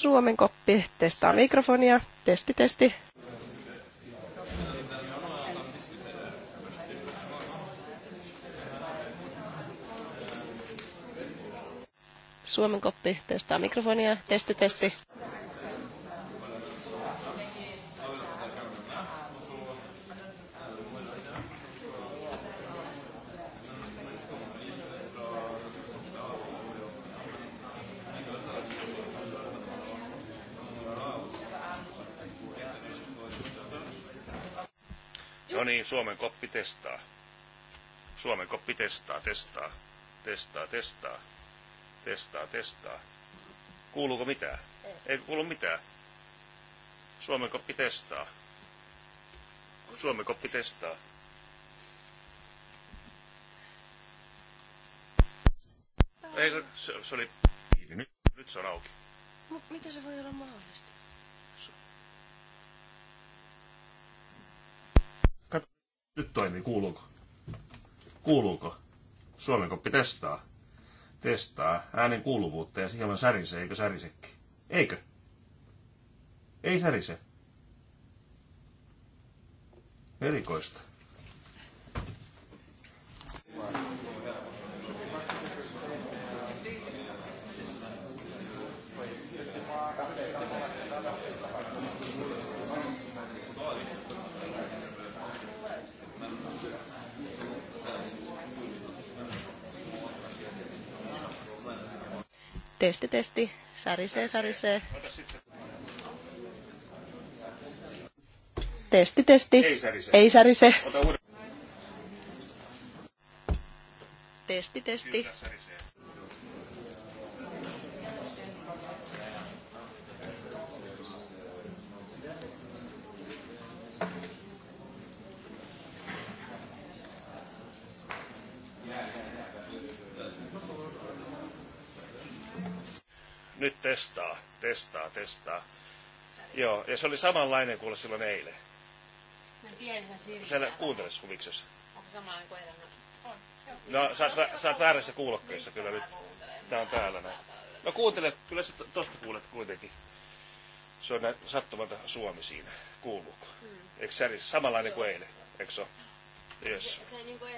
Suomen koppi testaa mikrofonia. Testi, testi. Suomen koppi testaa mikrofonia. Testi, testi. koppi testaa. Suomen koppi testaa, testaa, testaa, testaa, testaa, testaa. Kuuluuko mitään? Ei, Ei kuulu mitään. Suomen koppi testaa. Suomen koppi testaa. Ei, se, se oli... Nyt, nyt se on auki. Mut miten se voi olla mahdollista? toimi, kuuluuko? Kuuluuko? Suomikoppi testaa. Testaa äänen kuuluvuutta ja hieman särise, eikö särisekin? Eikö? Ei särise. Erikoista. Testi, testi. Särisee, särisee. Testi, testi. Ei särise. Ei särise. Testi, testi. Kyllä, testaa, testaa. Joo, ja se oli samanlainen kuin silloin eilen. Sen pienessä sirkillä. kuuntele huviksessa. Onko samanlainen kuin eilen? On. No, siis sä oot, oot väärässä kuulokkeessa kyllä niin, nyt. Tää on täällä näin. No kuuntele, kyllä sä tosta kuulet kuitenkin. Se on näin sattumalta Suomi siinä. Kuuluuko? Hmm. Eikö se samanlainen kuin eilen? Eikö se ole? Yes. Se, se niin kuin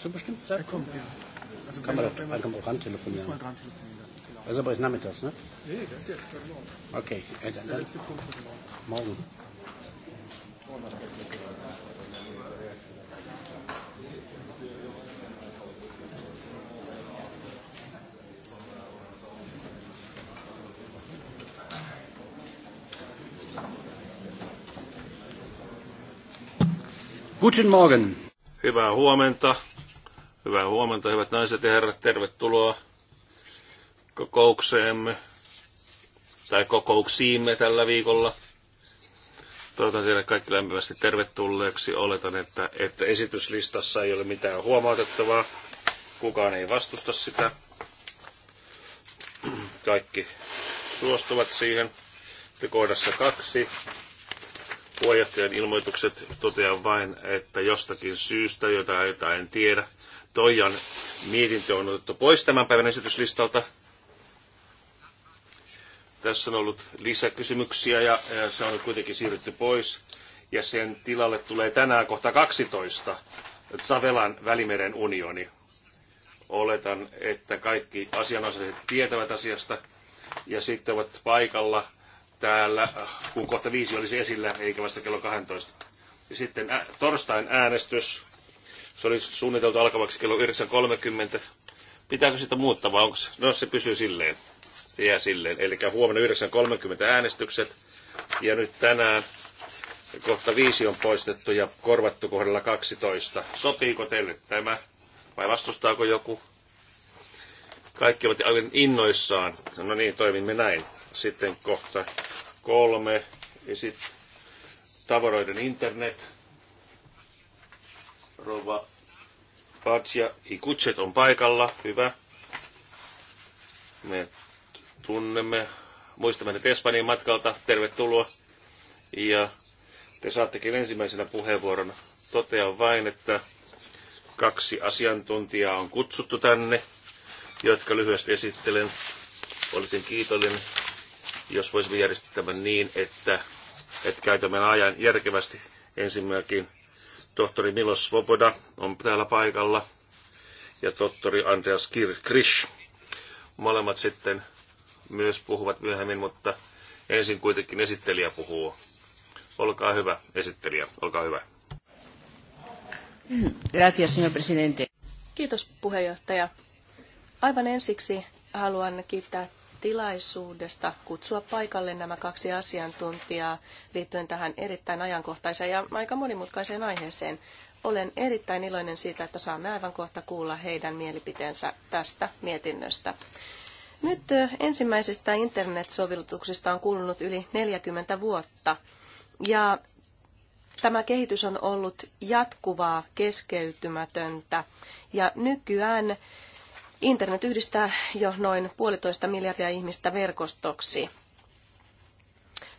Zu bestimmten Zeitpunkt? Er kommt, ja. Also kann man doch man kann dran telefonieren. Muss man dran telefonieren. Das ist aber jetzt nachmittags, ne? Nee, das ist jetzt morgen. Okay. Das ist der letzte Punkt für morgen. Morgen. Guten Morgen. Hyvää huomenta. Hyvää huomenta, hyvät naiset ja herrat, tervetuloa kokoukseemme tai kokouksiimme tällä viikolla. Toivotan teille kaikki lämpimästi tervetulleeksi. Oletan, että, että esityslistassa ei ole mitään huomautettavaa. Kukaan ei vastusta sitä. Kaikki suostuvat siihen. Kohdassa kaksi puheenjohtajan ilmoitukset totean vain, että jostakin syystä, jota, jota en tiedä, Toijan mietintö on otettu pois tämän päivän esityslistalta. Tässä on ollut lisäkysymyksiä ja, ja se on kuitenkin siirrytty pois. Ja sen tilalle tulee tänään kohta 12 Savelan välimeren unioni. Oletan, että kaikki asianosaiset tietävät asiasta ja sitten ovat paikalla täällä, kun kohta viisi olisi esillä, eikä vasta kello 12. Ja sitten ä- torstain äänestys se oli suunniteltu alkavaksi kello 9.30. Pitääkö sitä muuttaa vai onko se? No se pysyy silleen. Se jää silleen. Eli huomenna 9.30 äänestykset. Ja nyt tänään kohta viisi on poistettu ja korvattu kohdalla 12. Sopiiko teille tämä? Vai vastustaako joku? Kaikki ovat aivan innoissaan. No niin, toimimme näin. Sitten kohta kolme. Ja sitten tavaroiden internet. Rouva Patsia Ikutset on paikalla. Hyvä. Me tunnemme, muistamme nyt Espanjan matkalta. Tervetuloa. Ja te saattekin ensimmäisenä puheenvuoron. Totean vain, että kaksi asiantuntijaa on kutsuttu tänne, jotka lyhyesti esittelen. Olisin kiitollinen, jos voisimme järjestää tämän niin, että, että käytämme ajan järkevästi ensimmäkin. Tohtori Milos Svoboda on täällä paikalla ja tohtori Andreas Krish. Molemmat sitten myös puhuvat myöhemmin, mutta ensin kuitenkin esittelijä puhuu. Olkaa hyvä, esittelijä, olkaa hyvä. Gracias, señor presidente. Kiitos puheenjohtaja. Aivan ensiksi haluan kiittää tilaisuudesta kutsua paikalle nämä kaksi asiantuntijaa liittyen tähän erittäin ajankohtaiseen ja aika monimutkaiseen aiheeseen. Olen erittäin iloinen siitä, että saamme aivan kohta kuulla heidän mielipiteensä tästä mietinnöstä. Nyt ensimmäisistä internetsovellutuksista on kulunut yli 40 vuotta ja tämä kehitys on ollut jatkuvaa, keskeytymätöntä ja nykyään Internet yhdistää jo noin puolitoista miljardia ihmistä verkostoksi.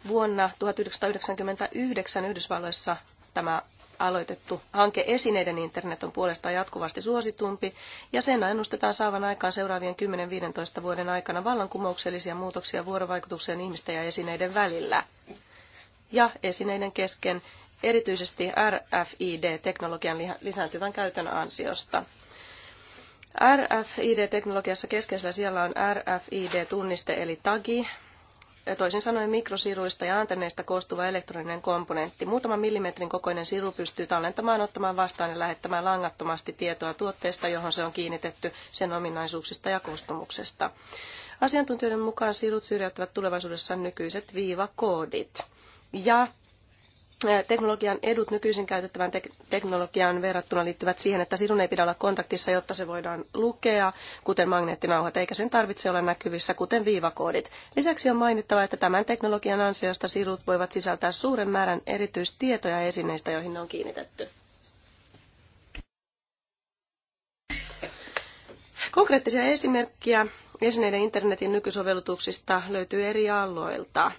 Vuonna 1999 Yhdysvalloissa tämä aloitettu hanke Esineiden internet on puolestaan jatkuvasti suositumpi, ja sen ennustetaan saavan aikaan seuraavien 10-15 vuoden aikana vallankumouksellisia muutoksia vuorovaikutukseen ihmisten ja esineiden välillä ja esineiden kesken, erityisesti RFID-teknologian lisääntyvän käytön ansiosta. RFID-teknologiassa keskeisellä siellä on RFID-tunniste eli tagi, toisin sanoen mikrosiruista ja antenneista koostuva elektroninen komponentti. Muutama millimetrin kokoinen siru pystyy tallentamaan, ottamaan vastaan ja lähettämään langattomasti tietoa tuotteesta, johon se on kiinnitetty, sen ominaisuuksista ja koostumuksesta. Asiantuntijoiden mukaan sirut syrjäyttävät tulevaisuudessa nykyiset viivakoodit. Ja teknologian edut nykyisin käytettävän tek- teknologiaan verrattuna liittyvät siihen, että sinun ei pidä olla kontaktissa, jotta se voidaan lukea, kuten magneettinauhat, eikä sen tarvitse olla näkyvissä, kuten viivakoodit. Lisäksi on mainittava, että tämän teknologian ansiosta sirut voivat sisältää suuren määrän erityistietoja esineistä, joihin ne on kiinnitetty. Konkreettisia esimerkkejä esineiden internetin nykysovellutuksista löytyy eri aloilta.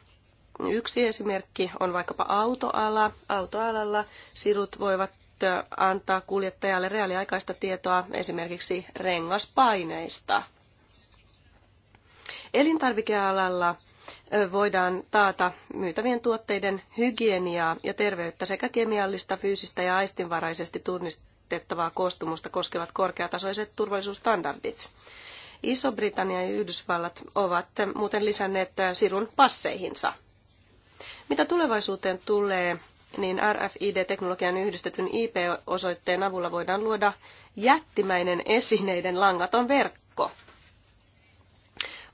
Yksi esimerkki on vaikkapa autoala. Autoalalla sirut voivat antaa kuljettajalle reaaliaikaista tietoa esimerkiksi rengaspaineista. Elintarvikealalla voidaan taata myytävien tuotteiden hygieniaa ja terveyttä sekä kemiallista, fyysistä ja aistinvaraisesti tunnistettavaa koostumusta koskevat korkeatasoiset turvallisuusstandardit. Iso-Britannia ja Yhdysvallat ovat muuten lisänneet sirun passeihinsa. Mitä tulevaisuuteen tulee, niin RFID-teknologian yhdistetyn IP-osoitteen avulla voidaan luoda jättimäinen esineiden langaton verkko.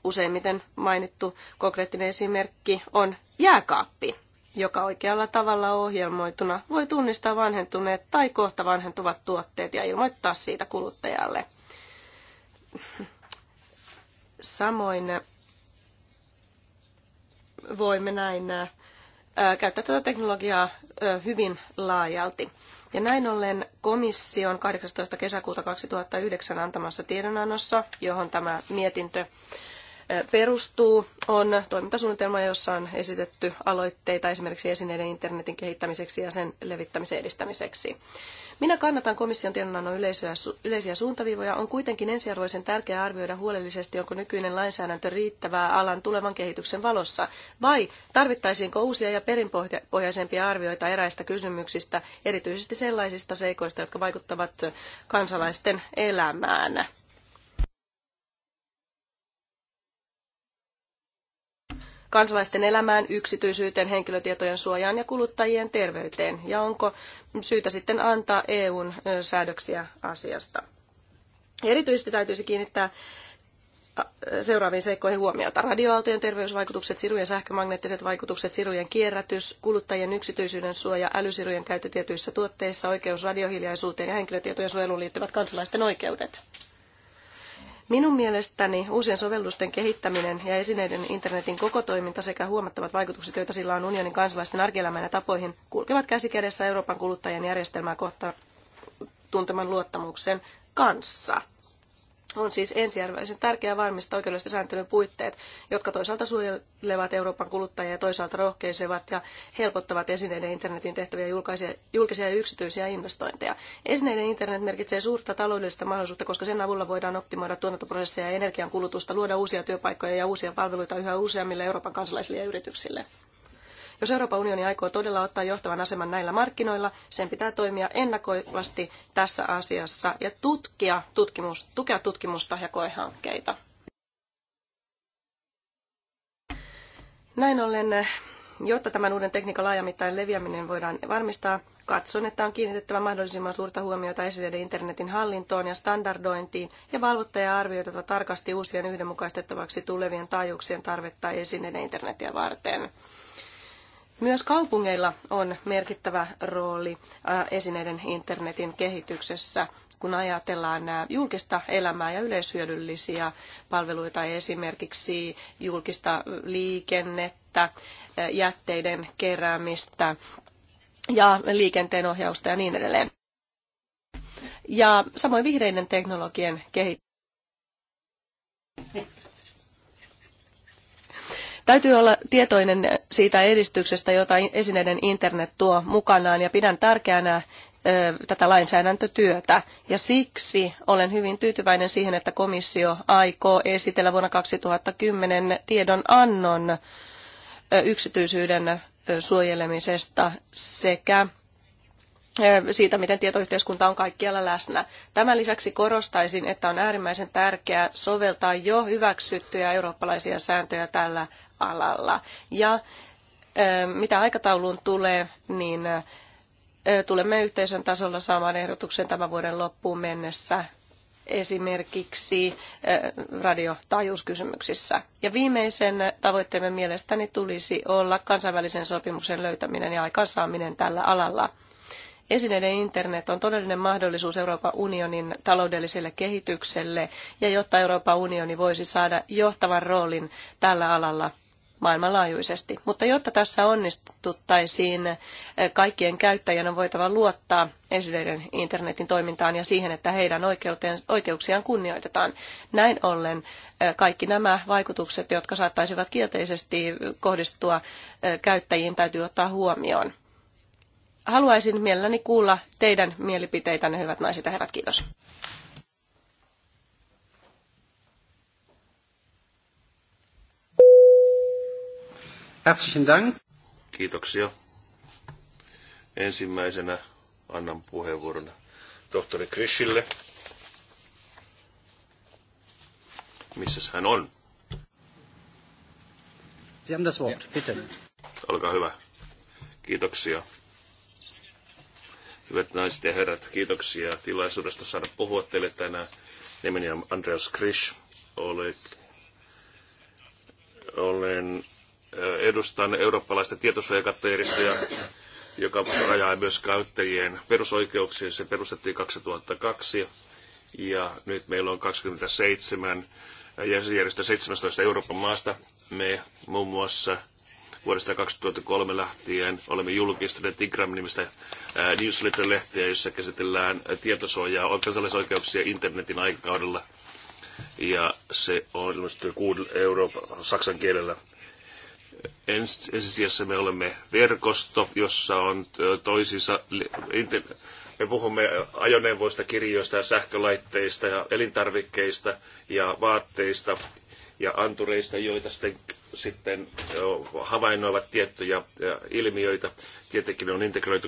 Useimmiten mainittu konkreettinen esimerkki on jääkaappi, joka oikealla tavalla ohjelmoituna voi tunnistaa vanhentuneet tai kohta vanhentuvat tuotteet ja ilmoittaa siitä kuluttajalle. Samoin voimme näin käyttää tätä teknologiaa hyvin laajalti. Ja näin ollen komission 18. kesäkuuta 2009 antamassa tiedonannossa, johon tämä mietintö perustuu, on toimintasuunnitelma, jossa on esitetty aloitteita esimerkiksi esineiden internetin kehittämiseksi ja sen levittämisen edistämiseksi. Minä kannatan komission tiedonannon yleisiä, yleisiä suuntaviivoja. On kuitenkin ensiarvoisen tärkeää arvioida huolellisesti, onko nykyinen lainsäädäntö riittävää alan tulevan kehityksen valossa, vai tarvittaisiinko uusia ja perinpohjaisempia arvioita eräistä kysymyksistä, erityisesti sellaisista seikoista, jotka vaikuttavat kansalaisten elämään. kansalaisten elämään, yksityisyyteen, henkilötietojen suojaan ja kuluttajien terveyteen? Ja onko syytä sitten antaa EUn säädöksiä asiasta? Erityisesti täytyisi kiinnittää seuraaviin seikkoihin huomiota. Radioaaltojen terveysvaikutukset, sirujen sähkömagneettiset vaikutukset, sirujen kierrätys, kuluttajien yksityisyyden suoja, älysirujen käyttö tietyissä tuotteissa, oikeus radiohiljaisuuteen ja henkilötietojen suojeluun liittyvät kansalaisten oikeudet. Minun mielestäni uusien sovellusten kehittäminen ja esineiden internetin koko toiminta sekä huomattavat vaikutukset, joita sillä on unionin kansalaisten arkielämään ja tapoihin, kulkevat käsi kädessä Euroopan kuluttajien järjestelmää kohtaan tunteman luottamuksen kanssa. On siis ensisijaisen tärkeää varmistaa oikeudellisten sääntelyn puitteet, jotka toisaalta suojelevat Euroopan kuluttajia ja toisaalta rohkeisevat ja helpottavat esineiden internetin tehtäviä julkisia ja yksityisiä investointeja. Esineiden internet merkitsee suurta taloudellista mahdollisuutta, koska sen avulla voidaan optimoida tuotantoprosesseja ja energiankulutusta, luoda uusia työpaikkoja ja uusia palveluita yhä useammille Euroopan kansalaisille ja yrityksille. Jos Euroopan unioni aikoo todella ottaa johtavan aseman näillä markkinoilla, sen pitää toimia ennakoivasti tässä asiassa ja tutkia tutkimus, tukea tutkimusta ja koehankkeita. Näin ollen, jotta tämän uuden tekniikan laajamittainen leviäminen voidaan varmistaa, katson, että on kiinnitettävä mahdollisimman suurta huomiota esineiden internetin hallintoon ja standardointiin, ja valvottaja arvioitava tarkasti uusien yhdenmukaistettavaksi tulevien taajuuksien tarvetta esineiden internetiä varten. Myös kaupungeilla on merkittävä rooli äh, esineiden internetin kehityksessä, kun ajatellaan äh, julkista elämää ja yleishyödyllisiä palveluita, esimerkiksi julkista liikennettä, äh, jätteiden keräämistä ja liikenteenohjausta ja niin edelleen. Ja samoin vihreiden teknologian kehittäminen. Täytyy olla tietoinen siitä edistyksestä, jota esineiden internet tuo mukanaan ja pidän tärkeänä tätä lainsäädäntötyötä. Ja siksi olen hyvin tyytyväinen siihen, että komissio aikoo esitellä vuonna 2010 tiedonannon yksityisyyden suojelemisesta sekä siitä, miten tietoyhteiskunta on kaikkialla läsnä. Tämän lisäksi korostaisin, että on äärimmäisen tärkeää soveltaa jo hyväksyttyjä eurooppalaisia sääntöjä tällä alalla. Ja mitä aikatauluun tulee, niin tulemme yhteisön tasolla saamaan ehdotuksen tämän vuoden loppuun mennessä esimerkiksi radiotaajuuskysymyksissä. Ja viimeisen tavoitteemme mielestäni tulisi olla kansainvälisen sopimuksen löytäminen ja aikaansaaminen tällä alalla. Esineiden internet on todellinen mahdollisuus Euroopan unionin taloudelliselle kehitykselle ja jotta Euroopan unioni voisi saada johtavan roolin tällä alalla maailmanlaajuisesti. Mutta jotta tässä onnistuttaisiin, eh, kaikkien käyttäjien on voitava luottaa esineiden internetin toimintaan ja siihen, että heidän oikeuksiaan kunnioitetaan. Näin ollen eh, kaikki nämä vaikutukset, jotka saattaisivat kielteisesti kohdistua eh, käyttäjiin, täytyy ottaa huomioon. Haluaisin mielelläni kuulla teidän mielipiteitänne, hyvät naiset ja herrat. Kiitos. Herzlichen Dank. Kiitoksia. Ensimmäisenä annan puheenvuoron tohtori Krishille. Missä hän on? Sie haben das Wort, bitte. Olkaa hyvä. Kiitoksia. Hyvät naiset ja herrat, kiitoksia tilaisuudesta saada puhua teille tänään. Nimeni on Andreas Krish. Olen, olen edustan eurooppalaista tietosuojakattojärjestöjä, joka rajaa myös käyttäjien perusoikeuksia. Se perustettiin 2002 ja nyt meillä on 27 jäsenjärjestöä 17 Euroopan maasta. Me muun muassa vuodesta 2003 lähtien olemme julkistaneet Tigram-nimistä newsletter lehtiä jossa käsitellään tietosuojaa kansallisoikeuksia internetin aikakaudella. Ja se on ilmestynyt kuudella Euroopan saksan kielellä ensisijassa me olemme verkosto, jossa on toisissa, me puhumme ajoneuvoista, kirjoista ja sähkölaitteista ja elintarvikkeista ja vaatteista ja antureista, joita sitten, sitten havainnoivat tiettyjä ilmiöitä. Tietenkin ne on integroitu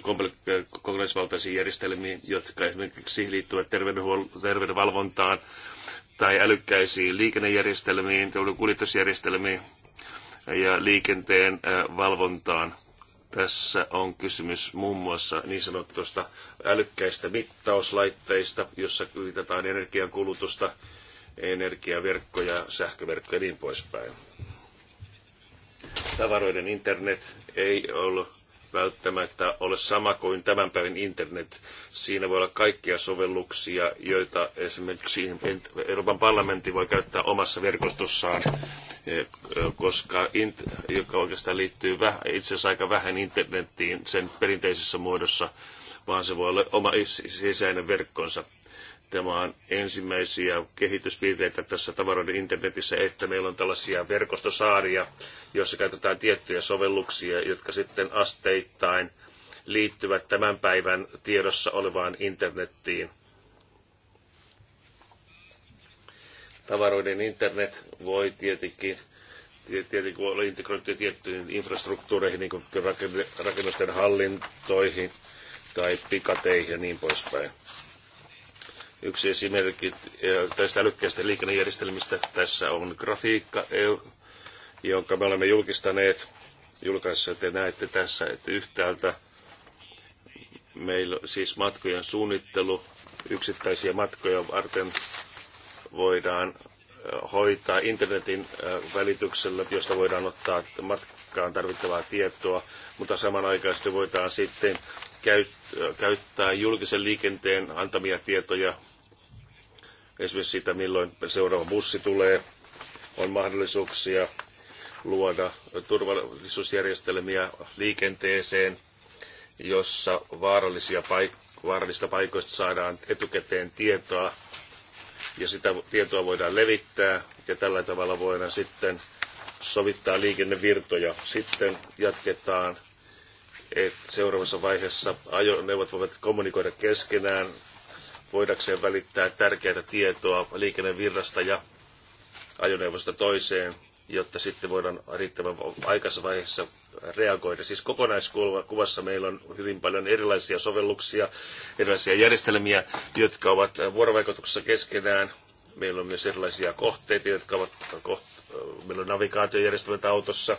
kokonaisvaltaisiin järjestelmiin, jotka esimerkiksi liittyvät terveydenvalvontaan tai älykkäisiin liikennejärjestelmiin, kuljetusjärjestelmiin, ja liikenteen valvontaan. Tässä on kysymys muun muassa niin sanottuista älykkäistä mittauslaitteista, jossa viitataan energiankulutusta, energiaverkkoja, sähköverkkoja ja niin poispäin. Tavaroiden internet ei ollut välttämättä ole sama kuin tämän päivän internet. Siinä voi olla kaikkia sovelluksia, joita esimerkiksi Euroopan parlamentti voi käyttää omassa verkostossaan, e, koska joka oikeastaan liittyy vähän, itse asiassa aika vähän internettiin sen perinteisessä muodossa, vaan se voi olla oma sisäinen verkkonsa tarkastelemaan ensimmäisiä kehityspiirteitä tässä tavaroiden internetissä, että meillä on tällaisia verkostosaaria, joissa käytetään tiettyjä sovelluksia, jotka sitten asteittain liittyvät tämän päivän tiedossa olevaan internettiin. Tavaroiden internet voi tietenkin tietenkin olla integroitu tiettyihin infrastruktuureihin, niin kuin rakennusten hallintoihin tai pikateihin ja niin poispäin. Yksi esimerkki eh, tästä älykkäistä liikennejärjestelmistä. Tässä on grafiikka, eh, jonka me olemme julkistaneet julkaisessa. Te näette tässä, että yhtäältä meillä siis matkojen suunnittelu, yksittäisiä matkoja varten voidaan eh, hoitaa internetin välityksellä, josta voidaan ottaa matkaan tarvittavaa tietoa, mutta samanaikaisesti voidaan sitten käyttää julkisen liikenteen antamia tietoja, esimerkiksi sitä, milloin seuraava bussi tulee, on mahdollisuuksia luoda turvallisuusjärjestelmiä liikenteeseen, jossa vaarallisia paik- vaarallista paikoista saadaan etukäteen tietoa ja sitä tietoa voidaan levittää ja tällä tavalla voidaan sitten sovittaa liikennevirtoja. Sitten jatketaan että seuraavassa vaiheessa ajoneuvot voivat kommunikoida keskenään, voidakseen välittää tärkeää tietoa liikennevirrasta ja ajoneuvosta toiseen, jotta sitten voidaan riittävän aikaisessa vaiheessa reagoida. Siis kokonaiskuvassa meillä on hyvin paljon erilaisia sovelluksia, erilaisia järjestelmiä, jotka ovat vuorovaikutuksessa keskenään. Meillä on myös erilaisia kohteita, jotka ovat, meillä on navigaatiojärjestelmät autossa,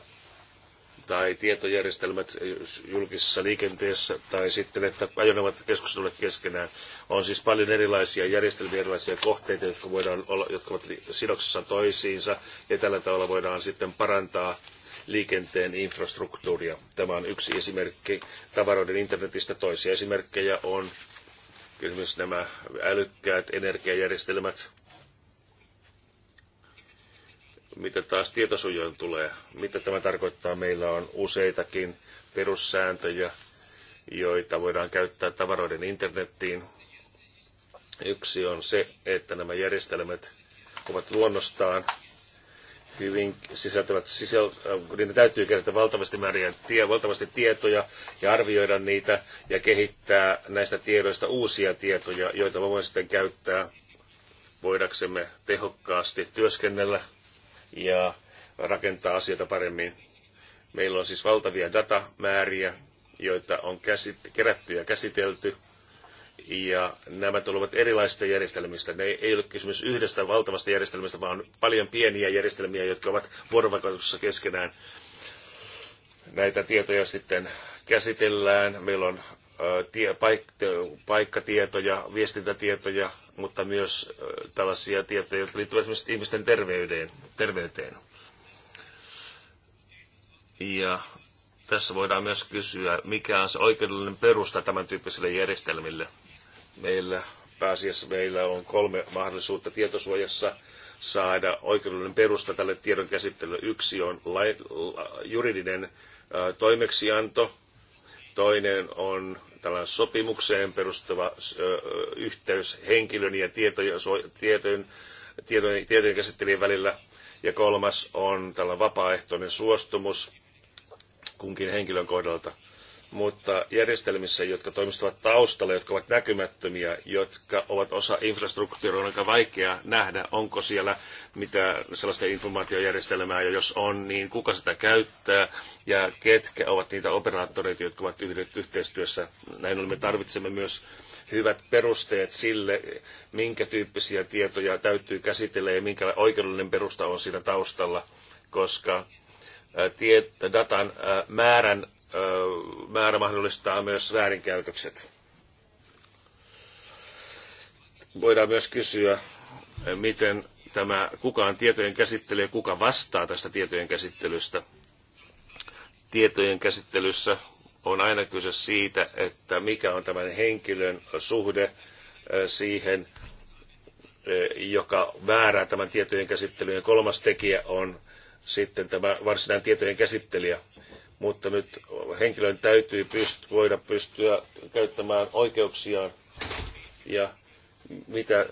tai tietojärjestelmät julkisessa liikenteessä tai sitten, että ajoneuvot keskustelevat keskenään. On siis paljon erilaisia järjestelmiä, erilaisia kohteita, jotka, voidaan olla, jotka ovat sidoksissa toisiinsa ja tällä tavalla voidaan sitten parantaa liikenteen infrastruktuuria. Tämä on yksi esimerkki tavaroiden internetistä. Toisia esimerkkejä on esimerkiksi nämä älykkäät energiajärjestelmät, mitä taas tietosuojan tulee? Mitä tämä tarkoittaa? Meillä on useitakin perussääntöjä, joita voidaan käyttää tavaroiden internettiin. Yksi on se, että nämä järjestelmät ovat luonnostaan hyvin sisältävät sisäl, niin täytyy kerätä valtavasti määriä, tie, valtavasti tietoja ja arvioida niitä ja kehittää näistä tiedoista uusia tietoja, joita voimme sitten käyttää voidaksemme tehokkaasti työskennellä ja rakentaa asioita paremmin. Meillä on siis valtavia datamääriä, joita on käsit- kerätty ja käsitelty. Ja nämä tulevat erilaisista järjestelmistä. Ne ei ole kysymys yhdestä valtavasta järjestelmästä, vaan paljon pieniä järjestelmiä, jotka ovat vuorovaikutuksessa keskenään. Näitä tietoja sitten käsitellään. Meillä on tie, paik, paikkatietoja, viestintätietoja, mutta myös tällaisia tietoja, jotka liittyvät esimerkiksi ihmisten terveyteen. terveyteen. Ja tässä voidaan myös kysyä, mikä on se oikeudellinen perusta tämän tyyppisille järjestelmille. Meillä pääasiassa meillä on kolme mahdollisuutta tietosuojassa saada oikeudellinen perusta tälle tiedon käsittelylle. Yksi on lai, la, juridinen ä, toimeksianto, toinen on tällainen sopimukseen perustuva yhteys henkilön ja tietojen, tietojen, tietojen, tietojen käsittelijän välillä. Ja kolmas on tällainen vapaaehtoinen suostumus kunkin henkilön kohdalta mutta järjestelmissä, jotka toimistavat taustalla, jotka ovat näkymättömiä, jotka ovat osa infrastruktuuria, on aika vaikea nähdä, onko siellä mitä sellaista informaatiojärjestelmää, ja jos on, niin kuka sitä käyttää, ja ketkä ovat niitä operaattoreita, jotka ovat yhdet yhteistyössä. Näin ollen me tarvitsemme myös hyvät perusteet sille, minkä tyyppisiä tietoja täytyy käsitellä ja minkä oikeudellinen perusta on siinä taustalla, koska datan määrän määrä mahdollistaa myös väärinkäytökset. Voidaan myös kysyä, miten tämä kukaan tietojen käsittelee, kuka vastaa tästä tietojen käsittelystä. Tietojen käsittelyssä on aina kyse siitä, että mikä on tämän henkilön suhde siihen, joka väärää tämän tietojen käsittelyyn. Kolmas tekijä on sitten tämä varsinainen tietojen käsittelijä mutta nyt henkilön täytyy pyst- voida pystyä käyttämään oikeuksiaan ja mitä äh,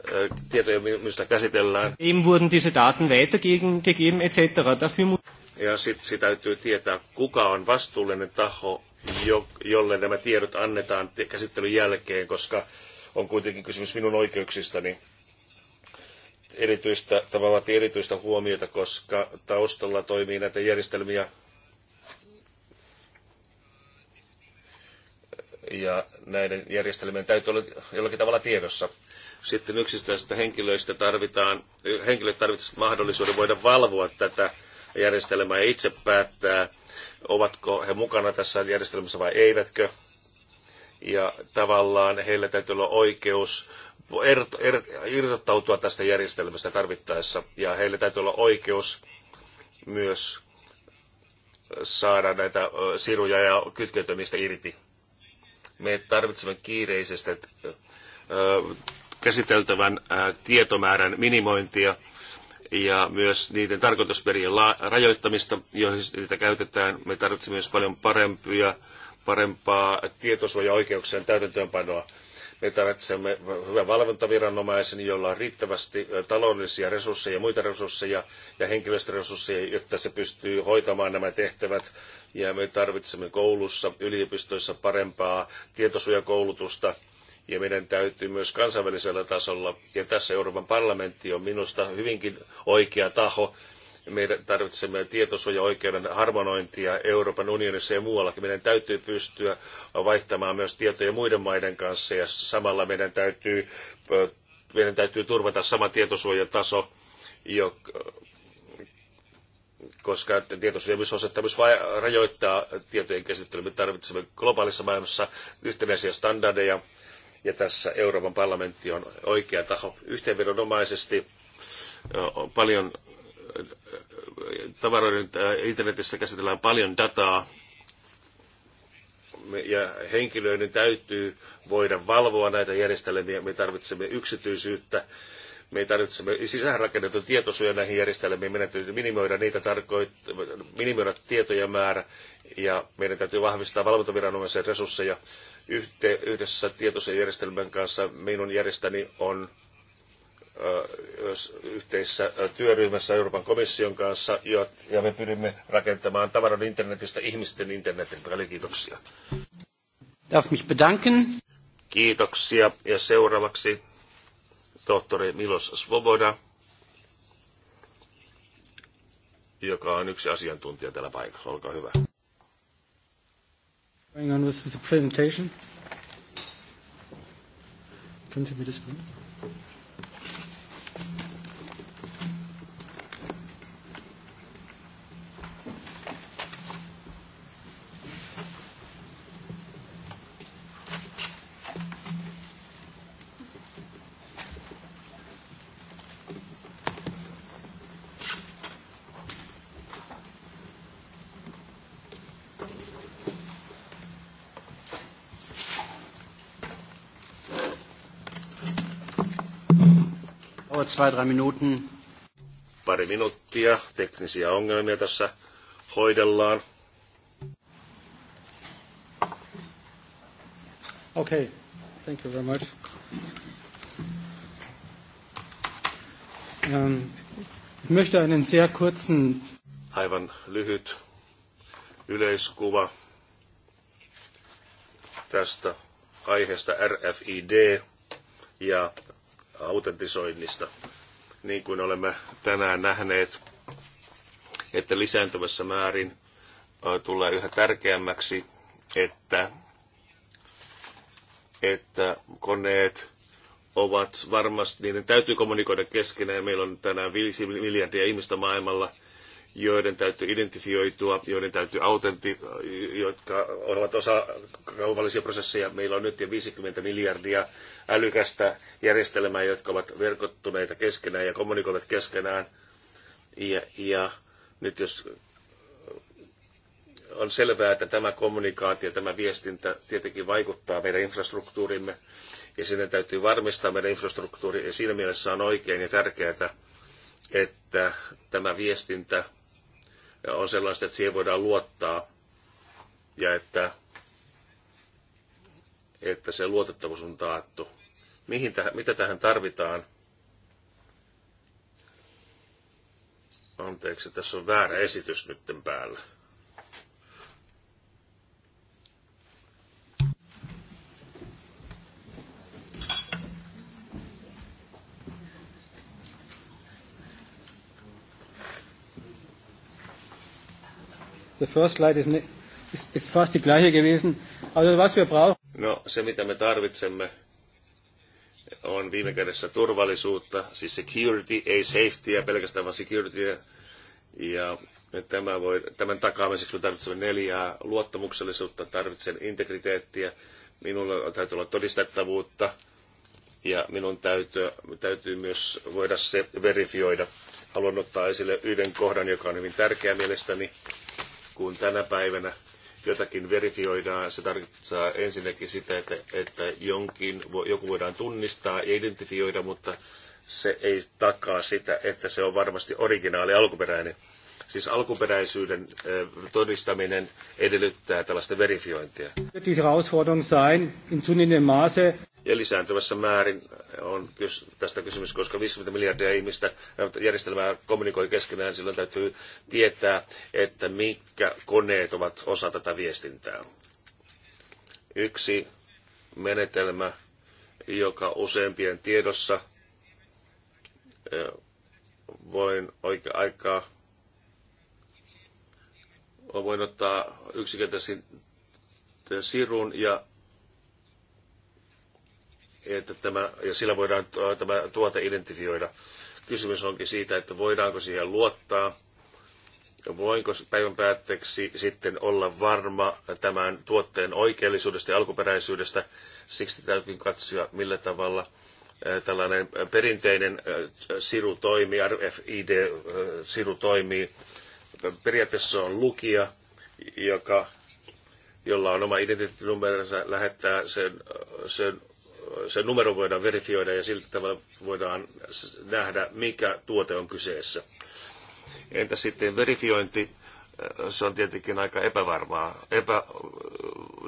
tietoja minusta käsitellään. Ihm wurden diese Daten weitergegeben etc. ja sitten sit täytyy tietää, kuka on vastuullinen taho, jo, jolle nämä tiedot annetaan käsittelyn jälkeen, koska on kuitenkin kysymys minun oikeuksistani. Erityistä, tämä vaatii erityistä huomiota, koska taustalla toimii näitä järjestelmiä ja näiden järjestelmien täytyy olla jollakin tavalla tiedossa. Sitten yksittäisistä henkilöistä tarvitaan, henkilöt tarvitsevat mahdollisuuden voida valvoa tätä järjestelmää ja itse päättää, ovatko he mukana tässä järjestelmässä vai eivätkö. Ja tavallaan heillä täytyy olla oikeus er-, er-, irrottautua tästä järjestelmästä tarvittaessa. Ja heillä täytyy olla oikeus myös saada näitä siruja ja kytkeytymistä irti. Me tarvitsemme kiireisesti äh, käsiteltävän äh, tietomäärän minimointia ja myös niiden tarkoitusperien rajoittamista, joihin niitä käytetään. Me tarvitsemme myös paljon parempia, parempaa tietosuojaoikeuksien täytäntöönpanoa. Me tarvitsemme hyvän valvontaviranomaisen, jolla on riittävästi taloudellisia resursseja, muita resursseja ja henkilöstöresursseja, jotta se pystyy hoitamaan nämä tehtävät. Ja me tarvitsemme koulussa, yliopistoissa parempaa tietosuojakoulutusta, ja meidän täytyy myös kansainvälisellä tasolla, ja tässä Euroopan parlamentti on minusta hyvinkin oikea taho, meidän tarvitsemme tietosuojaoikeuden harmonointia Euroopan unionissa ja muuallakin. Meidän täytyy pystyä vaihtamaan myös tietoja muiden maiden kanssa ja samalla meidän täytyy, meidän täytyy turvata sama tietosuojataso, koska tietosuojaosettaa myös rajoittaa tietojen käsittelyä. Me tarvitsemme globaalissa maailmassa yhtenäisiä standardeja ja tässä Euroopan parlamentti on oikea taho. Yhteenvedonomaisesti paljon tavaroiden äh, internetissä käsitellään paljon dataa, ja henkilöiden täytyy voida valvoa näitä järjestelmiä. Me tarvitsemme yksityisyyttä, me tarvitsemme sisäänrakennetun tietosuoja näihin järjestelmiin. Meidän täytyy minimoida niitä tarkoit- minimoida tietoja määrä ja meidän täytyy vahvistaa valvontaviranomaisen resursseja yhdessä tietosuojajärjestelmän kanssa. Minun järjestäni on yhteisessä työryhmässä Euroopan komission kanssa, ja me pyrimme rakentamaan tavaran internetistä ihmisten internetin. Paljon kiitoksia. Darf mich bedanken. Kiitoksia. Ja seuraavaksi tohtori Milos Svoboda, joka on yksi asiantuntija tällä paikalla. Olkaa hyvä. Going on with the presentation. Can you mir zwei, drei Minuten. Pari minuuttia. Teknisiä ongelmia tässä hoidellaan. Okay, thank you very much. Ähm, ich möchte einen sehr kurzen Aivan lyhyt yleiskuva tästä aiheesta RFID ja autentisoinnista, niin kuin olemme tänään nähneet, että lisääntyvässä määrin tulee yhä tärkeämmäksi, että, että koneet ovat varmasti, niiden täytyy kommunikoida keskenään. Meillä on tänään 5 miljardia ihmistä maailmalla – joiden täytyy identifioitua, joiden täytyy autentti, jotka ovat osa kaupallisia prosesseja. Meillä on nyt jo 50 miljardia älykästä järjestelmää, jotka ovat verkottuneita keskenään ja kommunikoivat keskenään. Ja, ja nyt jos on selvää, että tämä kommunikaatio, tämä viestintä tietenkin vaikuttaa meidän infrastruktuurimme ja sinne täytyy varmistaa meidän infrastruktuuri ja siinä mielessä on oikein ja tärkeää, että tämä viestintä on sellaista, että siihen voidaan luottaa ja että, että se luotettavuus on taattu. Mihin täh, mitä tähän tarvitaan? Anteeksi, tässä on väärä esitys nytten päällä. The first slide is, is, is fast die gleiche gewesen. Also was wir brauchen... No, se mitä me tarvitsemme on viime kädessä turvallisuutta, siis security, ei safetyä pelkästään, vaan security. Ja tämä voi, tämän takaamiseksi me tarvitsemme neljää luottamuksellisuutta, tarvitsen integriteettiä, minulla täytyy olla todistettavuutta ja minun täytyy, täytyy myös voida se verifioida. Haluan ottaa esille yhden kohdan, joka on hyvin tärkeä mielestäni kun tänä päivänä jotakin verifioidaan, se tarkoittaa ensinnäkin sitä, että, että jonkin, joku voidaan tunnistaa ja identifioida, mutta se ei takaa sitä, että se on varmasti originaali alkuperäinen. Siis alkuperäisyyden todistaminen edellyttää tällaista verifiointia. Diese Herausforderung sein in zunehmendem Maße ja lisääntyvässä määrin on tästä kysymys, koska 50 miljardia ihmistä äh, järjestelmää kommunikoi keskenään, silloin täytyy tietää, että mitkä koneet ovat osa tätä viestintää. Yksi menetelmä, joka useampien tiedossa äh, voin oikea aikaa voin ottaa yksinkertaisin sirun ja että tämä, ja sillä voidaan tämä tuote identifioida. Kysymys onkin siitä, että voidaanko siihen luottaa, voinko päivän päätteeksi sitten olla varma tämän tuotteen oikeellisuudesta ja alkuperäisyydestä. Siksi täytyy katsoa, millä tavalla tällainen perinteinen siru toimii, RFID-siru toimii. Periaatteessa on lukija, joka, jolla on oma identiteettinumeronsa, lähettää sen, sen sen numero voidaan verifioida ja sillä tavalla voidaan nähdä, mikä tuote on kyseessä. Entä sitten verifiointi? Äh, se on tietenkin aika epävarmaa. Epä...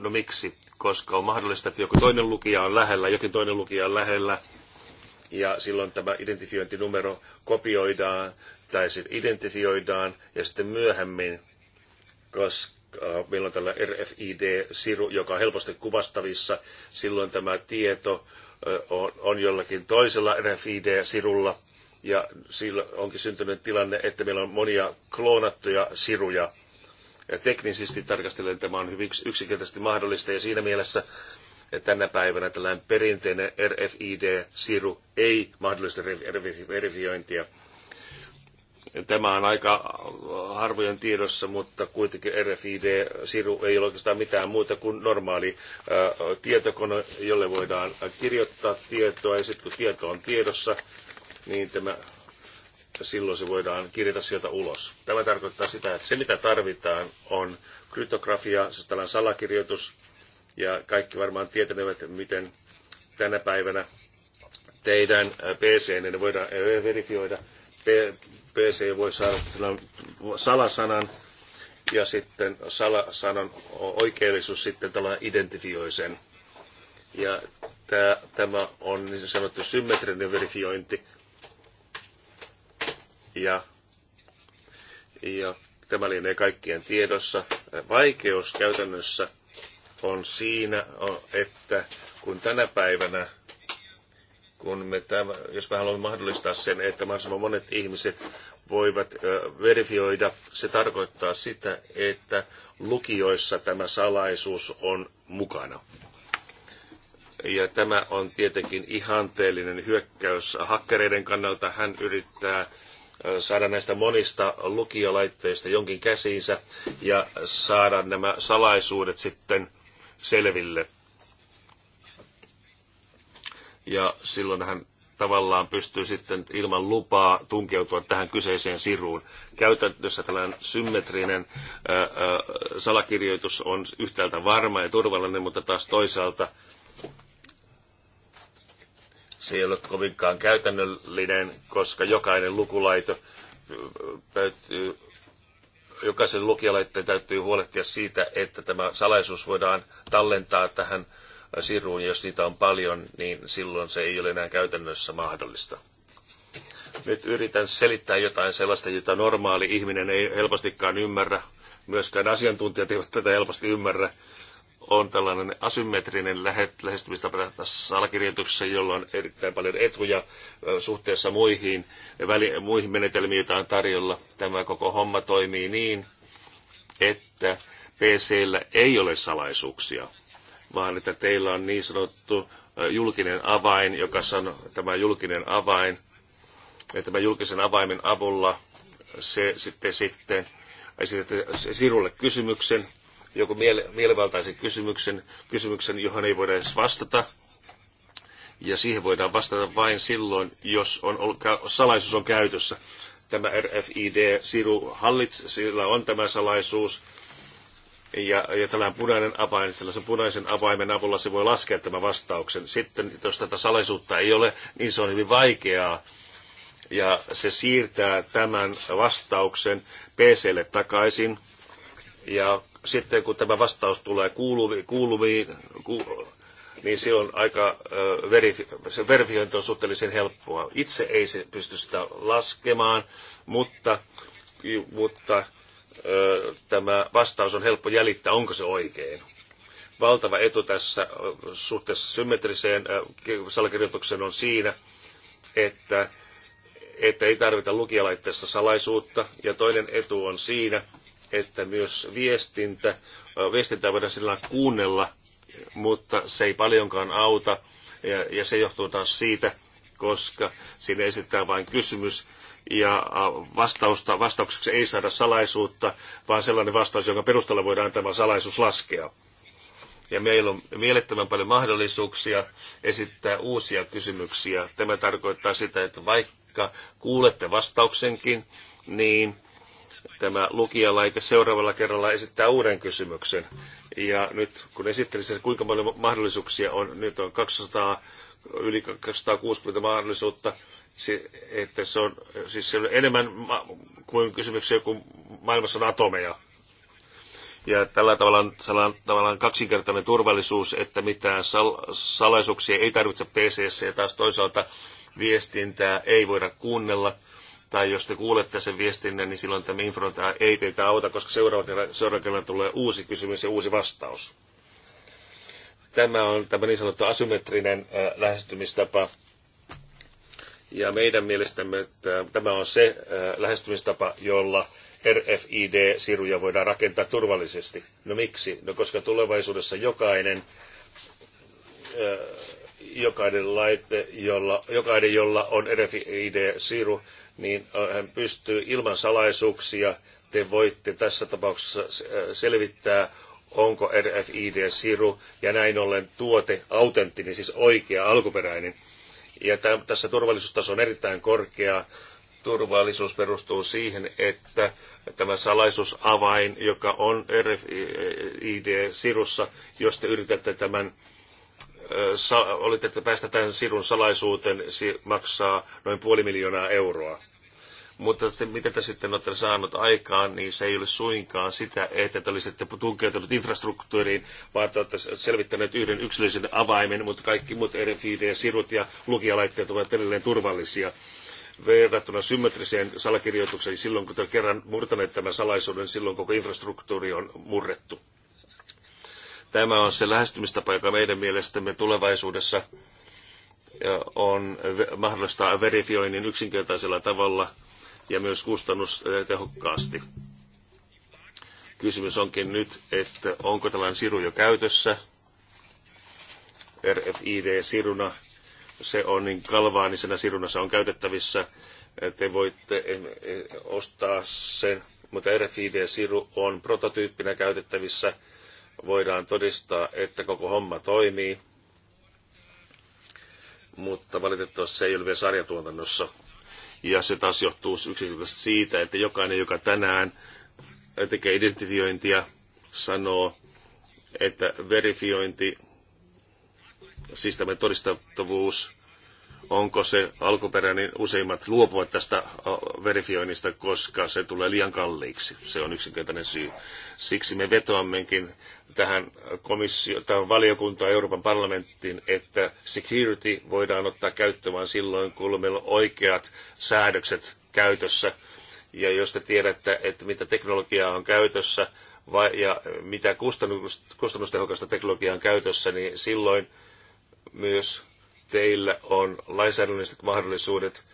No miksi? Koska on mahdollista, että joku toinen lukija on lähellä, jokin toinen lukija on lähellä, ja silloin tämä identifiointinumero kopioidaan tai sitten identifioidaan, ja sitten myöhemmin, koska Äh, meillä on tällä RFID-siru, joka on helposti kuvastavissa. Silloin tämä tieto äh, on, on jollakin toisella RFID-sirulla. Ja sillä onkin syntynyt tilanne, että meillä on monia kloonattuja siruja. Ja teknisesti tarkastellen tämä on hyvin yksinkertaisesti mahdollista. Ja siinä mielessä tänä päivänä tällainen perinteinen RFID-siru ei mahdollista verifiointia. Ref- Tämä on aika harvojen tiedossa, mutta kuitenkin RFID-siru ei ole oikeastaan mitään muuta kuin normaali tietokone, jolle voidaan kirjoittaa tietoa. Ja sitten kun tieto on tiedossa, niin tämä, silloin se voidaan kirjata sieltä ulos. Tämä tarkoittaa sitä, että se mitä tarvitaan on kryptografia, siis tällainen salakirjoitus, ja kaikki varmaan tietävät, miten tänä päivänä teidän pc ne voidaan verifioida PC voi saada salasanan ja sitten salasanan oikeellisuus sitten tällä identifioi sen. Ja tämä, tämä on niin sanottu symmetrinen verifiointi. Ja, ja tämä lienee kaikkien tiedossa. Vaikeus käytännössä on siinä, että kun tänä päivänä kun me tämän, jos me haluamme mahdollistaa sen, että mahdollisimman monet ihmiset voivat verifioida, se tarkoittaa sitä, että lukioissa tämä salaisuus on mukana. Ja tämä on tietenkin ihanteellinen hyökkäys hakkereiden kannalta. Hän yrittää saada näistä monista lukiolaitteista jonkin käsiinsä ja saada nämä salaisuudet sitten selville ja silloin hän tavallaan pystyy sitten ilman lupaa tunkeutua tähän kyseiseen siruun. Käytännössä tällainen symmetrinen ää, ää, salakirjoitus on yhtäältä varma ja turvallinen, mutta taas toisaalta se ei ole kovinkaan käytännöllinen, koska jokainen lukulaito täytyy, jokaisen lukijalaitteen täytyy huolehtia siitä, että tämä salaisuus voidaan tallentaa tähän siruun, ja jos niitä on paljon, niin silloin se ei ole enää käytännössä mahdollista. Nyt yritän selittää jotain sellaista, jota normaali ihminen ei helpostikaan ymmärrä. Myöskään asiantuntijat eivät tätä helposti ymmärrä. On tällainen asymmetrinen lähestymistapa tässä alakirjoituksessa, jolla on erittäin paljon etuja suhteessa muihin, väli, muihin menetelmiin, joita on tarjolla. Tämä koko homma toimii niin, että PCllä ei ole salaisuuksia vaan että teillä on niin sanottu julkinen avain, joka sanoo, tämä julkinen avain, että tämä julkisen avaimen avulla se sitten, sitten esitetään sinulle kysymyksen, joku miele, mielivaltaisen kysymyksen, kysymyksen, johon ei voida edes vastata, ja siihen voidaan vastata vain silloin, jos on, salaisuus on käytössä. Tämä RFID-siru hallitsee, sillä on tämä salaisuus, ja, ja tällainen punainen avain, sellaisen punaisen avaimen avulla se voi laskea tämän vastauksen. Sitten, jos tätä salaisuutta ei ole, niin se on hyvin vaikeaa. Ja se siirtää tämän vastauksen PClle takaisin. Ja sitten kun tämä vastaus tulee kuuluviin, kuuluviin ku, niin se on aika, se verifiointi on suhteellisen helppoa. Itse ei se pysty sitä laskemaan, mutta, mutta tämä vastaus on helppo jäljittää, onko se oikein. Valtava etu tässä suhteessa symmetriseen salakirjoitukseen on siinä, että, että ei tarvita lukijalaitteessa salaisuutta. Ja toinen etu on siinä, että myös viestintä, viestintää voidaan sillä kuunnella, mutta se ei paljonkaan auta. Ja, ja se johtuu taas siitä, koska siinä esittää vain kysymys, ja äh, vastausta, vastaukseksi ei saada salaisuutta, vaan sellainen vastaus, jonka perusteella voidaan tämä salaisuus laskea. Ja meillä on mielettömän paljon mahdollisuuksia esittää uusia kysymyksiä. Tämä tarkoittaa sitä, että vaikka kuulette vastauksenkin, niin tämä lukijalaite seuraavalla kerralla esittää uuden kysymyksen. Ja nyt kun esittelin sen, kuinka paljon mahdollisuuksia on, nyt on 200, yli 260 mahdollisuutta se, että se on, siis se on enemmän kuin kysymyksiä kuin maailmassa on atomeja. Ja tällä tavalla on tavallaan kaksinkertainen turvallisuus, että mitään sal, salaisuuksia ei tarvitse PCC ja taas toisaalta viestintää ei voida kuunnella. Tai jos te kuulette sen viestinnän, niin silloin tämä infronta ei teitä auta, koska seuraavalla kerralla tulee uusi kysymys ja uusi vastaus. Tämä on tämä niin sanottu asymmetrinen äh, lähestymistapa ja meidän mielestämme tämä on se äh, lähestymistapa, jolla RFID-siruja voidaan rakentaa turvallisesti. No miksi? No koska tulevaisuudessa jokainen, äh, jokainen laite, jolla, jokainen, jolla on RFID-siru, niin äh, hän pystyy ilman salaisuuksia, te voitte tässä tapauksessa selvittää, onko RFID-siru ja näin ollen tuote autenttinen, siis oikea, alkuperäinen. Ja tässä turvallisuustaso on erittäin korkea. Turvallisuus perustuu siihen, että tämä salaisuusavain, joka on RFID-sirussa, jos te yritätte tämän olitte, että päästä tämän sirun salaisuuteen, maksaa noin puoli miljoonaa euroa. Mutta te, mitä te sitten olette saanut aikaan, niin se ei ole suinkaan sitä, että te olisitte tunkeutunut infrastruktuuriin, vaan te olette selvittäneet yhden yksilöllisen avaimen, mutta kaikki muut RFID ja sirut ja lukijalaitteet ovat edelleen turvallisia verrattuna symmetriseen salakirjoitukseen niin silloin, kun te kerran murtaneet tämän salaisuuden, silloin koko infrastruktuuri on murrettu. Tämä on se lähestymistapa, joka meidän mielestämme tulevaisuudessa on mahdollistaa verifioinnin yksinkertaisella tavalla – ja myös kustannustehokkaasti. Kysymys onkin nyt, että onko tällainen siru jo käytössä, RFID-siruna, se on niin kalvaanisena siruna, se on käytettävissä, te voitte e, ostaa sen, mutta RFID-siru on prototyyppinä käytettävissä, voidaan todistaa, että koko homma toimii, mutta valitettavasti se ei ole vielä sarjatuotannossa ja se taas johtuu yksinkertaisesti siitä, että jokainen, joka tänään tekee identifiointia, sanoo, että verifiointi, siis tämä todistettavuus, onko se alkuperäinen, useimmat luopuvat tästä verifioinnista, koska se tulee liian kalliiksi. Se on yksinkertainen syy. Siksi me vetoammekin tähän komissio, tähän valiokuntaan Euroopan parlamenttiin, että security voidaan ottaa käyttöön vain silloin, kun meillä on oikeat säädökset käytössä. Ja jos te tiedätte, että mitä teknologiaa on käytössä vai, ja mitä kustannus, kustannustehokasta teknologiaa on käytössä, niin silloin myös teillä on lainsäädännölliset mahdollisuudet äh,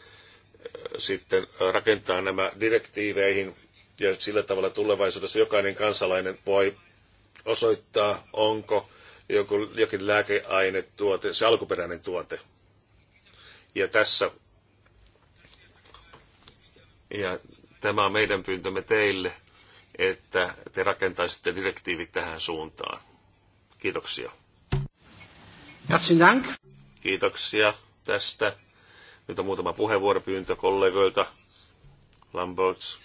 sitten rakentaa nämä direktiiveihin ja sillä tavalla tulevaisuudessa jokainen kansalainen voi osoittaa, onko joku, jokin tuote, se alkuperäinen tuote. Ja tässä, ja tämä on meidän pyyntömme teille, että te rakentaisitte direktiivit tähän suuntaan. Kiitoksia. Dank. Kiitoksia tästä. Nyt on muutama puheenvuoropyyntö kollegoilta. Lamberts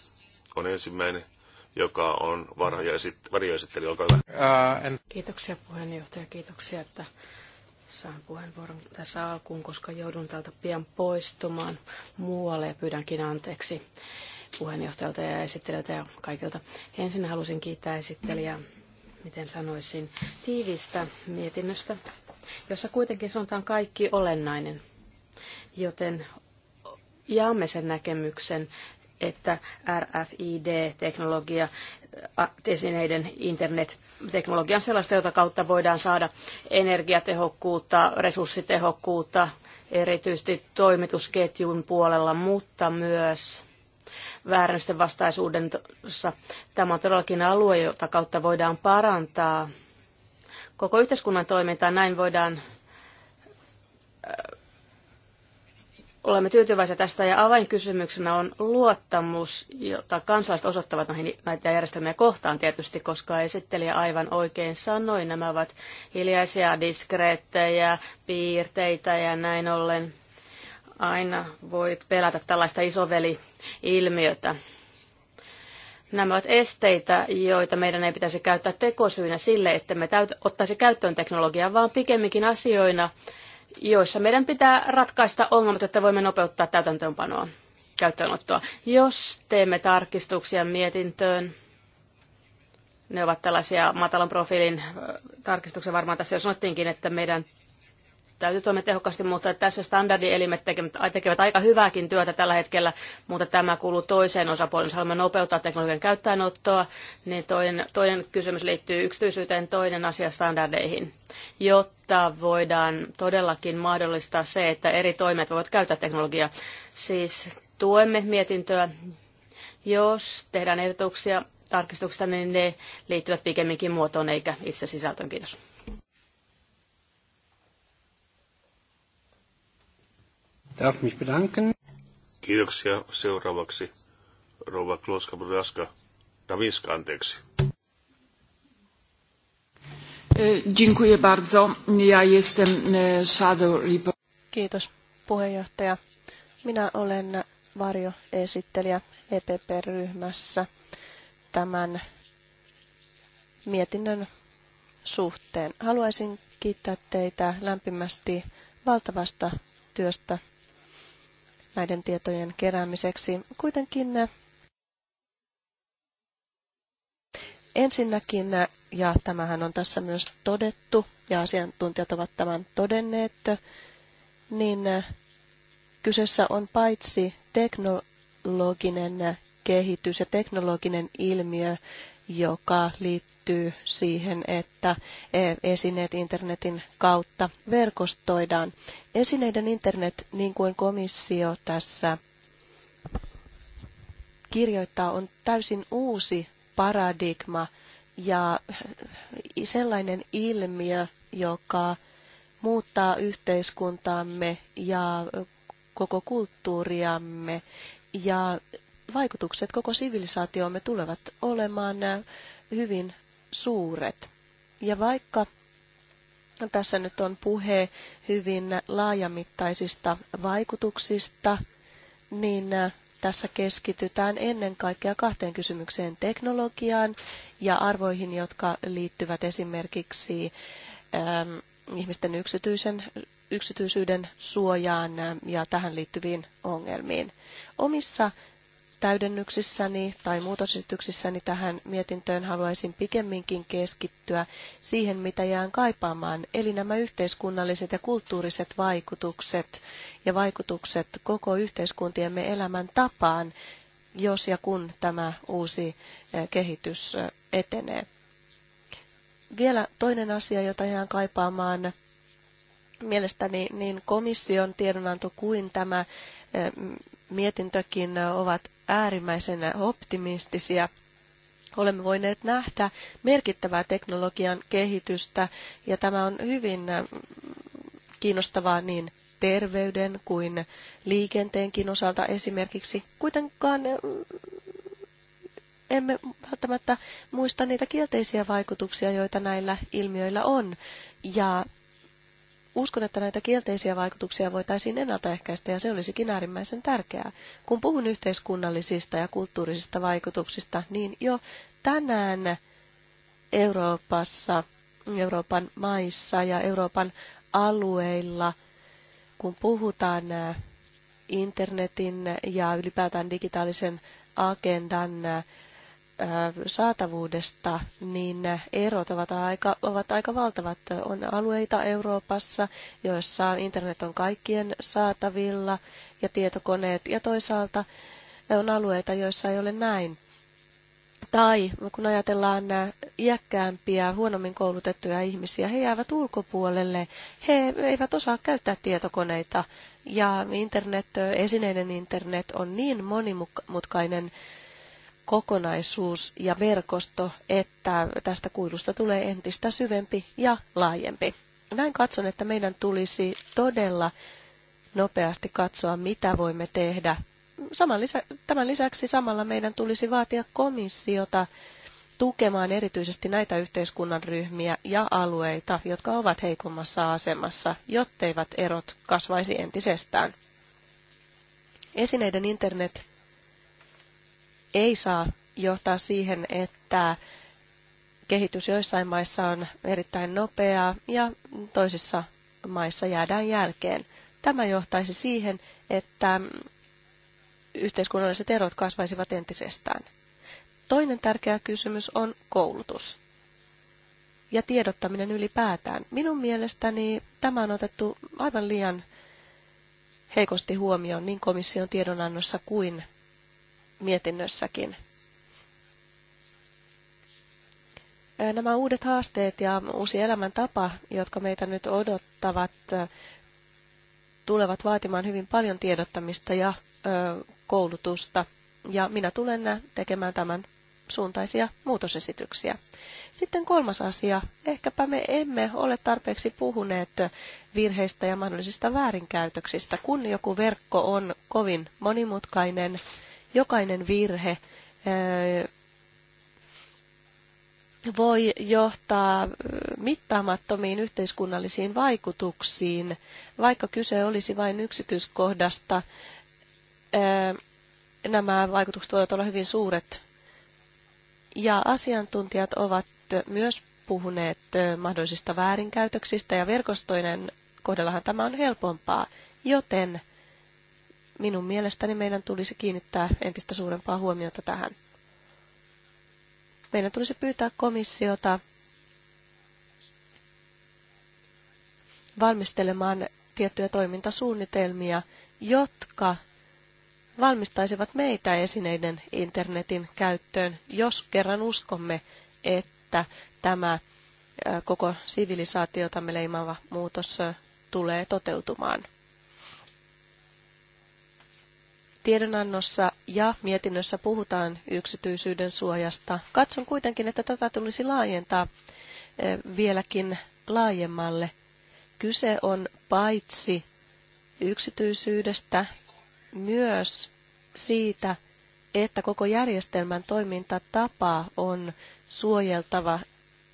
on ensimmäinen joka on varjoesittely. Olkaa hyvä. Kiitoksia puheenjohtaja, kiitoksia, että saan puheenvuoron tässä alkuun, koska joudun täältä pian poistumaan muualle ja pyydänkin anteeksi puheenjohtajalta ja esittelijältä ja kaikilta. Ensin halusin kiittää esittelijää, miten sanoisin, tiivistä mietinnöstä, jossa kuitenkin sanotaan kaikki olennainen, joten jaamme sen näkemyksen, että RFID-teknologia äh, tesineiden internetteknologia on sellaista, jota kautta voidaan saada energiatehokkuutta, resurssitehokkuutta, erityisesti toimitusketjun puolella, mutta myös väärännysten vastaisuuden Tämä on todellakin alue, jota kautta voidaan parantaa koko yhteiskunnan toimintaa. Näin voidaan Olemme tyytyväisiä tästä ja avainkysymyksenä on luottamus, jota kansalaiset osoittavat näihin, näitä järjestelmiä kohtaan tietysti, koska esittelijä aivan oikein sanoi, nämä ovat hiljaisia diskreettejä, piirteitä ja näin ollen aina voi pelätä tällaista isoveli-ilmiötä. Nämä ovat esteitä, joita meidän ei pitäisi käyttää tekosyynä sille, että me täyt- ottaisi käyttöön teknologiaa, vaan pikemminkin asioina, joissa meidän pitää ratkaista ongelmat, jotta voimme nopeuttaa täytäntöönpanoa käyttöönottoa. Jos teemme tarkistuksia mietintöön, ne ovat tällaisia matalan profiilin tarkistuksia varmaan tässä jo sanottiinkin, että meidän täytyy toimia tehokkaasti, mutta tässä standardielimet tekevät, tekevät aika hyvääkin työtä tällä hetkellä, mutta tämä kuuluu toiseen osapuoleen. Jos haluamme nopeuttaa teknologian käyttäenottoa, niin toinen, toinen kysymys liittyy yksityisyyteen, toinen asia standardeihin, jotta voidaan todellakin mahdollistaa se, että eri toimijat voivat käyttää teknologiaa. Siis tuemme mietintöä, jos tehdään ehdotuksia tarkistuksista, niin ne liittyvät pikemminkin muotoon eikä itse sisältöön. Kiitos. Darf mich bedanken. Kiitoksia. Seuraavaksi rouva Kloska Braska. Davinska, anteeksi. E, dziękuję bardzo. Ja jestem e, shadow report. Kiitos puheenjohtaja. Minä olen varjoesittelijä EPP-ryhmässä tämän mietinnön suhteen. Haluaisin kiittää teitä lämpimästi valtavasta työstä, näiden tietojen keräämiseksi. Kuitenkin äh, ensinnäkin, äh, ja tämähän on tässä myös todettu, ja asiantuntijat ovat tämän todenneet, äh, niin kyseessä on paitsi teknologinen kehitys ja teknologinen ilmiö, joka liittyy liittyy siihen, että e, esineet internetin kautta verkostoidaan. Esineiden internet, niin kuin komissio tässä kirjoittaa, on täysin uusi paradigma ja sellainen ilmiö, joka muuttaa yhteiskuntaamme ja koko kulttuuriamme. Ja vaikutukset koko sivilisaatioomme tulevat olemaan hyvin suuret. Ja vaikka tässä nyt on puhe hyvin laajamittaisista vaikutuksista, niin äh, tässä keskitytään ennen kaikkea kahteen kysymykseen teknologiaan ja arvoihin, jotka liittyvät esimerkiksi ähm, ihmisten yksityisen, yksityisyyden suojaan äh, ja tähän liittyviin ongelmiin. Omissa täydennyksissäni tai muutosesityksissäni tähän mietintöön haluaisin pikemminkin keskittyä siihen, mitä jään kaipaamaan, eli nämä yhteiskunnalliset ja kulttuuriset vaikutukset ja vaikutukset koko yhteiskuntiemme elämän tapaan, jos ja kun tämä uusi eh, kehitys eh, etenee. Vielä toinen asia, jota jään kaipaamaan, mielestäni niin komission tiedonanto kuin tämä eh, mietintökin ovat äärimmäisen optimistisia. Olemme voineet nähdä merkittävää teknologian kehitystä ja tämä on hyvin kiinnostavaa niin terveyden kuin liikenteenkin osalta esimerkiksi. Kuitenkaan emme välttämättä muista niitä kielteisiä vaikutuksia, joita näillä ilmiöillä on. Ja uskon, että näitä kielteisiä vaikutuksia voitaisiin ennaltaehkäistä ja se olisikin äärimmäisen tärkeää. Kun puhun yhteiskunnallisista ja kulttuurisista vaikutuksista, niin jo tänään Euroopassa, Euroopan maissa ja Euroopan alueilla, kun puhutaan äh, internetin ja ylipäätään digitaalisen agendan äh, saatavuudesta, niin erot ovat aika, ovat aika valtavat. On alueita Euroopassa, joissa internet on kaikkien saatavilla ja tietokoneet, ja toisaalta on alueita, joissa ei ole näin. Tai kun ajatellaan iäkkäämpiä, huonommin koulutettuja ihmisiä, he jäävät ulkopuolelle. He eivät osaa käyttää tietokoneita. Ja internet, esineinen internet on niin monimutkainen kokonaisuus ja verkosto, että tästä kuilusta tulee entistä syvempi ja laajempi. Näin katson, että meidän tulisi todella nopeasti katsoa, mitä voimme tehdä. Saman tämän lisäksi samalla meidän tulisi vaatia komissiota tukemaan erityisesti näitä yhteiskunnan ryhmiä ja alueita, jotka ovat heikommassa asemassa, jotteivät erot kasvaisi entisestään. Esineiden internet ei saa johtaa siihen, että kehitys joissain maissa on erittäin nopeaa ja toisissa maissa jäädään jälkeen. Tämä johtaisi siihen, että yhteiskunnalliset erot kasvaisivat entisestään. Toinen tärkeä kysymys on koulutus ja tiedottaminen ylipäätään. Minun mielestäni tämä on otettu aivan liian heikosti huomioon niin komission tiedonannossa kuin mietinnössäkin. Nämä uudet haasteet ja uusi elämäntapa, jotka meitä nyt odottavat, tulevat vaatimaan hyvin paljon tiedottamista ja koulutusta. Ja minä tulen tekemään tämän suuntaisia muutosesityksiä. Sitten kolmas asia. Ehkäpä me emme ole tarpeeksi puhuneet virheistä ja mahdollisista väärinkäytöksistä. Kun joku verkko on kovin monimutkainen, Jokainen virhe eh, voi johtaa eh, mittaamattomiin yhteiskunnallisiin vaikutuksiin, vaikka kyse olisi vain yksityiskohdasta. Eh, nämä vaikutukset voivat olla hyvin suuret. Ja asiantuntijat ovat myös puhuneet mahdollisista väärinkäytöksistä ja verkostoinen kohdallahan tämä on helpompaa, joten Minun mielestäni meidän tulisi kiinnittää entistä suurempaa huomiota tähän. Meidän tulisi pyytää komissiota valmistelemaan tiettyjä toimintasuunnitelmia, jotka valmistaisivat meitä esineiden internetin käyttöön, jos kerran uskomme, että tämä koko sivilisaatiotamme leimaava muutos tulee toteutumaan. Tiedonannossa ja mietinnössä puhutaan yksityisyyden suojasta. Katson kuitenkin, että tätä tulisi laajentaa eh, vieläkin laajemmalle. Kyse on paitsi yksityisyydestä myös siitä, että koko järjestelmän toimintatapa on suojeltava,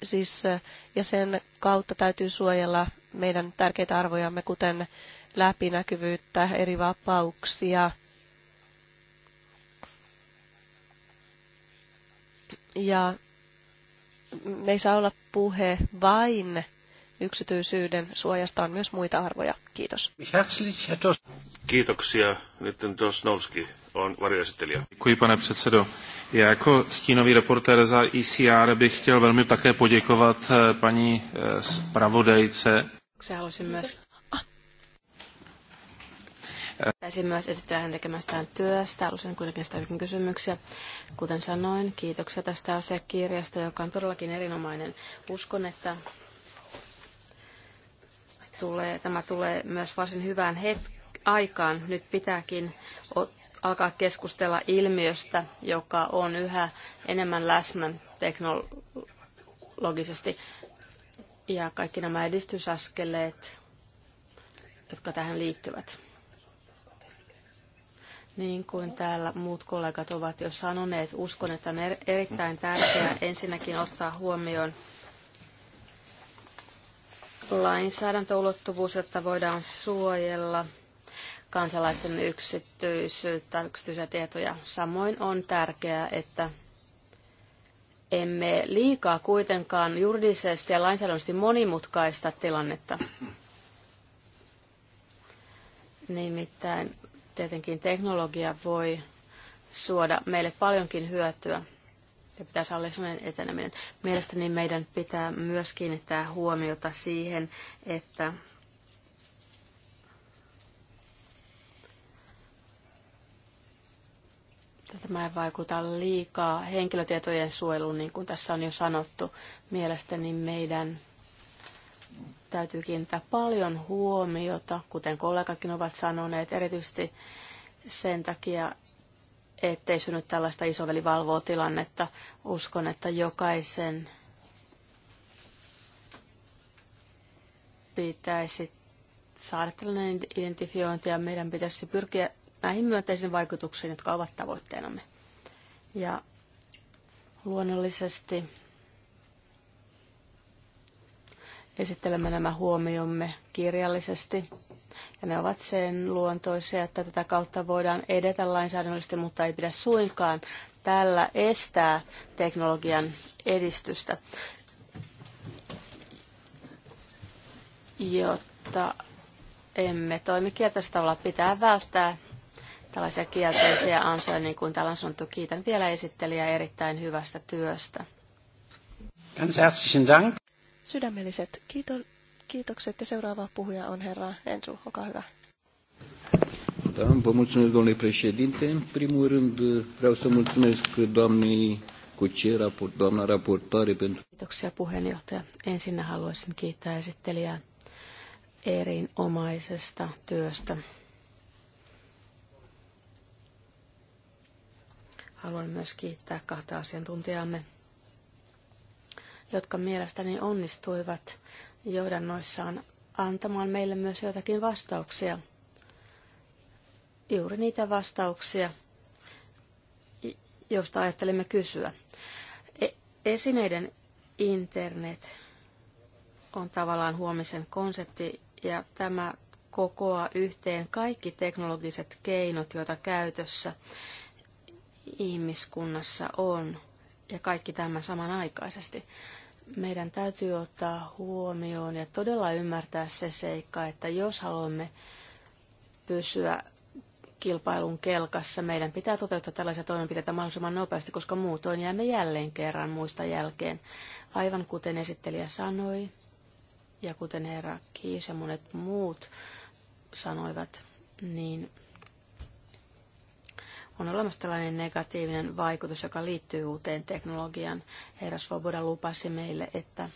siis, eh, ja sen kautta täytyy suojella meidän tärkeitä arvojamme, kuten läpinäkyvyyttä, eri vapauksia, Ja me ei saa olla puhe vain yksityisyyden suojasta, on myös muita arvoja. Kiitos. Kiitoksia. Nyt Dosnowski on varjoesittelijä. Kui pane předsedo. ja jako stínový reportér za ICR e bych chtěl velmi také poděkovat eh, paní eh, zpravodajce. Haluaisin myös Pitäisi myös esittää hän tekemästään työstä. Haluaisin kuitenkin sitä kysymyksiä. Kuten sanoin, kiitoksia tästä asiakirjasta, joka on todellakin erinomainen. Uskon, että tulee, tämä tulee myös varsin hyvään aikaan. Nyt pitääkin alkaa keskustella ilmiöstä, joka on yhä enemmän läsnä teknologisesti. Ja kaikki nämä edistysaskeleet, jotka tähän liittyvät. Niin kuin täällä muut kollegat ovat jo sanoneet, uskon, että on er-, erittäin tärkeää ensinnäkin ottaa huomioon lainsäädäntöulottuvuus, jotta voidaan suojella kansalaisten yksityisyyttä, yksityisiä tietoja. Samoin on tärkeää, että emme liikaa kuitenkaan juridisesti ja lainsäädännöllisesti monimutkaista tilannetta. Nimittäin Tietenkin teknologia voi suoda meille paljonkin hyötyä ja pitäisi olla sellainen eteneminen. Mielestäni meidän pitää myös kiinnittää huomiota siihen, että tämä ei vaikuta liikaa henkilötietojen suojeluun, niin kuin tässä on jo sanottu. Mielestäni meidän täytyy kiinnittää paljon huomiota, kuten kollegatkin ovat sanoneet, erityisesti sen takia, ettei synny tällaista isoveli valvoo tilannetta. Uskon, että jokaisen pitäisi saada tällainen identifiointi ja meidän pitäisi pyrkiä näihin myönteisiin vaikutuksiin, jotka ovat tavoitteenamme. Ja luonnollisesti Esittelemme nämä huomiomme kirjallisesti. Ja ne ovat sen luontoisia, että tätä kautta voidaan edetä lainsäädännöllisesti, mutta ei pidä suinkaan tällä estää teknologian edistystä, jotta emme toimi kieltäisellä tavalla. Pitää välttää tällaisia kielteisiä ansoja, niin kuin täällä on sanottu. Kiitän vielä esittelijää erittäin hyvästä työstä. Ganz herzlichen Dank. Sydämelliset kiito- kiitokset ja seuraava puhuja on herra Ensu, olkaa hyvä. Da, vă mulțumesc, domnule președinte. În primul rând, vreau să mulțumesc doamnei Cucie, raport, doamna raportoare, pentru... Kiitoksia puheenjohtaja. Ensinnä haluaisin kiittää esittelijää erinomaisesta työstä. Haluan myös kiittää kahta asiantuntijamme jotka mielestäni onnistuivat johdannoissaan antamaan meille myös jotakin vastauksia. Juuri niitä vastauksia, joista ajattelimme kysyä. E- esineiden internet on tavallaan huomisen konsepti ja tämä kokoaa yhteen kaikki teknologiset keinot, joita käytössä ihmiskunnassa on ja kaikki tämä samanaikaisesti meidän täytyy ottaa huomioon ja todella ymmärtää se seikka, että jos haluamme pysyä kilpailun kelkassa, meidän pitää toteuttaa tällaisia toimenpiteitä mahdollisimman nopeasti, koska muutoin jäämme jälleen kerran muista jälkeen. Aivan kuten esittelijä sanoi, ja kuten herra Kiis ja monet muut sanoivat, niin on olemassa tällainen negatiivinen vaikutus, joka liittyy uuteen teknologiaan. Herra Svoboda lupasi meille, että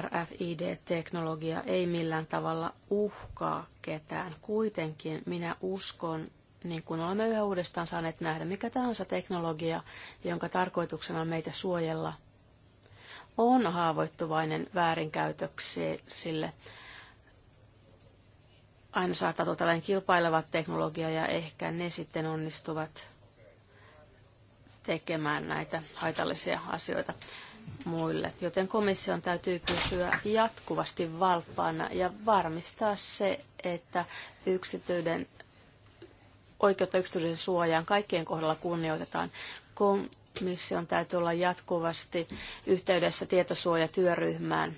RFID-teknologia ei millään tavalla uhkaa ketään. Kuitenkin minä uskon, niin kuin olemme yhä uudestaan saaneet nähdä, mikä tahansa teknologia, jonka tarkoituksena on meitä suojella, on haavoittuvainen väärinkäytöksille aina saattaa tulla tällainen kilpaileva teknologia ja ehkä ne sitten onnistuvat tekemään näitä haitallisia asioita muille. Joten komission täytyy kysyä jatkuvasti valppaana ja varmistaa se, että yksityiden oikeutta yksityisen suojaan kaikkien kohdalla kunnioitetaan. Komission täytyy olla jatkuvasti yhteydessä tietosuojatyöryhmään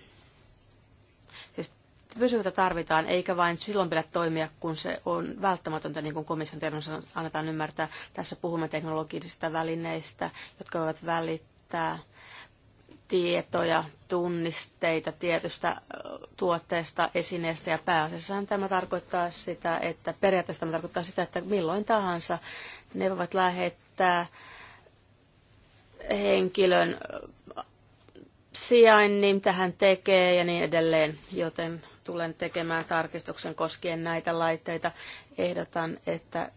pysyvyyttä tarvitaan, eikä vain silloin pidä toimia, kun se on välttämätöntä, niin kuin komission tiedon annetaan ymmärtää. Tässä puhumme teknologisista välineistä, jotka voivat välittää tietoja, tunnisteita tietystä tuotteesta, esineestä ja pääasiassa tämä tarkoittaa sitä, että periaatteessa tämä tarkoittaa sitä, että milloin tahansa ne voivat lähettää henkilön sijainnin, mitä hän tekee ja niin edelleen, joten tulen tekemään tarkistuksen koskien näitä laitteita. Ehdotan, että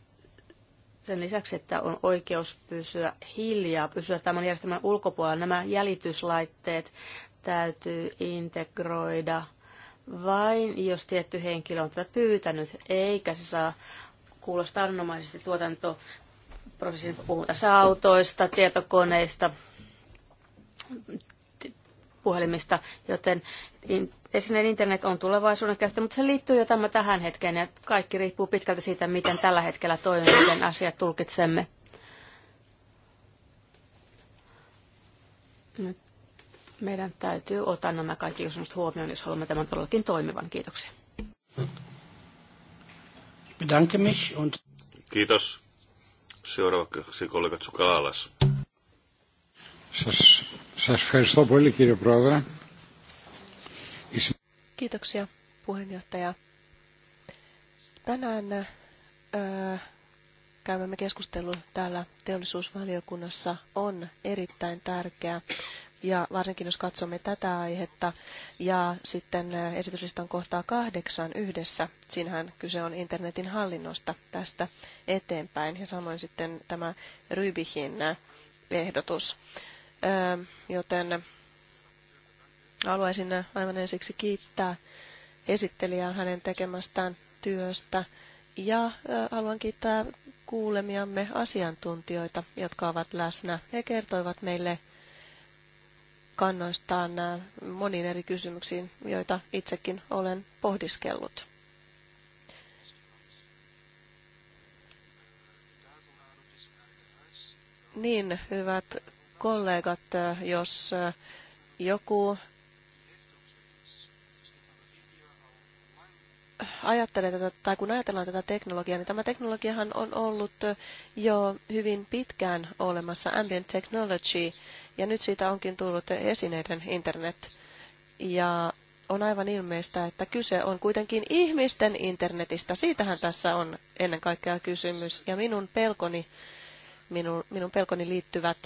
sen lisäksi, että on oikeus pysyä hiljaa, pysyä tämän järjestelmän ulkopuolella, nämä jäljityslaitteet täytyy integroida vain, jos tietty henkilö on tätä pyytänyt, eikä se saa kuulostaa annomaisesti tuotantoprosessin puhun autoista, tietokoneista, älypuhelimista, joten esineen internet on tulevaisuuden käsite, mutta se liittyy jo tämä tähän hetkeen ja kaikki riippuu pitkälti siitä, miten tällä hetkellä toimii, miten asiat tulkitsemme. Nyt meidän täytyy ottaa nämä kaikki kysymykset huomioon, jos haluamme tämän todellakin toimivan. Kiitoksia. Bedanke mich Kiitos. Seuraavaksi kollega Tsukaalas. Σας ευχαριστώ Kiitoksia puheenjohtaja. Tänään käymämme keskustelu täällä teollisuusvaliokunnassa on erittäin tärkeä. Ja varsinkin jos katsomme tätä aihetta ja sitten esityslistan kohtaa kahdeksan yhdessä, siinähän kyse on internetin hallinnosta tästä eteenpäin ja samoin sitten tämä Rybihin ehdotus joten haluaisin aivan ensiksi kiittää esittelijää hänen tekemästään työstä ja haluan kiittää kuulemiamme asiantuntijoita, jotka ovat läsnä. He kertoivat meille kannoistaan moniin eri kysymyksiin, joita itsekin olen pohdiskellut. Niin, hyvät kollegat, jos joku ajattelee tätä, tai kun ajatellaan tätä teknologiaa, niin tämä teknologiahan on ollut jo hyvin pitkään olemassa, ambient technology, ja nyt siitä onkin tullut esineiden internet. Ja on aivan ilmeistä, että kyse on kuitenkin ihmisten internetistä. Siitähän tässä on ennen kaikkea kysymys. Ja minun pelkoni, minun, minun pelkoni liittyvät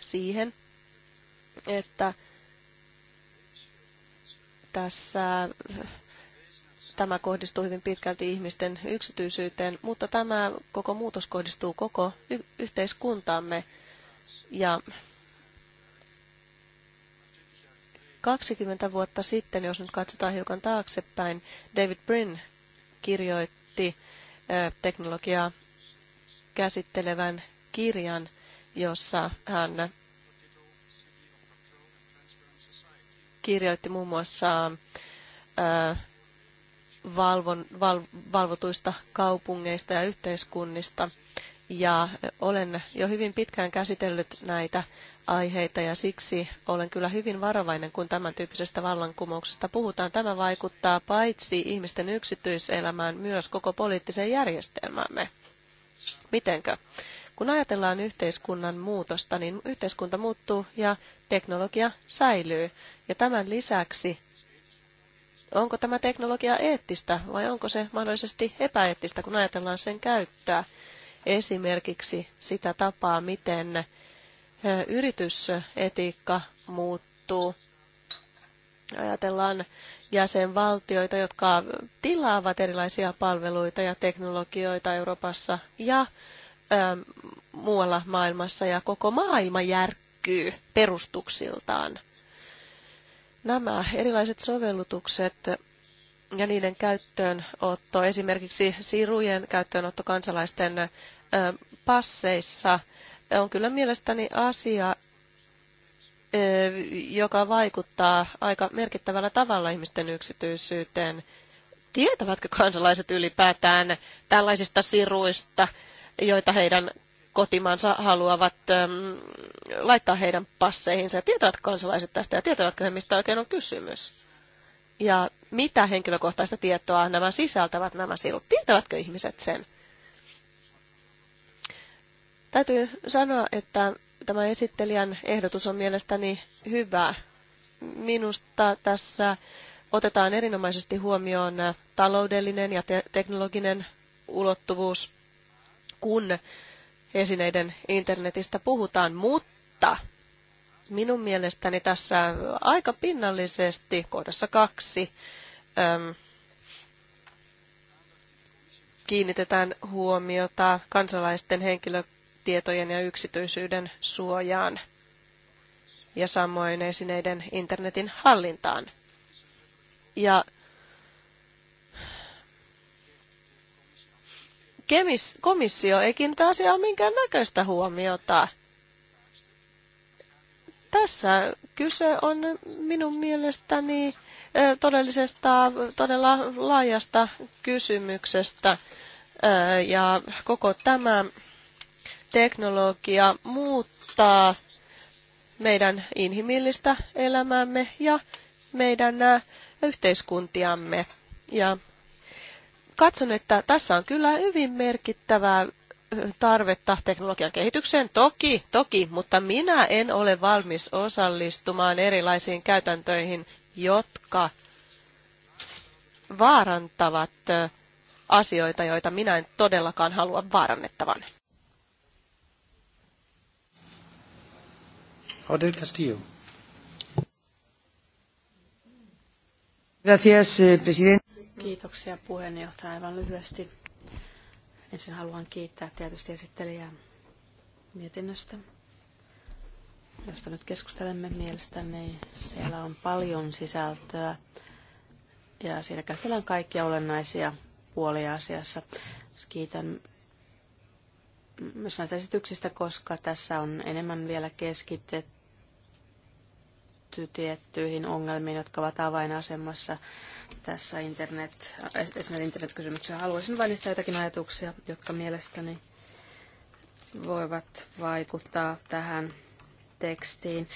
siihen, että tässä tämä kohdistuu hyvin pitkälti ihmisten yksityisyyteen, mutta tämä koko muutos kohdistuu koko y- yhteiskuntaamme. Ja 20 vuotta sitten, jos nyt katsotaan hiukan taaksepäin, David Brin kirjoitti teknologiaa käsittelevän kirjan – jossa hän kirjoitti muun muassa valvon, val, valvotuista kaupungeista ja yhteiskunnista. Ja olen jo hyvin pitkään käsitellyt näitä aiheita ja siksi olen kyllä hyvin varovainen, kun tämän tyyppisestä vallankumouksesta puhutaan. Tämä vaikuttaa paitsi ihmisten yksityiselämään myös koko poliittiseen järjestelmäämme. Mitenkö? Kun ajatellaan yhteiskunnan muutosta, niin yhteiskunta muuttuu ja teknologia säilyy. Ja tämän lisäksi, onko tämä teknologia eettistä vai onko se mahdollisesti epäeettistä, kun ajatellaan sen käyttöä? Esimerkiksi sitä tapaa, miten yritysetiikka muuttuu. Ajatellaan jäsenvaltioita, jotka tilaavat erilaisia palveluita ja teknologioita Euroopassa ja Ähm, muualla maailmassa ja koko maailma järkkyy perustuksiltaan. Nämä erilaiset sovellutukset ja niiden käyttöönotto, esimerkiksi sirujen käyttöönotto kansalaisten ö, passeissa, on kyllä mielestäni asia, joka vaikuttaa aika merkittävällä tavalla ihmisten yksityisyyteen. Tietävätkö kansalaiset ylipäätään tällaisista siruista? joita heidän kotimaansa haluavat äm, laittaa heidän passeihinsa. Ja tietävätkö kansalaiset tästä ja tietävätkö he, mistä oikein on kysymys. Ja mitä henkilökohtaista tietoa nämä sisältävät nämä sirut? Tietävätkö ihmiset sen? Täytyy sanoa, että tämä esittelijän ehdotus on mielestäni hyvä. Minusta tässä otetaan erinomaisesti huomioon taloudellinen ja te- teknologinen ulottuvuus kun esineiden internetistä puhutaan, mutta minun mielestäni tässä aika pinnallisesti kohdassa kaksi äm, kiinnitetään huomiota kansalaisten henkilötietojen ja yksityisyyden suojaan ja samoin esineiden internetin hallintaan. Ja kemis, komissio ei kiinnitä asiaa minkään näköistä huomiota. Tässä kyse on minun mielestäni todellisesta, todella laajasta kysymyksestä. Ja koko tämä teknologia muuttaa meidän inhimillistä elämäämme ja meidän yhteiskuntiamme. Ja Katson, että tässä on kyllä hyvin merkittävää tarvetta teknologian kehitykseen, toki, toki, mutta minä en ole valmis osallistumaan erilaisiin käytäntöihin, jotka vaarantavat asioita, joita minä en todellakaan halua vaarannettavan. Odel Castillo. Gracias, eh, presidente. Kiitoksia puheenjohtaja aivan lyhyesti. Ensin haluan kiittää tietysti esittelijää mietinnöstä, josta nyt keskustelemme mielestäni. Siellä on paljon sisältöä ja siinä käsitellään kaikkia olennaisia puolia asiassa. Kiitän myös näistä esityksistä, koska tässä on enemmän vielä keskitetty liittyy tiettyihin ongelmiin, jotka ovat avainasemassa tässä internet, esimerkiksi internetkysymyksessä. Haluaisin vain niistä jotakin ajatuksia, jotka mielestäni voivat vaikuttaa tähän tekstiin.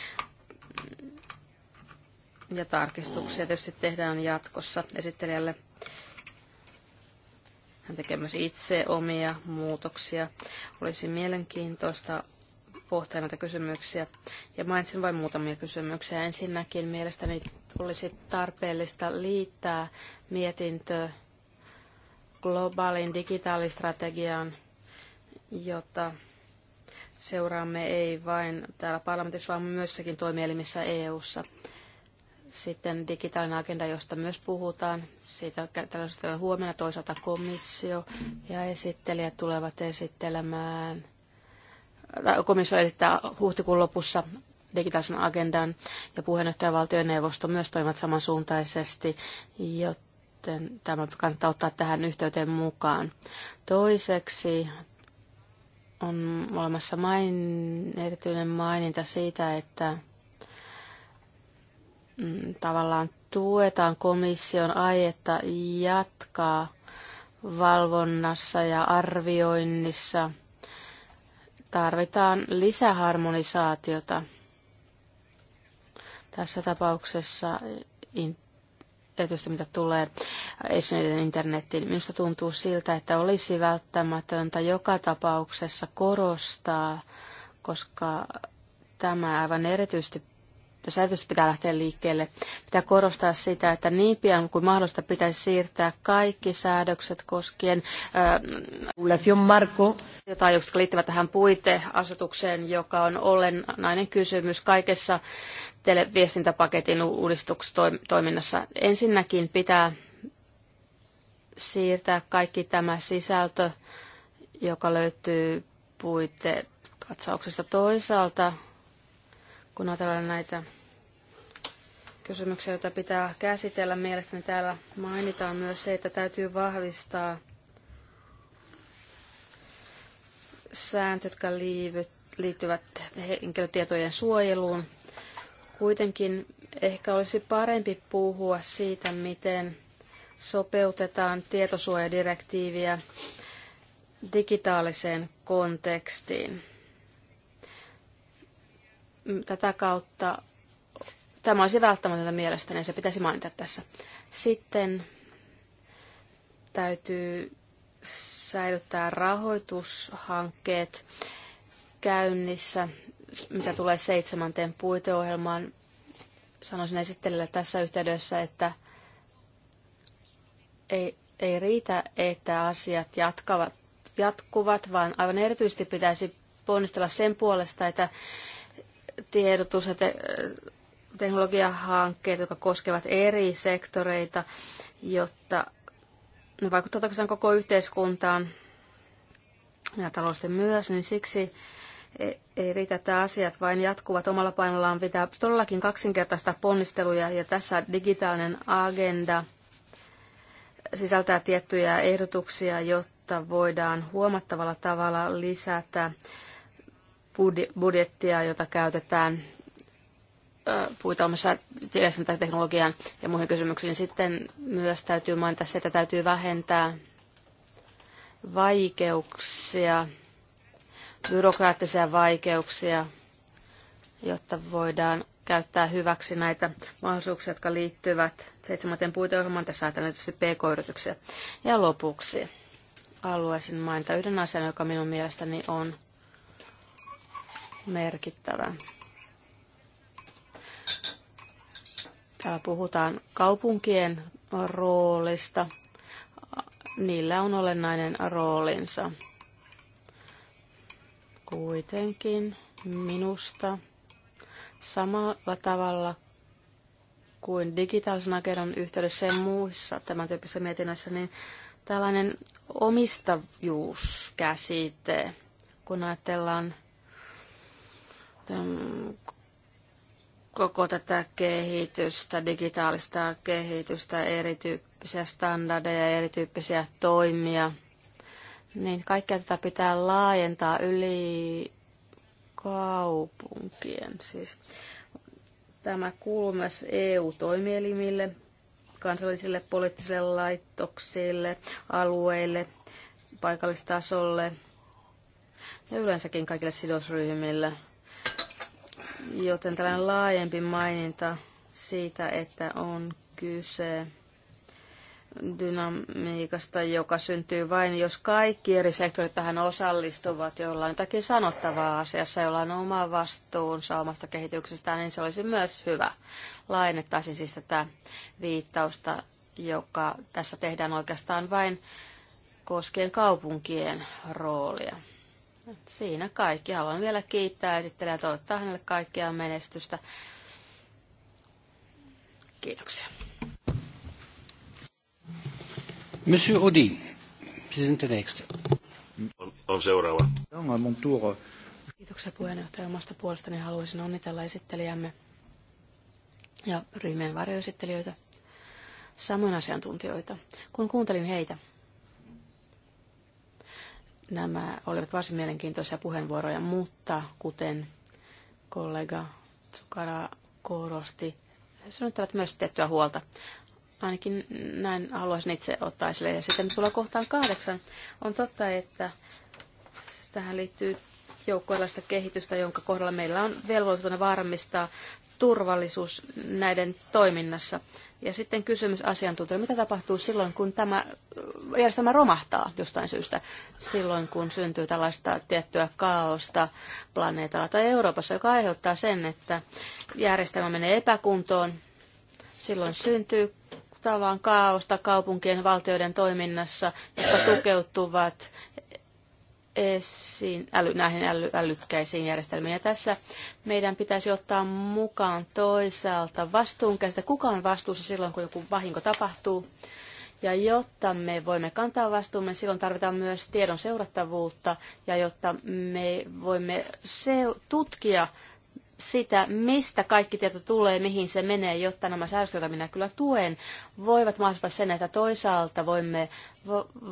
Ja tarkistuksia tietysti tehdään jatkossa esittelijälle. Hän tekee myös itse omia muutoksia. Olisi mielenkiintoista pohtia näitä kysymyksiä. Ja mainitsin vain muutamia kysymyksiä. Ensinnäkin mielestäni olisi tarpeellista liittää mietintö globaalin digitaalistrategiaan, jota seuraamme ei vain täällä parlamentissa, vaan myössäkin toimielimissä EU-ssa. Sitten digitaalinen agenda, josta myös puhutaan. Siitä tällaisesta huomenna toisaalta komissio ja esittelijät tulevat esittelemään – komissio esittää huhtikuun lopussa digitaalisen agendan ja neuvosto myös toimivat samansuuntaisesti, joten tämä kannattaa ottaa tähän yhteyteen mukaan. Toiseksi on olemassa main, erityinen maininta siitä, että mm, tavallaan tuetaan komission aietta jatkaa valvonnassa ja arvioinnissa – tarvitaan lisäharmonisaatiota tässä tapauksessa tietysti mitä tulee esineiden internettiin. Minusta tuntuu siltä, että olisi välttämätöntä joka tapauksessa korostaa, koska tämä aivan erityisesti tässä ajatusta pitää lähteä liikkeelle. Pitää korostaa sitä, että niin pian kuin mahdollista pitäisi siirtää kaikki säädökset koskien ää, Marko. jotain, jotka liittyvät tähän puiteasetukseen, joka on olennainen kysymys kaikessa televiestintäpaketin uudistustoiminnassa. Ensinnäkin pitää siirtää kaikki tämä sisältö, joka löytyy puite katsauksesta toisaalta kun ajatellaan näitä kysymyksiä, joita pitää käsitellä. Mielestäni täällä mainitaan myös se, että täytyy vahvistaa sääntöt, jotka liittyvät henkilötietojen suojeluun. Kuitenkin ehkä olisi parempi puhua siitä, miten sopeutetaan tietosuojadirektiiviä digitaaliseen kontekstiin. Tätä kautta tämä olisi välttämätöntä mielestäni, niin se pitäisi mainita tässä. Sitten täytyy säilyttää rahoitushankkeet käynnissä, mitä tulee seitsemänteen puiteohjelmaan. Sanoisin esittelijälle tässä yhteydessä, että ei, ei riitä, että asiat jatkavat, jatkuvat, vaan aivan erityisesti pitäisi ponnistella sen puolesta, että tiedotus- ja te- äh, teknologiahankkeet, jotka koskevat eri sektoreita, jotta ne vaikuttavat oikeastaan koko yhteiskuntaan ja talousten myös, niin siksi e-, ei riitä, että asiat vain jatkuvat omalla painollaan. Pitää todellakin kaksinkertaista ponnisteluja ja tässä digitaalinen agenda sisältää tiettyjä ehdotuksia, jotta voidaan huomattavalla tavalla lisätä budjettia, jota käytetään puitelmassa teknologian ja muihin kysymyksiin. Sitten myös täytyy mainita se, että täytyy vähentää vaikeuksia, byrokraattisia vaikeuksia, jotta voidaan käyttää hyväksi näitä mahdollisuuksia, jotka liittyvät seitsemänteen puiteohjelmaan. Tässä ajatellaan tietysti pk-yrityksiä. Ja lopuksi haluaisin mainita yhden asian, joka minun mielestäni on merkittävä. Täällä puhutaan kaupunkien roolista. Niillä on olennainen roolinsa. Kuitenkin minusta samalla tavalla kuin digitaalisen agendan yhteydessä ja muissa tämän tyyppisissä mietinnöissä, niin tällainen omistajuuskäsite, kun ajatellaan Ehm, koko tätä kehitystä, digitaalista kehitystä, erityyppisiä standardeja, erityyppisiä toimia, niin kaikkea tätä pitää laajentaa yli kaupunkien. Siis tämä kuuluu myös EU-toimielimille, kansallisille poliittisille laitoksille, alueille, paikallistasolle ja yleensäkin kaikille sidosryhmille – Joten tällainen laajempi maininta siitä, että on kyse dynamiikasta, joka syntyy vain, jos kaikki eri sektorit tähän osallistuvat, joilla on jotakin sanottavaa asiassa, jolla on oma vastuunsa omasta kehityksestään, niin se olisi myös hyvä. Lainettaisin siis tätä viittausta, joka tässä tehdään oikeastaan vain koskien kaupunkien roolia. Siinä kaikki. Haluan vielä kiittää esittelijä ja toivottaa hänelle kaikkea menestystä. Kiitoksia. Monsieur Audi, presente next. On, on seuraava. Kiitoksia puheenjohtaja omasta puolestani. Haluaisin onnitella esittelijämme ja ryhmien varjoesittelijöitä, samoin asiantuntijoita. Kun kuuntelin heitä, Nämä olivat varsin mielenkiintoisia puheenvuoroja, mutta kuten kollega Tsukara korosti, synnyttävät myös tiettyä huolta. Ainakin näin haluaisin itse ottaa esille. Ja sitten tulla kohtaan kahdeksan. On totta, että tähän liittyy joukko kehitystä, jonka kohdalla meillä on velvollisuutena varmistaa turvallisuus näiden toiminnassa. Ja sitten kysymys asiantuntijoille, mitä tapahtuu silloin, kun tämä äh, järjestelmä romahtaa jostain syystä, silloin kun syntyy tällaista tiettyä kaaosta planeetalla tai Euroopassa, joka aiheuttaa sen, että järjestelmä menee epäkuntoon, silloin syntyy tavallaan kaaosta kaupunkien valtioiden toiminnassa, jotka tukeutuvat esiin äly, näihin äly, älykkäisiin järjestelmiin. Ja tässä meidän pitäisi ottaa mukaan toisaalta vastuunkäsite. Kuka on vastuussa silloin, kun joku vahinko tapahtuu? Ja jotta me voimme kantaa vastuumme, silloin tarvitaan myös tiedon seurattavuutta ja jotta me voimme se, tutkia sitä, mistä kaikki tieto tulee, mihin se menee, jotta nämä säästöt, joita minä kyllä tuen, voivat mahdollistaa sen, että toisaalta voimme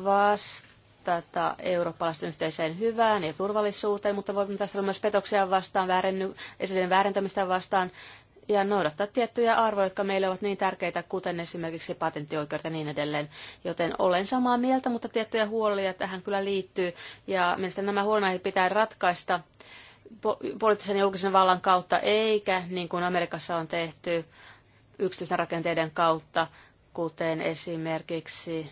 vastata tätä eurooppalaisten yhteiseen hyvään ja turvallisuuteen, mutta voimme olla myös petoksia vastaan, väärenny, esineiden väärentämistä vastaan ja noudattaa tiettyjä arvoja, jotka meille ovat niin tärkeitä, kuten esimerkiksi patenttioikeudet ja niin edelleen. Joten olen samaa mieltä, mutta tiettyjä huolia tähän kyllä liittyy. Ja mielestäni nämä huolenaiheet pitää ratkaista poliittisen ja julkisen vallan kautta, eikä niin kuin Amerikassa on tehty yksityisten rakenteiden kautta, kuten esimerkiksi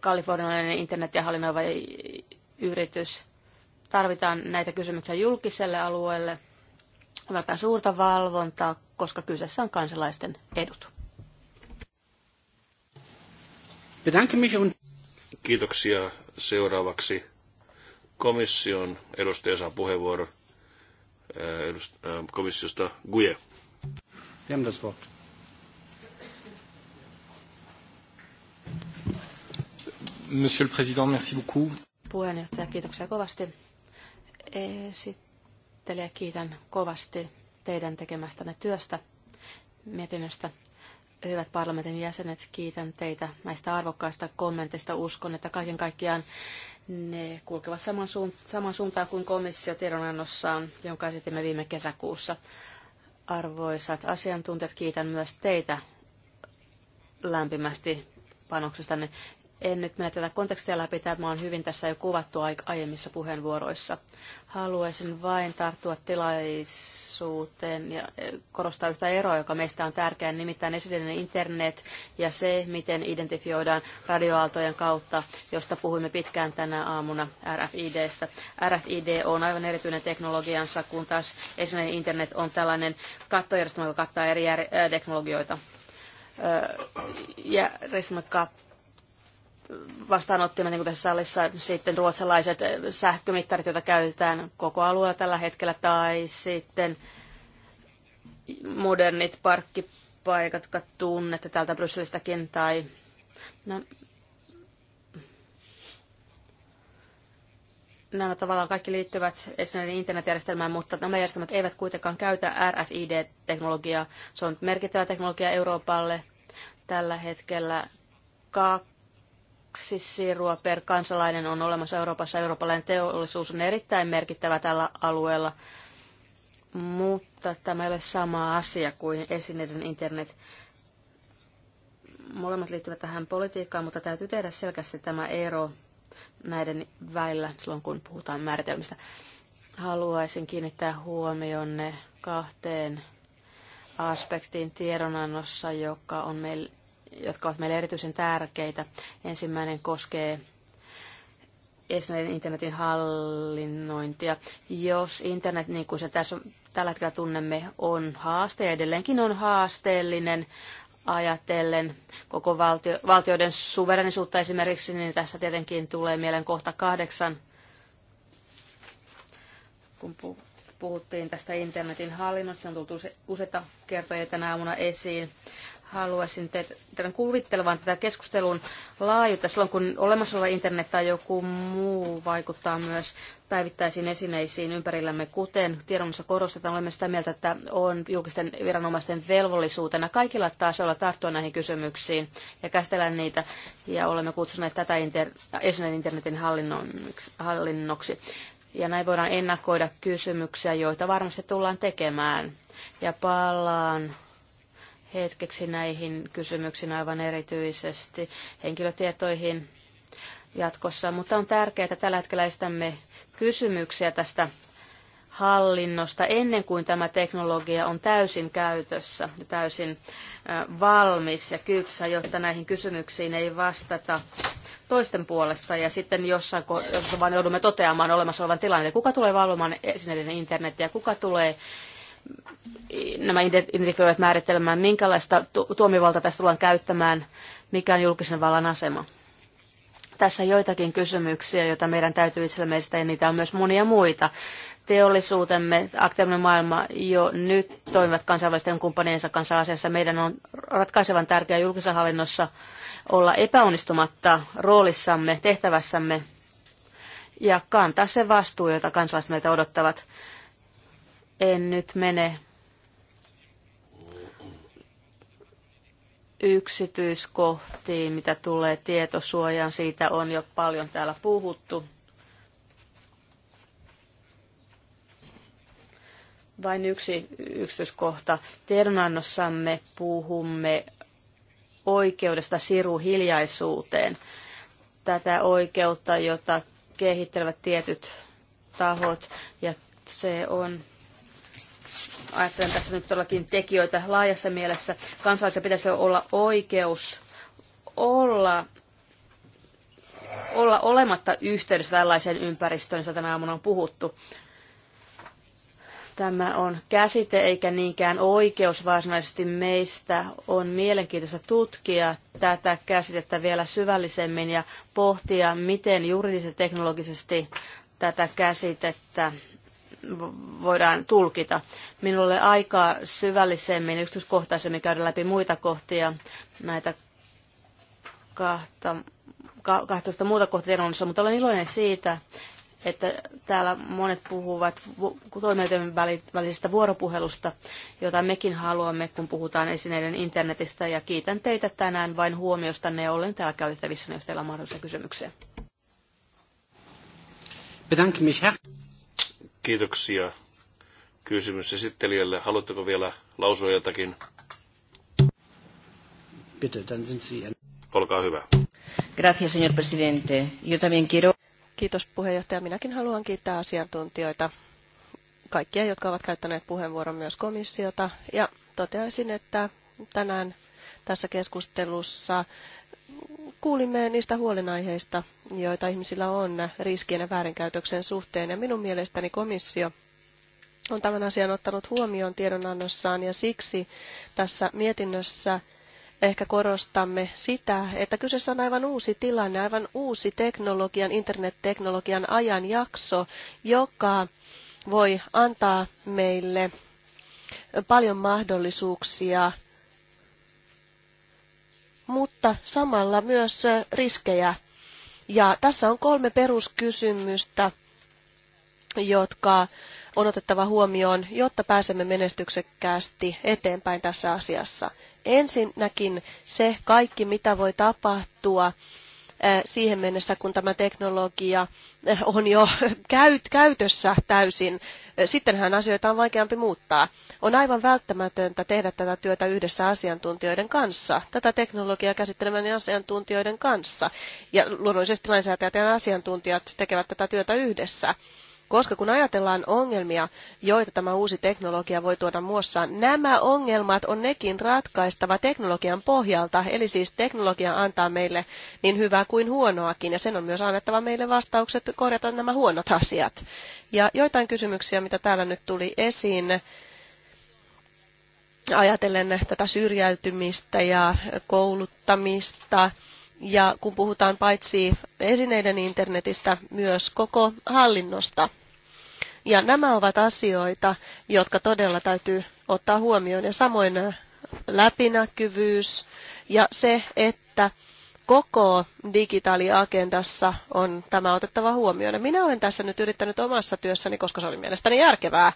kalifornialainen internet- ja hallinnoiva yritys. Tarvitaan näitä kysymyksiä julkiselle alueelle. Tarvitaan suurta valvontaa, koska kyseessä on kansalaisten edut. Kiitoksia. Seuraavaksi komission edustaja saa puheenvuoron eh, eh, komissiosta Guje. Jämdäs Wort. Monsieur le Président, merci beaucoup. Puheenjohtaja, kiitoksia kovasti. Esittelijä, kiitän kovasti teidän tekemästänne työstä, mietinnöstä. Hyvät parlamentin jäsenet, kiitän teitä näistä arvokkaista kommenteista. Uskon, että kaiken kaikkiaan ne kulkevat saman, suunt- saman suuntaan kuin komissio tiedonannossaan, jonka esitimme viime kesäkuussa. Arvoisat asiantuntijat, kiitän myös teitä lämpimästi panoksestanne. En nyt mene tätä kontekstia läpi, tämä on hyvin tässä jo kuvattu aiemmissa puheenvuoroissa. Haluaisin vain tarttua tilaisuuteen ja eh, korostaa yhtä eroa, joka meistä on tärkeää, nimittäin esitellinen internet ja se, miten identifioidaan radioaaltojen kautta, josta puhuimme pitkään tänä aamuna RFIDstä. RFID on aivan erityinen teknologiansa, kun taas esitellinen internet on tällainen kattojärjestelmä, joka kattaa eri eh, teknologioita eh, järjestelmä vastaanottimet niin kuin tässä salissa sitten ruotsalaiset sähkömittarit, joita käytetään koko alueella tällä hetkellä, tai sitten modernit parkkipaikat, jotka tunnette täältä Brysselistäkin, tai no, nämä tavallaan kaikki liittyvät esimerkiksi internetjärjestelmään, mutta nämä järjestelmät eivät kuitenkaan käytä RFID-teknologiaa. Se on merkittävä teknologia Euroopalle. Tällä hetkellä kaksi kaksi sirua per kansalainen on olemassa Euroopassa. Eurooppalainen teollisuus on erittäin merkittävä tällä alueella, mutta tämä ei ole sama asia kuin esineiden internet. Molemmat liittyvät tähän politiikkaan, mutta täytyy tehdä selkeästi tämä ero näiden väillä, silloin, kun puhutaan määritelmistä. Haluaisin kiinnittää huomionne kahteen aspektiin tiedonannossa, joka on meille jotka ovat meille erityisen tärkeitä. Ensimmäinen koskee esineiden internetin hallinnointia. Jos internet, niin kuin se tässä tällä hetkellä tunnemme, on haaste, edelleenkin on haasteellinen ajatellen koko valtio, valtioiden suverenisuutta esimerkiksi, niin tässä tietenkin tulee mielen kohta kahdeksan, kun puhuttiin tästä internetin hallinnosta, on tullut useita kertoja tänä aamuna esiin haluaisin teidän kuvittelevan tätä keskustelun laajuutta silloin, kun olemassa oleva internet tai joku muu vaikuttaa myös päivittäisiin esineisiin ympärillämme, kuten tiedonsa korostetaan, olemme sitä mieltä, että on julkisten viranomaisten velvollisuutena kaikilla tasoilla tarttua näihin kysymyksiin ja käsitellä niitä, ja olemme kutsuneet tätä inter, esineen internetin hallinnoksi. Ja näin voidaan ennakoida kysymyksiä, joita varmasti tullaan tekemään. Ja palaan hetkeksi näihin kysymyksiin aivan erityisesti henkilötietoihin jatkossa. Mutta on tärkeää, että tällä hetkellä estämme kysymyksiä tästä hallinnosta ennen kuin tämä teknologia on täysin käytössä, täysin valmis ja kypsä, jotta näihin kysymyksiin ei vastata toisten puolesta ja sitten jossain kohdassa vaan joudumme toteamaan olemassa olevan tilanne, kuka tulee valvomaan esineiden internetiä, kuka tulee nämä identifioivat määrittelemään, minkälaista tu- tuomivalta tässä tullaan käyttämään, mikä on julkisen vallan asema. Tässä joitakin kysymyksiä, joita meidän täytyy itsellemme esittää, ja niitä on myös monia muita. Teollisuutemme, aktiivinen maailma jo nyt toimivat kansainvälisten kumppaniensa kanssa asiassa. Meidän on ratkaisevan tärkeää julkisessa hallinnossa olla epäonnistumatta roolissamme, tehtävässämme ja kantaa se vastuu, jota kansalaiset meiltä odottavat. En nyt mene yksityiskohtiin, mitä tulee tietosuojaan. Siitä on jo paljon täällä puhuttu. Vain yksi yksityiskohta. Tiedonannossamme puhumme oikeudesta siruhiljaisuuteen. Tätä oikeutta, jota kehittelevät tietyt tahot, ja se on ajattelen tässä nyt todellakin tekijöitä laajassa mielessä, kansalaisilla pitäisi olla oikeus olla olla olematta yhteydessä tällaiseen ympäristöön, josta tänä aamuna on puhuttu. Tämä on käsite eikä niinkään oikeus varsinaisesti meistä. On mielenkiintoista tutkia tätä käsitettä vielä syvällisemmin ja pohtia, miten juridisesti teknologisesti tätä käsitettä voidaan tulkita. Minulle aikaa syvällisemmin, yksityiskohtaisemmin käydä läpi muita kohtia, näitä kahta, ka, 12 muuta kohtia mutta olen iloinen siitä, että täällä monet puhuvat toimijoiden välisestä vuoropuhelusta, jota mekin haluamme, kun puhutaan esineiden internetistä. Ja kiitän teitä tänään vain huomiosta. Ne olen täällä käytettävissä, jos teillä on mahdollisia kysymyksiä. Bedanke mich herzlich. Kiitoksia. Kysymys esittelijälle. Haluatteko vielä lausua jotakin? Bitte, dann sind Sie... Olkaa hyvä. Gracias, señor presidente. Yo también quiero... Kiitos puheenjohtaja. Minäkin haluan kiittää asiantuntijoita, kaikkia, jotka ovat käyttäneet puheenvuoron myös komissiota. Ja toteaisin, että tänään tässä keskustelussa kuulimme niistä huolenaiheista, joita ihmisillä on riskien ja väärinkäytöksen suhteen. Ja minun mielestäni komissio on tämän asian ottanut huomioon tiedonannossaan ja siksi tässä mietinnössä ehkä korostamme sitä, että kyseessä on aivan uusi tilanne, aivan uusi teknologian, internetteknologian ajanjakso, joka voi antaa meille paljon mahdollisuuksia mutta samalla myös riskejä. Ja tässä on kolme peruskysymystä, jotka on otettava huomioon, jotta pääsemme menestyksekkäästi eteenpäin tässä asiassa. Ensinnäkin se kaikki, mitä voi tapahtua siihen mennessä, kun tämä teknologia on jo käyt, käytössä täysin. Sittenhän asioita on vaikeampi muuttaa. On aivan välttämätöntä tehdä tätä työtä yhdessä asiantuntijoiden kanssa, tätä teknologiaa käsittelemään asiantuntijoiden kanssa. Ja luonnollisesti lainsäätäjät ja asiantuntijat tekevät tätä työtä yhdessä. Koska kun ajatellaan ongelmia, joita tämä uusi teknologia voi tuoda muussa, nämä ongelmat on nekin ratkaistava teknologian pohjalta. Eli siis teknologia antaa meille niin hyvää kuin huonoakin, ja sen on myös annettava meille vastaukset korjata nämä huonot asiat. Ja joitain kysymyksiä, mitä täällä nyt tuli esiin, ajatellen tätä syrjäytymistä ja kouluttamista. Ja kun puhutaan paitsi esineiden internetistä, myös koko hallinnosta. Ja nämä ovat asioita, jotka todella täytyy ottaa huomioon. Ja samoin äh, läpinäkyvyys ja se, että koko digitaaliagendassa on tämä otettava huomioon. Ja minä olen tässä nyt yrittänyt omassa työssäni, koska se oli mielestäni järkevää,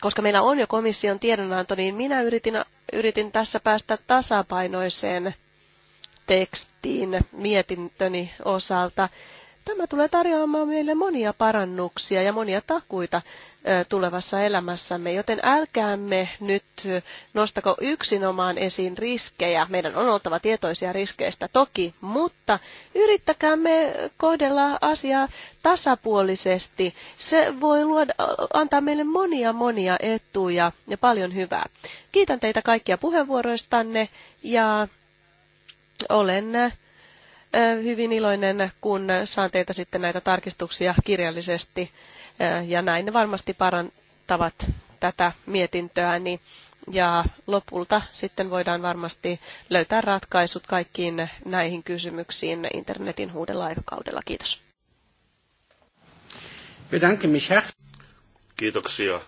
koska meillä on jo komission tiedonanto, niin minä yritin, yritin tässä päästä tasapainoiseen tekstiin mietintöni osalta Tämä tulee tarjoamaan meille monia parannuksia ja monia takuita tulevassa elämässämme, joten älkäämme nyt nostako yksinomaan esiin riskejä. Meidän on oltava tietoisia riskeistä toki, mutta yrittäkäämme kohdella asiaa tasapuolisesti. Se voi luoda, antaa meille monia monia etuja ja paljon hyvää. Kiitän teitä kaikkia puheenvuoroistanne ja olen hyvin iloinen, kun saan teiltä sitten näitä tarkistuksia kirjallisesti ja näin ne varmasti parantavat tätä mietintöä, niin ja lopulta sitten voidaan varmasti löytää ratkaisut kaikkiin näihin kysymyksiin internetin uudella aikakaudella. Kiitos. Kiitoksia.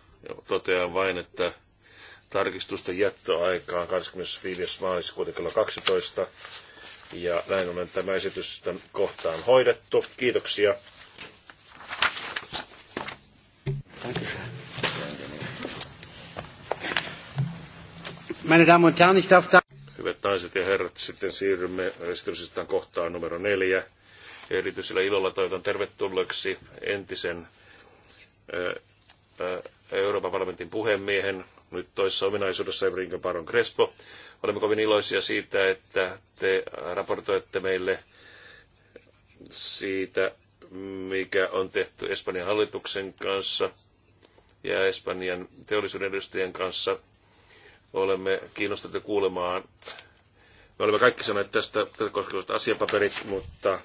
Totean vain, että tarkistusten jättöaikaa 25. maaliskuuta kello 12 ja näin on tämä esitys kohtaan hoidettu. Kiitoksia. Meine Damen und Herren, ich darf da Hyvät naiset ja herrat, sitten siirrymme esityslistan kohtaan numero neljä. Erityisellä ilolla toivotan tervetulleeksi entisen Euroopan parlamentin puhemiehen nyt toisessa ominaisuudessa Enrique Baron Crespo. Olemme kovin iloisia siitä, että te raportoitte meille siitä, mikä on tehty Espanjan hallituksen kanssa ja Espanjan teollisuuden edustajien kanssa. Olemme kiinnostuneita kuulemaan. Me olemme kaikki sanoneet tästä, tätä koskevat asiapaperit, mutta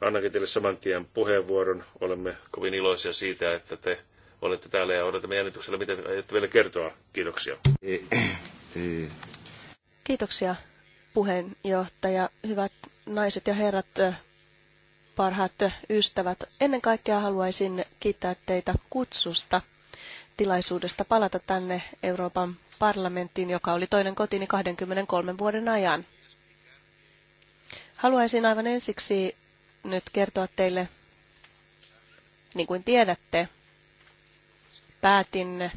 annankin teille saman tien puheenvuoron. Olemme kovin iloisia siitä, että te olette täällä ja odotamme jännityksellä, mitä aiotte vielä kertoa. Kiitoksia. Kiitoksia puheenjohtaja. Hyvät naiset ja herrat, parhaat ystävät. Ennen kaikkea haluaisin kiittää teitä kutsusta tilaisuudesta palata tänne Euroopan parlamenttiin, joka oli toinen kotini 23 vuoden ajan. Haluaisin aivan ensiksi nyt kertoa teille, niin kuin tiedätte, päätin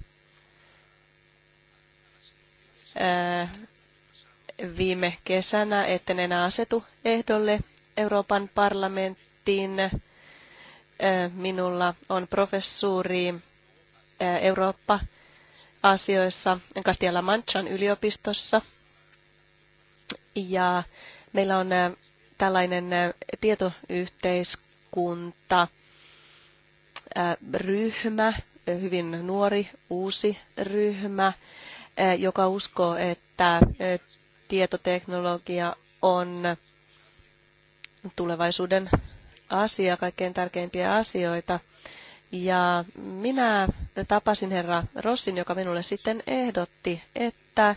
viime kesänä, etten enää asetu ehdolle Euroopan parlamenttiin. Minulla on professuuri Eurooppa-asioissa Castilla Manchan yliopistossa. Ja meillä on tällainen tietoyhteiskunta ryhmä, hyvin nuori, uusi ryhmä, eh, joka uskoo, että eh, tietoteknologia on tulevaisuuden asia, kaikkein tärkeimpiä asioita. Ja minä tapasin herra Rossin, joka minulle sitten ehdotti, että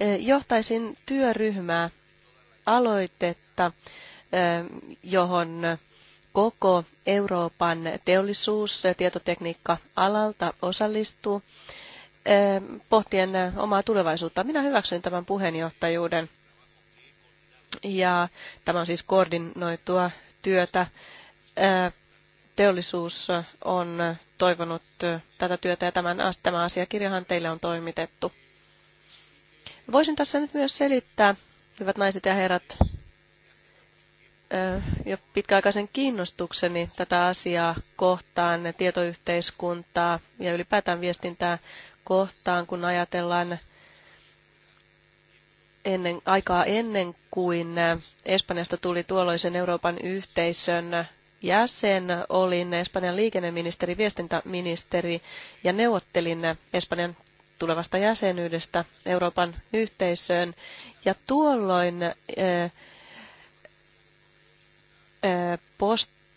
eh, johtaisin työryhmää aloitetta, johon koko Euroopan teollisuus ja tietotekniikka-alalta osallistuu eh, pohtien eh, omaa tulevaisuutta. Minä hyväksyin tämän puheenjohtajuuden ja tämä on siis koordinoitua työtä. Eh, teollisuus on toivonut tätä työtä ja tämän, tämä asiakirjahan teille on toimitettu. Voisin tässä nyt myös selittää, hyvät naiset ja herrat, jo pitkäaikaisen kiinnostukseni tätä asiaa kohtaan, tietoyhteiskuntaa ja ylipäätään viestintää kohtaan, kun ajatellaan ennen, aikaa ennen kuin Espanjasta tuli tuolloisen Euroopan yhteisön jäsen, olin Espanjan liikenneministeri, viestintäministeri ja neuvottelin Espanjan tulevasta jäsenyydestä Euroopan yhteisöön. Ja tuolloin postitoimistossa,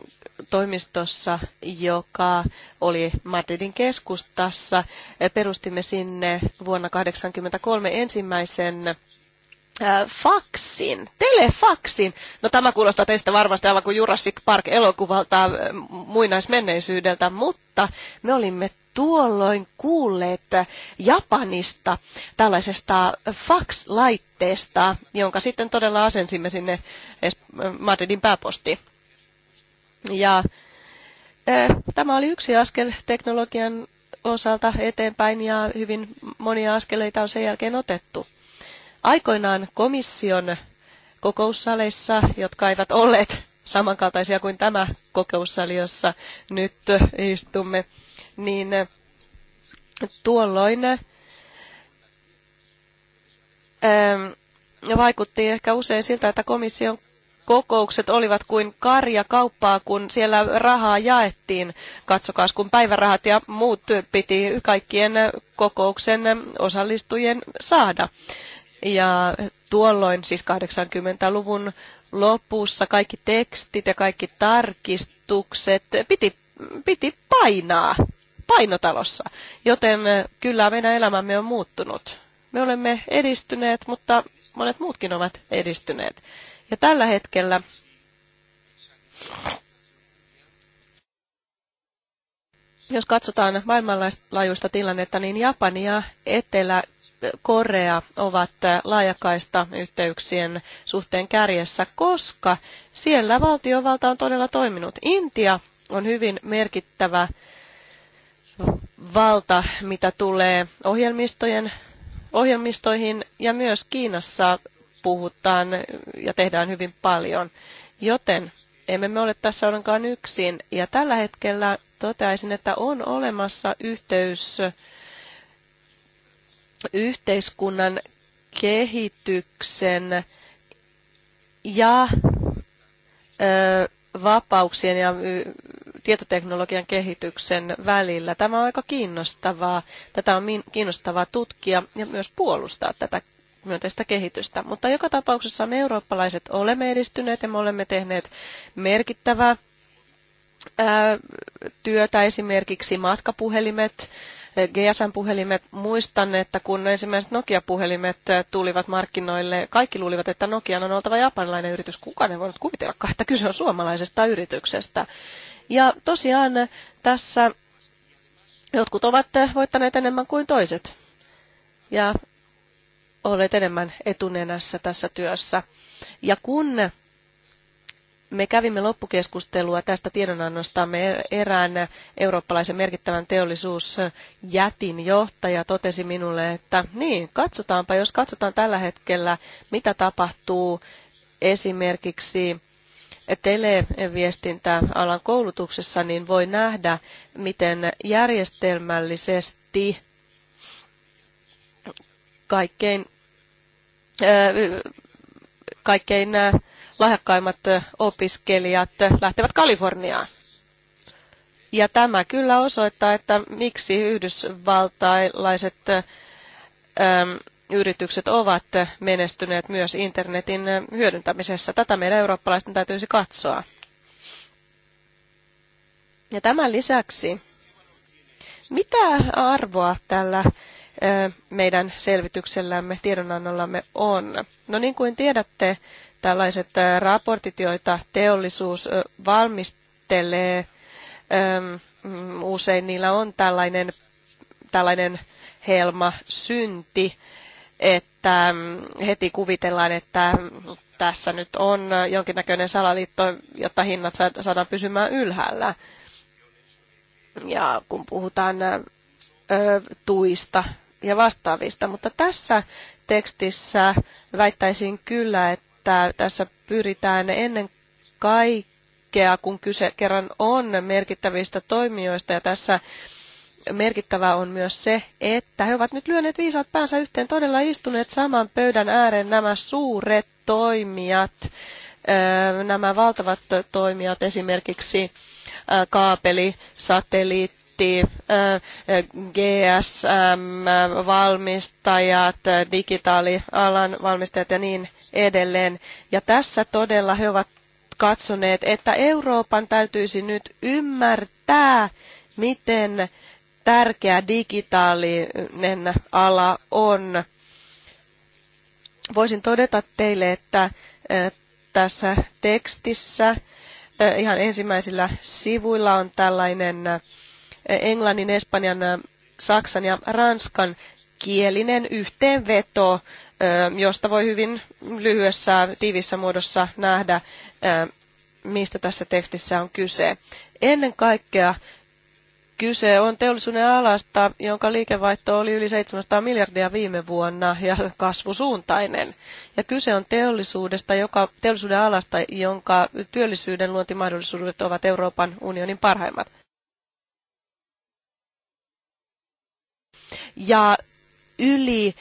mm, toimistossa, joka oli Madridin keskustassa. Perustimme sinne vuonna 1983 ensimmäisen faksin, telefaksin. No tämä kuulostaa teistä varmasti aivan kuin Jurassic Park-elokuvalta muinaismenneisyydeltä, mutta me olimme tuolloin kuulleet Japanista tällaisesta fax-laitteesta, jonka sitten todella asensimme sinne Madridin pääpostiin. Ja Tämä oli yksi askel teknologian osalta eteenpäin ja hyvin monia askeleita on sen jälkeen otettu. Aikoinaan komission kokoussaleissa, jotka eivät olleet samankaltaisia kuin tämä kokoussali, jossa nyt istumme, niin äh, tuolloin äh, ähm, vaikutti ehkä usein siltä, että komission kokoukset olivat kuin karja kauppaa, kun siellä rahaa jaettiin. Katsokaa, kun päivärahat ja muut piti kaikkien kokouksen osallistujien saada. Ja tuolloin, siis 80-luvun lopussa, kaikki tekstit ja kaikki tarkistukset piti, piti painaa painotalossa. Joten kyllä meidän elämämme on muuttunut. Me olemme edistyneet, mutta monet muutkin ovat edistyneet. Ja tällä hetkellä jos katsotaan maailmanlaajuista tilannetta, niin Japani ja Etelä-Korea ovat laajakaista yhteyksien suhteen kärjessä, koska siellä valtiovalta on todella toiminut. Intia on hyvin merkittävä valta, mitä tulee ohjelmistojen, ohjelmistoihin ja myös Kiinassa puhutaan ja tehdään hyvin paljon. Joten emme me ole tässä ollenkaan yksin. Ja tällä hetkellä toteaisin, että on olemassa yhteys yhteiskunnan kehityksen ja ö, vapauksien ja tietoteknologian kehityksen välillä. Tämä on aika kiinnostavaa. Tätä on kiinnostavaa tutkia ja myös puolustaa tätä myönteistä kehitystä. Mutta joka tapauksessa me eurooppalaiset olemme edistyneet ja me olemme tehneet merkittävää työtä, esimerkiksi matkapuhelimet, GSM-puhelimet. Muistan, että kun ensimmäiset Nokia-puhelimet tulivat markkinoille, kaikki luulivat, että Nokian on oltava japanilainen yritys. Kukaan ei voinut kuvitella, että kyse on suomalaisesta yrityksestä. Ja tosiaan tässä jotkut ovat voittaneet enemmän kuin toiset. Ja olet enemmän etunenässä tässä työssä. Ja kun me kävimme loppukeskustelua tästä tiedonannostamme erään eurooppalaisen merkittävän teollisuusjätin johtaja totesi minulle, että niin, katsotaanpa, jos katsotaan tällä hetkellä, mitä tapahtuu esimerkiksi televiestintäalan koulutuksessa, niin voi nähdä, miten järjestelmällisesti kaikkein, kaikkein lahjakkaimmat opiskelijat lähtevät Kaliforniaan. Ja tämä kyllä osoittaa, että miksi yhdysvaltalaiset yritykset ovat menestyneet myös internetin hyödyntämisessä. Tätä meidän eurooppalaisten täytyisi katsoa. Ja tämän lisäksi, mitä arvoa tällä meidän selvityksellämme, tiedonannollamme on? No niin kuin tiedätte, tällaiset raportit, joita teollisuus valmistelee, mm, usein niillä on tällainen, tällainen helma synti että mm, heti kuvitellaan, että mm, tässä nyt on jonkinnäköinen salaliitto, jotta hinnat saadaan pysymään ylhäällä. Ja kun puhutaan mm, tuista ja vastaavista, mutta tässä tekstissä väittäisin kyllä, että tässä pyritään ennen kaikkea, kun kyse kerran on merkittävistä toimijoista ja tässä merkittävää on myös se, että he ovat nyt lyöneet viisaat päänsä yhteen, todella istuneet saman pöydän ääreen nämä suuret toimijat, nämä valtavat toimijat, esimerkiksi kaapeli, satelliitti, GSM, valmistajat, digitaalialan valmistajat ja niin edelleen. Ja tässä todella he ovat katsoneet, että Euroopan täytyisi nyt ymmärtää, miten tärkeä digitaalinen ala on. Voisin todeta teille, että eh, tässä tekstissä eh, ihan ensimmäisillä sivuilla on tällainen eh, englannin, espanjan, saksan ja ranskan kielinen yhteenveto, josta voi hyvin lyhyessä tiivissä muodossa nähdä, mistä tässä tekstissä on kyse. Ennen kaikkea Kyse on teollisuuden alasta, jonka liikevaihto oli yli 700 miljardia viime vuonna ja kasvusuuntainen. Ja kyse on teollisuudesta, joka, teollisuuden alasta, jonka työllisyyden luontimahdollisuudet ovat Euroopan unionin parhaimmat. Ja yli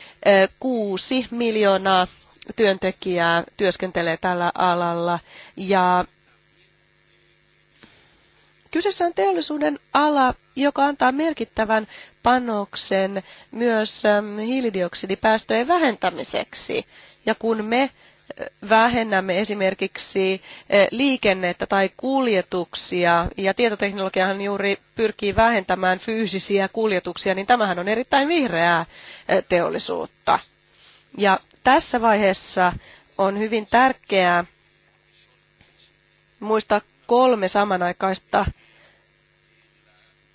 kuusi miljoonaa työntekijää työskentelee tällä alalla ja Kyseessä on teollisuuden ala, joka antaa merkittävän panoksen myös ähm, hiilidioksidipäästöjen vähentämiseksi. Ja kun me äh, vähennämme esimerkiksi äh, liikennettä tai kuljetuksia, ja tietoteknologiahan juuri pyrkii vähentämään fyysisiä kuljetuksia, niin tämähän on erittäin vihreää äh, teollisuutta. Ja tässä vaiheessa on hyvin tärkeää muistaa kolme samanaikaista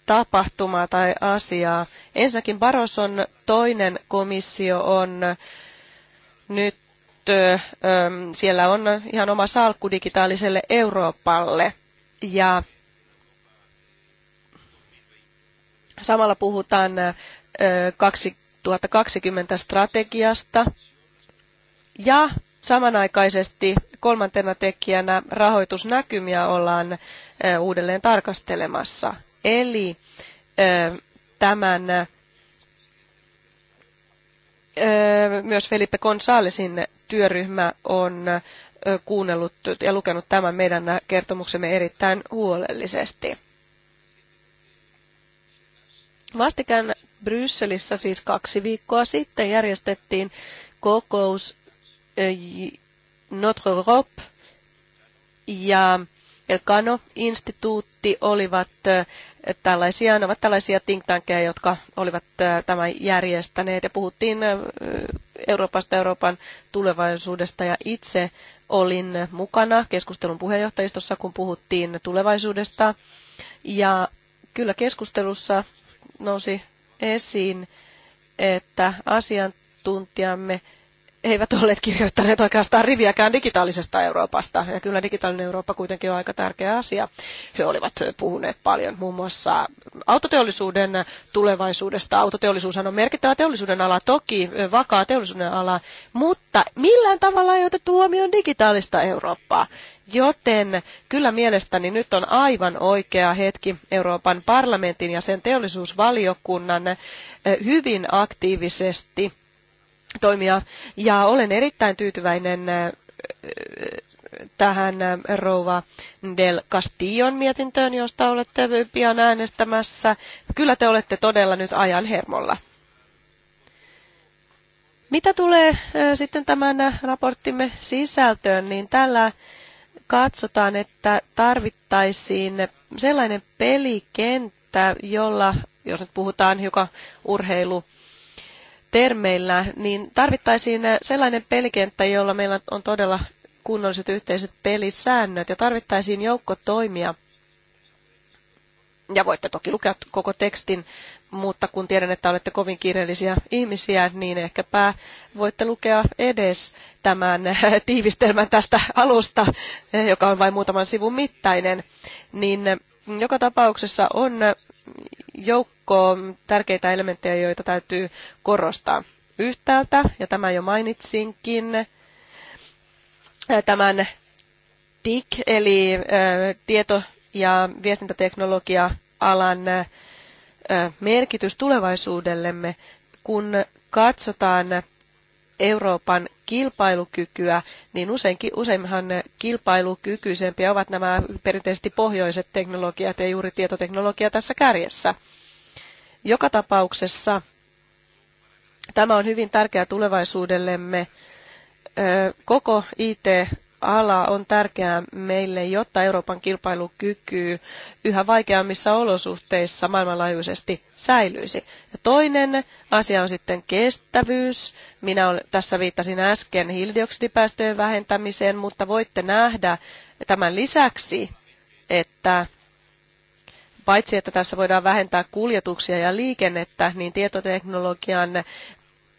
tapahtumaa tai asiaa. Ensinnäkin Baroson toinen komissio on nyt, siellä on ihan oma salkku digitaaliselle Euroopalle ja samalla puhutaan 2020 strategiasta ja samanaikaisesti kolmantena tekijänä rahoitusnäkymiä ollaan uudelleen tarkastelemassa. Eli tämän myös Felipe Gonzalesin työryhmä on kuunnellut ja lukenut tämän meidän kertomuksemme erittäin huolellisesti. Vastikään Brysselissä siis kaksi viikkoa sitten järjestettiin kokous Notre Europe ja Elcano-instituutti olivat tällaisia, ne ovat tällaisia think tankeja, jotka olivat tämän järjestäneet ja puhuttiin Euroopasta, Euroopan tulevaisuudesta ja itse olin mukana keskustelun puheenjohtajistossa, kun puhuttiin tulevaisuudesta ja kyllä keskustelussa nousi esiin, että asiantuntijamme eivät olleet kirjoittaneet oikeastaan riviäkään digitaalisesta Euroopasta. Ja kyllä digitaalinen Eurooppa kuitenkin on aika tärkeä asia. He olivat puhuneet paljon muun muassa autoteollisuuden tulevaisuudesta. Autoteollisuushan on merkittävä teollisuuden ala, toki vakaa teollisuuden ala, mutta millään tavalla ei otettu huomioon digitaalista Eurooppaa. Joten kyllä mielestäni nyt on aivan oikea hetki Euroopan parlamentin ja sen teollisuusvaliokunnan eh, hyvin aktiivisesti toimia. Ja olen erittäin tyytyväinen äh, tähän äh, rouva Del Castillon mietintöön, josta olette pian äänestämässä. Kyllä te olette todella nyt ajan hermolla. Mitä tulee äh, sitten tämän raporttimme sisältöön, niin tällä katsotaan, että tarvittaisiin sellainen pelikenttä, jolla, jos nyt puhutaan hiukan urheilu termeillä, niin tarvittaisiin sellainen pelikenttä, jolla meillä on todella kunnolliset yhteiset pelisäännöt ja tarvittaisiin joukko toimia. Ja voitte toki lukea koko tekstin, mutta kun tiedän, että olette kovin kiireellisiä ihmisiä, niin ehkäpä voitte lukea edes tämän tiivistelmän tästä alusta, joka on vain muutaman sivun mittainen. Niin joka tapauksessa on joukko tärkeitä elementtejä, joita täytyy korostaa yhtäältä, ja tämä jo mainitsinkin, tämän TIC, eli tieto- ja viestintäteknologia-alan merkitys tulevaisuudellemme, kun katsotaan Euroopan kilpailukykyä, niin useinkin, useimmahan kilpailukykyisempiä ovat nämä perinteisesti pohjoiset teknologiat ja juuri tietoteknologia tässä kärjessä. Joka tapauksessa tämä on hyvin tärkeää tulevaisuudellemme. Koko IT ala on tärkeää meille, jotta Euroopan kilpailukyky yhä vaikeammissa olosuhteissa maailmanlaajuisesti säilyisi. Ja toinen asia on sitten kestävyys. Minä olen, tässä viittasin äsken hiilidioksidipäästöjen vähentämiseen, mutta voitte nähdä tämän lisäksi, että paitsi että tässä voidaan vähentää kuljetuksia ja liikennettä, niin tietoteknologian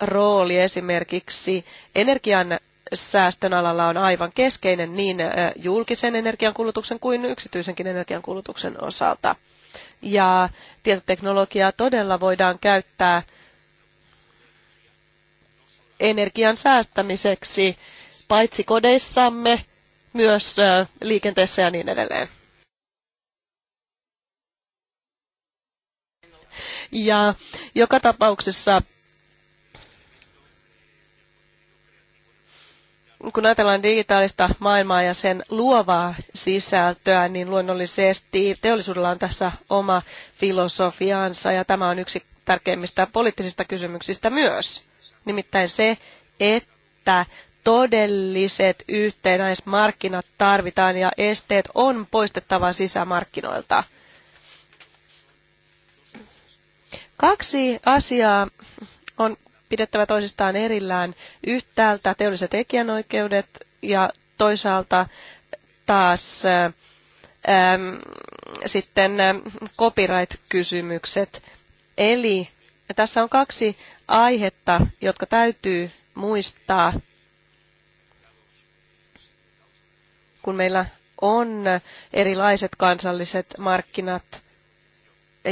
rooli esimerkiksi energian säästön alalla on aivan keskeinen niin julkisen energiankulutuksen kuin yksityisenkin energiankulutuksen osalta. Ja tietoteknologiaa todella voidaan käyttää energian säästämiseksi paitsi kodeissamme, myös liikenteessä ja niin edelleen. Ja joka tapauksessa kun ajatellaan digitaalista maailmaa ja sen luovaa sisältöä, niin luonnollisesti teollisuudella on tässä oma filosofiansa ja tämä on yksi tärkeimmistä poliittisista kysymyksistä myös. Nimittäin se, että todelliset yhtenäismarkkinat tarvitaan ja esteet on poistettava sisämarkkinoilta. Kaksi asiaa on pidettävä toisistaan erillään yhtäältä teolliset tekijänoikeudet ja toisaalta taas ähm, sitten ähm, copyright-kysymykset. Eli tässä on kaksi aihetta, jotka täytyy muistaa, kun meillä on erilaiset kansalliset markkinat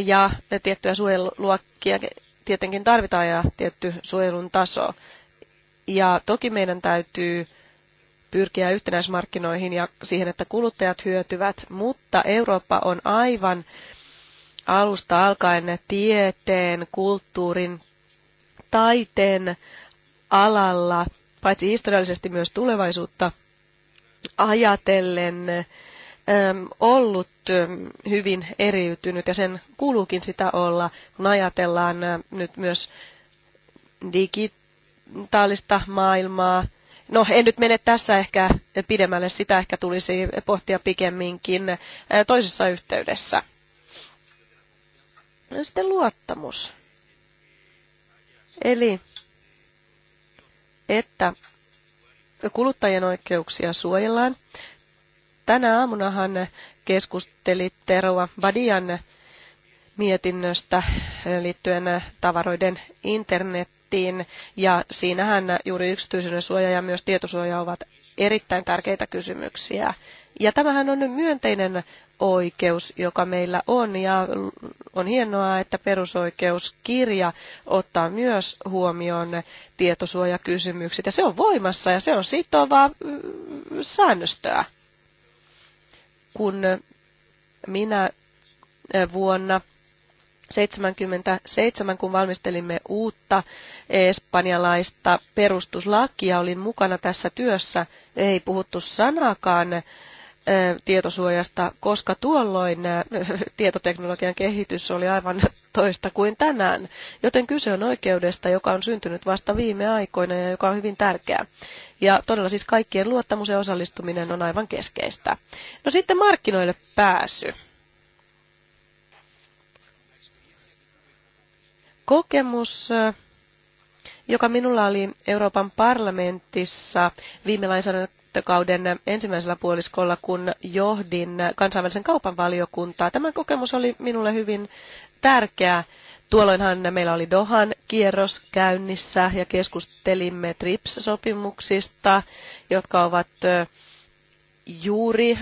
ja tiettyjä suojeluokkia tietenkin tarvitaan ja tietty suojelun taso. Ja toki meidän täytyy pyrkiä yhtenäismarkkinoihin ja siihen, että kuluttajat hyötyvät, mutta Eurooppa on aivan alusta alkaen tieteen, kulttuurin, taiteen alalla, paitsi historiallisesti myös tulevaisuutta ajatellen ollut hyvin eriytynyt ja sen kuuluukin sitä olla, kun ajatellaan nyt myös digitaalista maailmaa. No en nyt mene tässä ehkä pidemmälle, sitä ehkä tulisi pohtia pikemminkin toisessa yhteydessä. No, sitten luottamus. Eli että kuluttajien oikeuksia suojellaan, Tänä aamunahan keskustelitte Roa Badian mietinnöstä liittyen tavaroiden internettiin ja siinähän juuri yksityisyyden suoja ja myös tietosuoja ovat erittäin tärkeitä kysymyksiä. Ja tämähän on nyt myönteinen oikeus, joka meillä on ja on hienoa, että perusoikeuskirja ottaa myös huomioon tietosuojakysymykset ja se on voimassa ja se on sitovaa mm, säännöstöä kun minä vuonna 1977, kun valmistelimme uutta espanjalaista perustuslakia, olin mukana tässä työssä. Ei puhuttu sanakaan tietosuojasta, koska tuolloin tietoteknologian kehitys oli aivan toista kuin tänään, joten kyse on oikeudesta, joka on syntynyt vasta viime aikoina ja joka on hyvin tärkeää. Ja todella siis kaikkien luottamus ja osallistuminen on aivan keskeistä. No sitten markkinoille pääsy. Kokemus äh, joka minulla oli Euroopan parlamentissa viime lainsäädäntökauden ensimmäisellä puoliskolla, kun johdin kansainvälisen kaupan valiokuntaa. Tämä kokemus oli minulle hyvin tärkeä Tuolloinhan meillä oli Dohan kierros käynnissä ja keskustelimme TRIPS-sopimuksista, jotka ovat juuri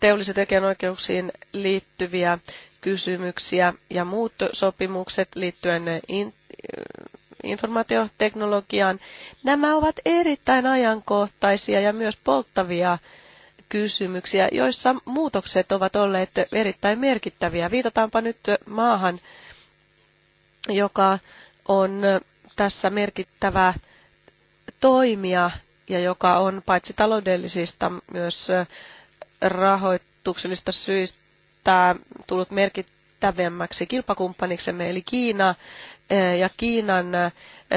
teollisen tekijänoikeuksiin liittyviä kysymyksiä ja muut sopimukset liittyen informaatioteknologiaan. Nämä ovat erittäin ajankohtaisia ja myös polttavia kysymyksiä, joissa muutokset ovat olleet erittäin merkittäviä. Viitataanpa nyt maahan, joka on tässä merkittävä toimija ja joka on paitsi taloudellisista myös rahoituksellista syistä tullut merkittävämmäksi kilpakumppaniksemme, eli Kiina ja Kiinan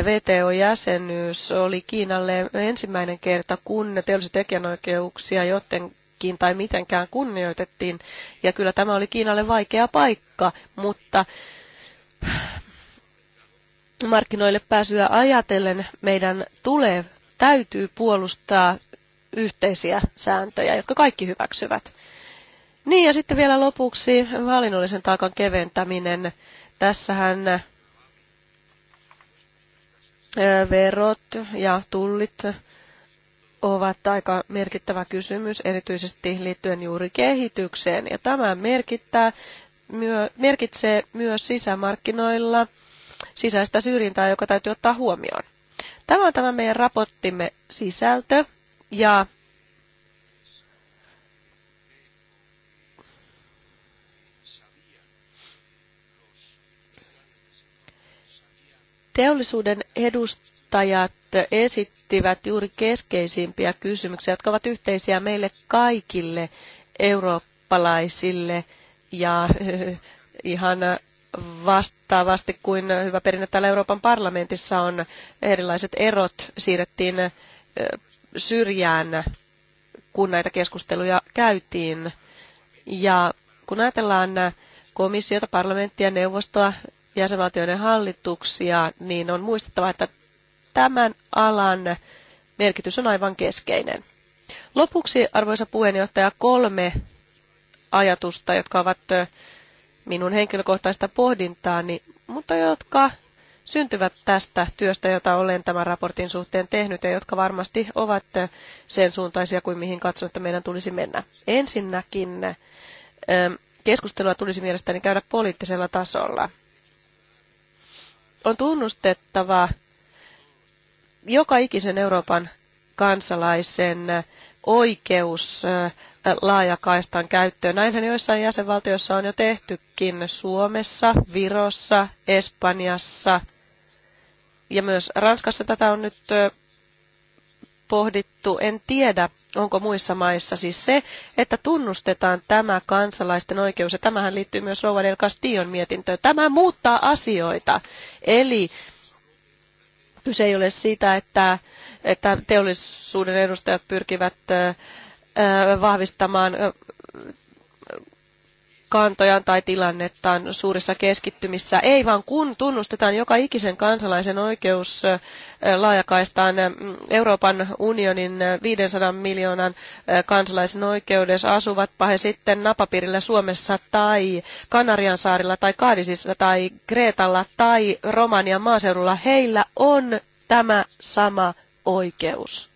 VTO-jäsenyys oli Kiinalle ensimmäinen kerta, kun teollisia tekijänoikeuksia jotenkin tai mitenkään kunnioitettiin. Ja kyllä tämä oli Kiinalle vaikea paikka, mutta markkinoille pääsyä ajatellen meidän tulee, täytyy puolustaa yhteisiä sääntöjä, jotka kaikki hyväksyvät. Niin ja sitten vielä lopuksi hallinnollisen taakan keventäminen. Tässähän verot ja tullit ovat aika merkittävä kysymys, erityisesti liittyen juuri kehitykseen. Ja tämä merkittää, myö, merkitsee myös sisämarkkinoilla sisäistä syrjintää, joka täytyy ottaa huomioon. Tämä on tämä meidän raporttimme sisältö ja Teollisuuden edustajat esittivät juuri keskeisimpiä kysymyksiä, jotka ovat yhteisiä meille kaikille eurooppalaisille ja ihan vastaavasti kuin hyvä perinne täällä Euroopan parlamentissa on, erilaiset erot siirrettiin syrjään, kun näitä keskusteluja käytiin. Ja kun ajatellaan komissiota, parlamenttia, neuvostoa, jäsenvaltioiden hallituksia, niin on muistettava, että tämän alan merkitys on aivan keskeinen. Lopuksi, arvoisa puheenjohtaja, kolme ajatusta, jotka ovat minun henkilökohtaista pohdintaani, mutta jotka syntyvät tästä työstä, jota olen tämän raportin suhteen tehnyt ja jotka varmasti ovat sen suuntaisia kuin mihin katson, että meidän tulisi mennä. Ensinnäkin keskustelua tulisi mielestäni käydä poliittisella tasolla on tunnustettava joka ikisen Euroopan kansalaisen oikeus laajakaistan käyttöön. Näinhän joissain jäsenvaltioissa on jo tehtykin Suomessa, Virossa, Espanjassa ja myös Ranskassa tätä on nyt pohdittu, en tiedä, onko muissa maissa siis se, että tunnustetaan tämä kansalaisten oikeus, ja tämähän liittyy myös Rouva del Castillon mietintöön. Tämä muuttaa asioita, eli kyse ei ole siitä, että, että teollisuuden edustajat pyrkivät vahvistamaan kantojaan tai tilannettaan suurissa keskittymissä. Ei vaan kun tunnustetaan joka ikisen kansalaisen oikeus laajakaistaan Euroopan unionin 500 miljoonan kansalaisen oikeudessa, asuvatpa he sitten napapiirillä Suomessa tai Kanarian saarilla tai Kaadisissa tai Kreetalla tai Romanian maaseudulla, heillä on tämä sama oikeus.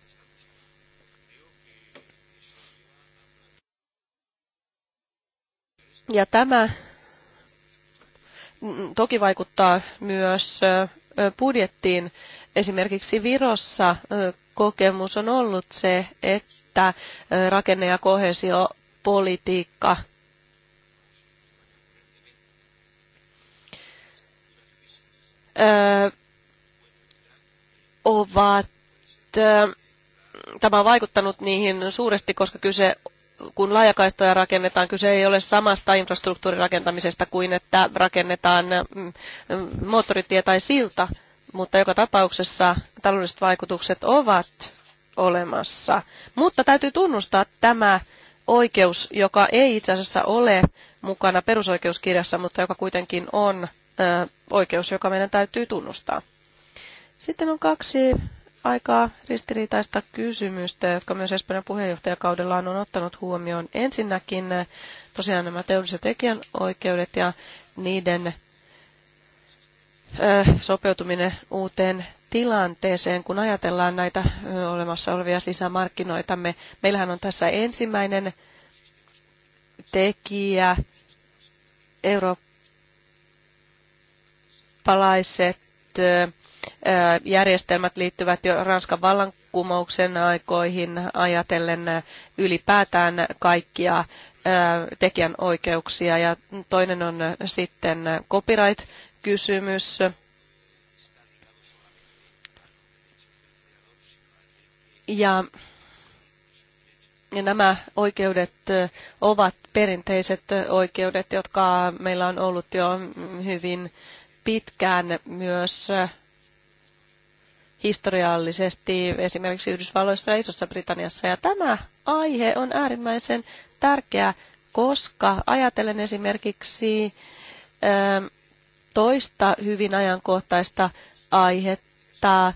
Ja tämä mm, mm, toki vaikuttaa myös budjettiin. Esimerkiksi Virossa kokemus on ollut se, että rakenne- ja kohesiopolitiikka ovat, tämä on vaikuttanut niihin suuresti, koska kyse kun laajakaistoja rakennetaan, kyse ei ole samasta infrastruktuurirakentamisesta kuin että rakennetaan mm, mm, moottoritie tai silta, mutta joka tapauksessa taloudelliset vaikutukset ovat olemassa. Mutta täytyy tunnustaa tämä oikeus, joka ei itse asiassa ole mukana perusoikeuskirjassa, mutta joka kuitenkin on oikeus, joka meidän täytyy tunnustaa. Sitten on kaksi aikaa ristiriitaista kysymystä, jotka myös Espanjan puheenjohtajakaudellaan on ottanut huomioon. Ensinnäkin eh, tosiaan nämä teolliset tekijänoikeudet ja niiden eh, sopeutuminen uuteen tilanteeseen, kun ajatellaan näitä eh, olemassa olevia sisämarkkinoitamme. Meillähän on tässä ensimmäinen tekijä eurooppalaiset järjestelmät liittyvät jo Ranskan vallankumouksen aikoihin ajatellen ylipäätään kaikkia tekijän oikeuksia. Ja toinen on sitten copyright-kysymys. Ja ja nämä oikeudet ovat perinteiset oikeudet, jotka meillä on ollut jo hyvin pitkään myös historiallisesti esimerkiksi Yhdysvalloissa ja Isossa Britanniassa. Ja tämä aihe on äärimmäisen tärkeä, koska ajatellen esimerkiksi ähm, toista hyvin ajankohtaista aihetta,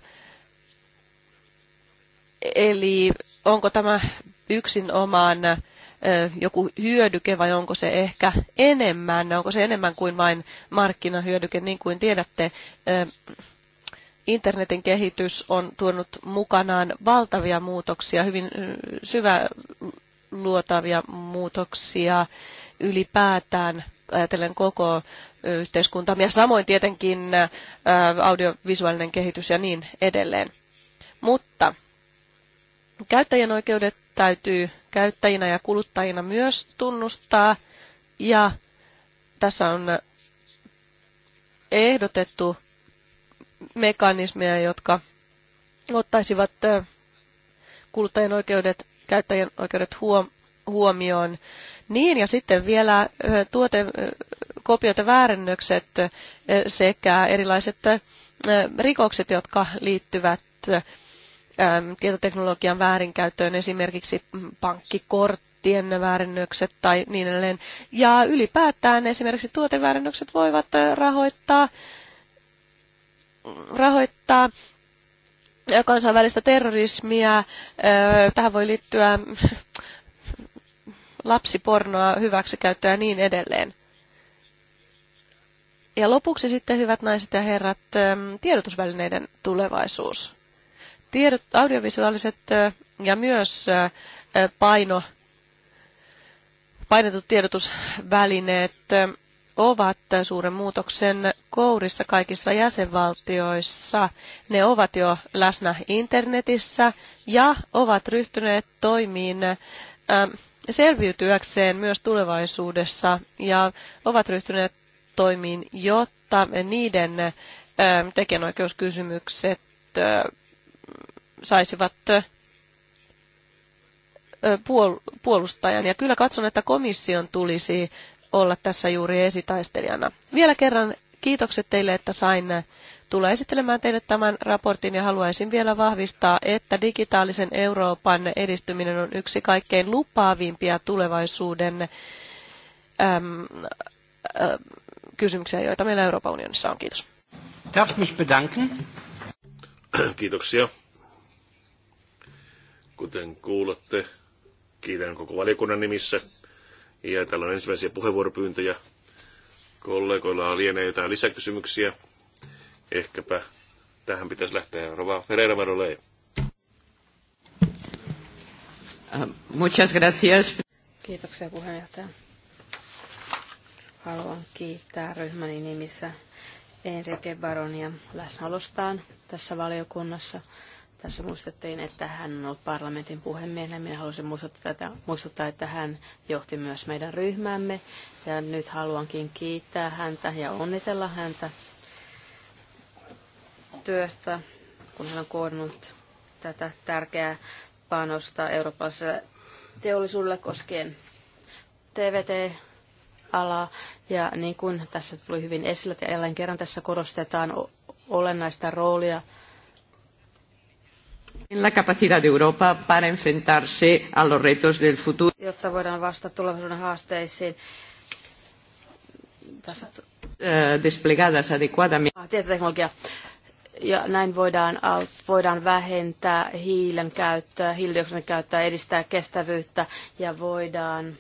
eli onko tämä yksin omaan äh, joku hyödyke vai onko se ehkä enemmän, onko se enemmän kuin vain markkinahyödyke, niin kuin tiedätte, äh, internetin kehitys on tuonut mukanaan valtavia muutoksia, hyvin syvä luotavia muutoksia ylipäätään ajatellen koko yhteiskuntamme ja samoin tietenkin audiovisuaalinen kehitys ja niin edelleen. Mutta käyttäjän oikeudet täytyy käyttäjinä ja kuluttajina myös tunnustaa ja tässä on ehdotettu mekanismeja, jotka ottaisivat kuluttajien oikeudet, käyttäjien oikeudet huomioon. Niin, ja sitten vielä tuotekopioita ja väärennökset sekä erilaiset rikokset, jotka liittyvät tietoteknologian väärinkäyttöön, esimerkiksi pankkikorttien väärennökset tai niin edelleen. Ja ylipäätään esimerkiksi tuoteväärennökset voivat rahoittaa rahoittaa kansainvälistä terrorismia. Tähän voi liittyä lapsipornoa, hyväksikäyttöä ja niin edelleen. Ja lopuksi sitten, hyvät naiset ja herrat, tiedotusvälineiden tulevaisuus. Tiedot, audiovisuaaliset ja myös paino, painetut tiedotusvälineet ovat suuren muutoksen kourissa kaikissa jäsenvaltioissa. Ne ovat jo läsnä internetissä ja ovat ryhtyneet toimiin ähm, selviytyäkseen myös tulevaisuudessa ja ovat ryhtyneet toimiin, jotta niiden ähm, tekijänoikeuskysymykset äh, saisivat äh, puolustajan. Ja kyllä katson, että komission tulisi olla tässä juuri esitaistelijana. Vielä kerran kiitokset teille, että sain äh, tulla esittelemään teille tämän raportin ja haluaisin vielä vahvistaa, että digitaalisen Euroopan edistyminen on yksi kaikkein lupaavimpia tulevaisuuden äm, ä, kysymyksiä, joita meillä Euroopan unionissa on. Kiitos. Darf mich bedanken. Kiitoksia. Kuten kuulette, kiitän koko valiokunnan nimissä ja täällä on ensimmäisiä puheenvuoropyyntöjä. Kollegoilla lienee jotain lisäkysymyksiä. Ehkäpä tähän pitäisi lähteä. Rova Ferreira Marolei. Ähm, gracias. Kiitoksia puheenjohtaja. Haluan kiittää ryhmäni nimissä Enrique Baronia läsnäolostaan tässä valiokunnassa. Tässä muistettiin, että hän on ollut parlamentin puhemiehenä. Minä haluaisin muistuttaa, että hän johti myös meidän ryhmämme. Ja nyt haluankin kiittää häntä ja onnitella häntä työstä, kun hän on koonnut tätä tärkeää panosta eurooppalaiselle teollisuudelle koskien TVT, alaa. Ja niin kuin tässä tuli hyvin esille, ja jälleen kerran tässä korostetaan olennaista roolia, en la capacidad de Europa para enfrentarse a los retos del futuro. Jotta voidaan vastata tulevaisuuden haasteisiin. Tässä... Eh, desplegadas adecuadamente. Ah, Tietoteknologia. Ja näin voidaan, voidaan vähentää hiilen käyttöä, hiilidioksidin käyttöä, edistää kestävyyttä ja voidaan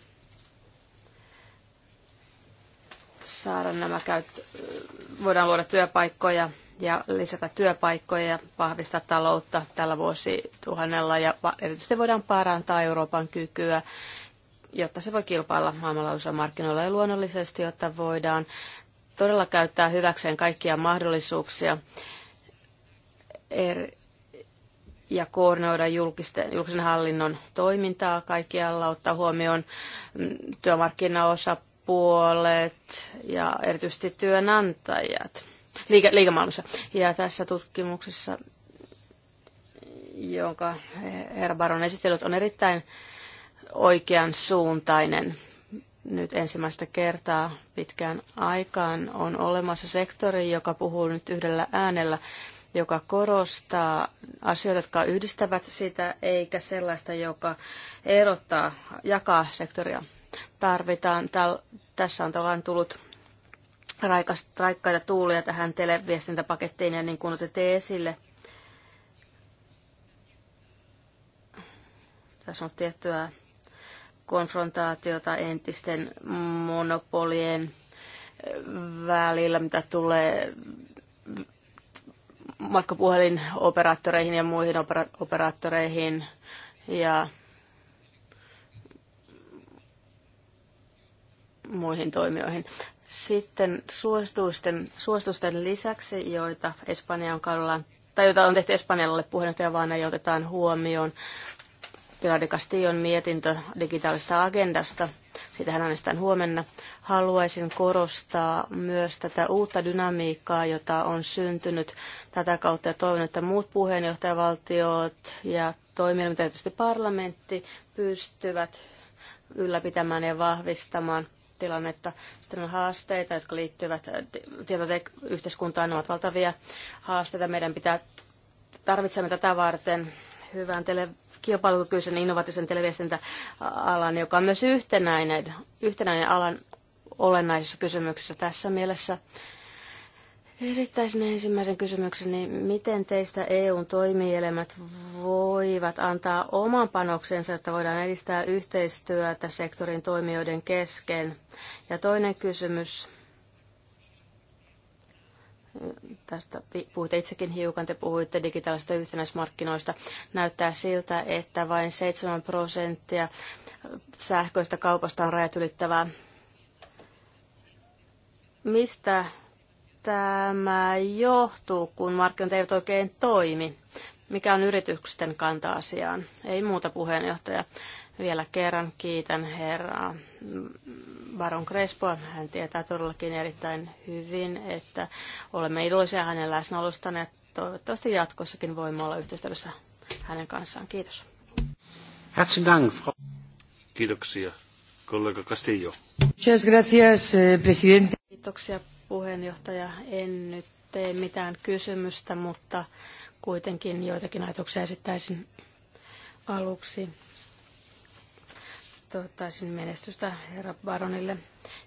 saada nämä käyttö, voidaan luoda työpaikkoja ja lisätä työpaikkoja ja vahvistaa taloutta tällä vuosituhannella ja erityisesti voidaan parantaa Euroopan kykyä, jotta se voi kilpailla maailmanlaajuisilla markkinoilla ja luonnollisesti, jotta voidaan todella käyttää hyväkseen kaikkia mahdollisuuksia ja koordinoida julkisten, julkisen hallinnon toimintaa kaikkialla, ottaa huomioon mm, työmarkkinaosapuolet ja erityisesti työnantajat liike, liikemaailmassa. Ja tässä tutkimuksessa, jonka herra Baron esitellyt, on erittäin oikean suuntainen. Nyt ensimmäistä kertaa pitkään aikaan on olemassa sektori, joka puhuu nyt yhdellä äänellä, joka korostaa asioita, jotka yhdistävät sitä, eikä sellaista, joka erottaa, jakaa sektoria. Tarvitaan, täl, tässä on tavallaan tullut raikkaita tuulia tähän televiestintäpakettiin ja niin kuin otettiin esille, tässä on tiettyä konfrontaatiota entisten monopolien eh, välillä, mitä tulee matkapuhelinoperaattoreihin ja muihin opera- operaattoreihin. Ja muihin toimijoihin. Sitten suositusten, suositusten lisäksi, joita Espanjan kaudella, tai joita on tehty Espanjalle vaan, ja otetaan huomioon Pilar de Castillon mietintö digitaalista agendasta. hän äänestetään huomenna. Haluaisin korostaa myös tätä uutta dynamiikkaa, jota on syntynyt tätä kautta ja toivon, että muut puheenjohtajavaltiot ja toimielimet, tietysti parlamentti, pystyvät ylläpitämään ja vahvistamaan – tilannetta. Sitten on haasteita, jotka liittyvät tietoyhteiskuntaan, ne ovat valtavia haasteita. Meidän pitää tarvitsemme tätä varten hyvän tele- kilpailukykyisen innovatiivisen televiestintäalan, joka on myös yhtenäinen, yhtenäinen alan olennaisissa kysymyksissä tässä mielessä. Esittäisin ensimmäisen kysymykseni, niin miten teistä EUn toimielimet voivat antaa oman panoksensa, että voidaan edistää yhteistyötä sektorin toimijoiden kesken? Ja toinen kysymys, tästä puhutte itsekin hiukan, te puhuitte digitaalisista yhtenäismarkkinoista. Näyttää siltä, että vain 7 prosenttia sähköistä kaupasta on rajat ylittävää. Mistä tämä johtuu, kun markkinat eivät oikein toimi? Mikä on yritysten kanta asiaan? Ei muuta puheenjohtaja. Vielä kerran kiitän herra Baron Crespoa. Hän tietää todellakin erittäin hyvin, että olemme iloisia hänen läsnäolostaan ja toivottavasti jatkossakin voimme olla yhteistyössä hänen kanssaan. Kiitos. Kiitoksia, kollega Castillo. Muchas gracias, eh, presidente. Kiitoksia puheenjohtaja. En nyt tee mitään kysymystä, mutta kuitenkin joitakin ajatuksia esittäisin aluksi. Toivottaisin menestystä herra Baronille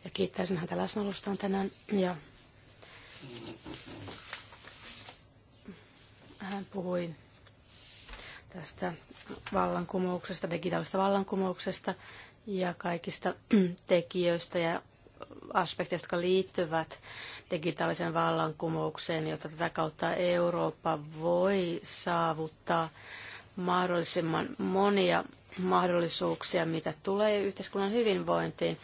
ja kiittäisin häntä läsnäolostaan tänään. Ja hän puhui tästä vallankumouksesta, digitaalisesta vallankumouksesta ja kaikista tekijöistä ja aspekteista, jotka liittyvät digitaalisen vallankumoukseen, jotta tätä kautta Eurooppa voi saavuttaa mahdollisimman monia mahdollisuuksia, mitä tulee yhteiskunnan hyvinvointiin.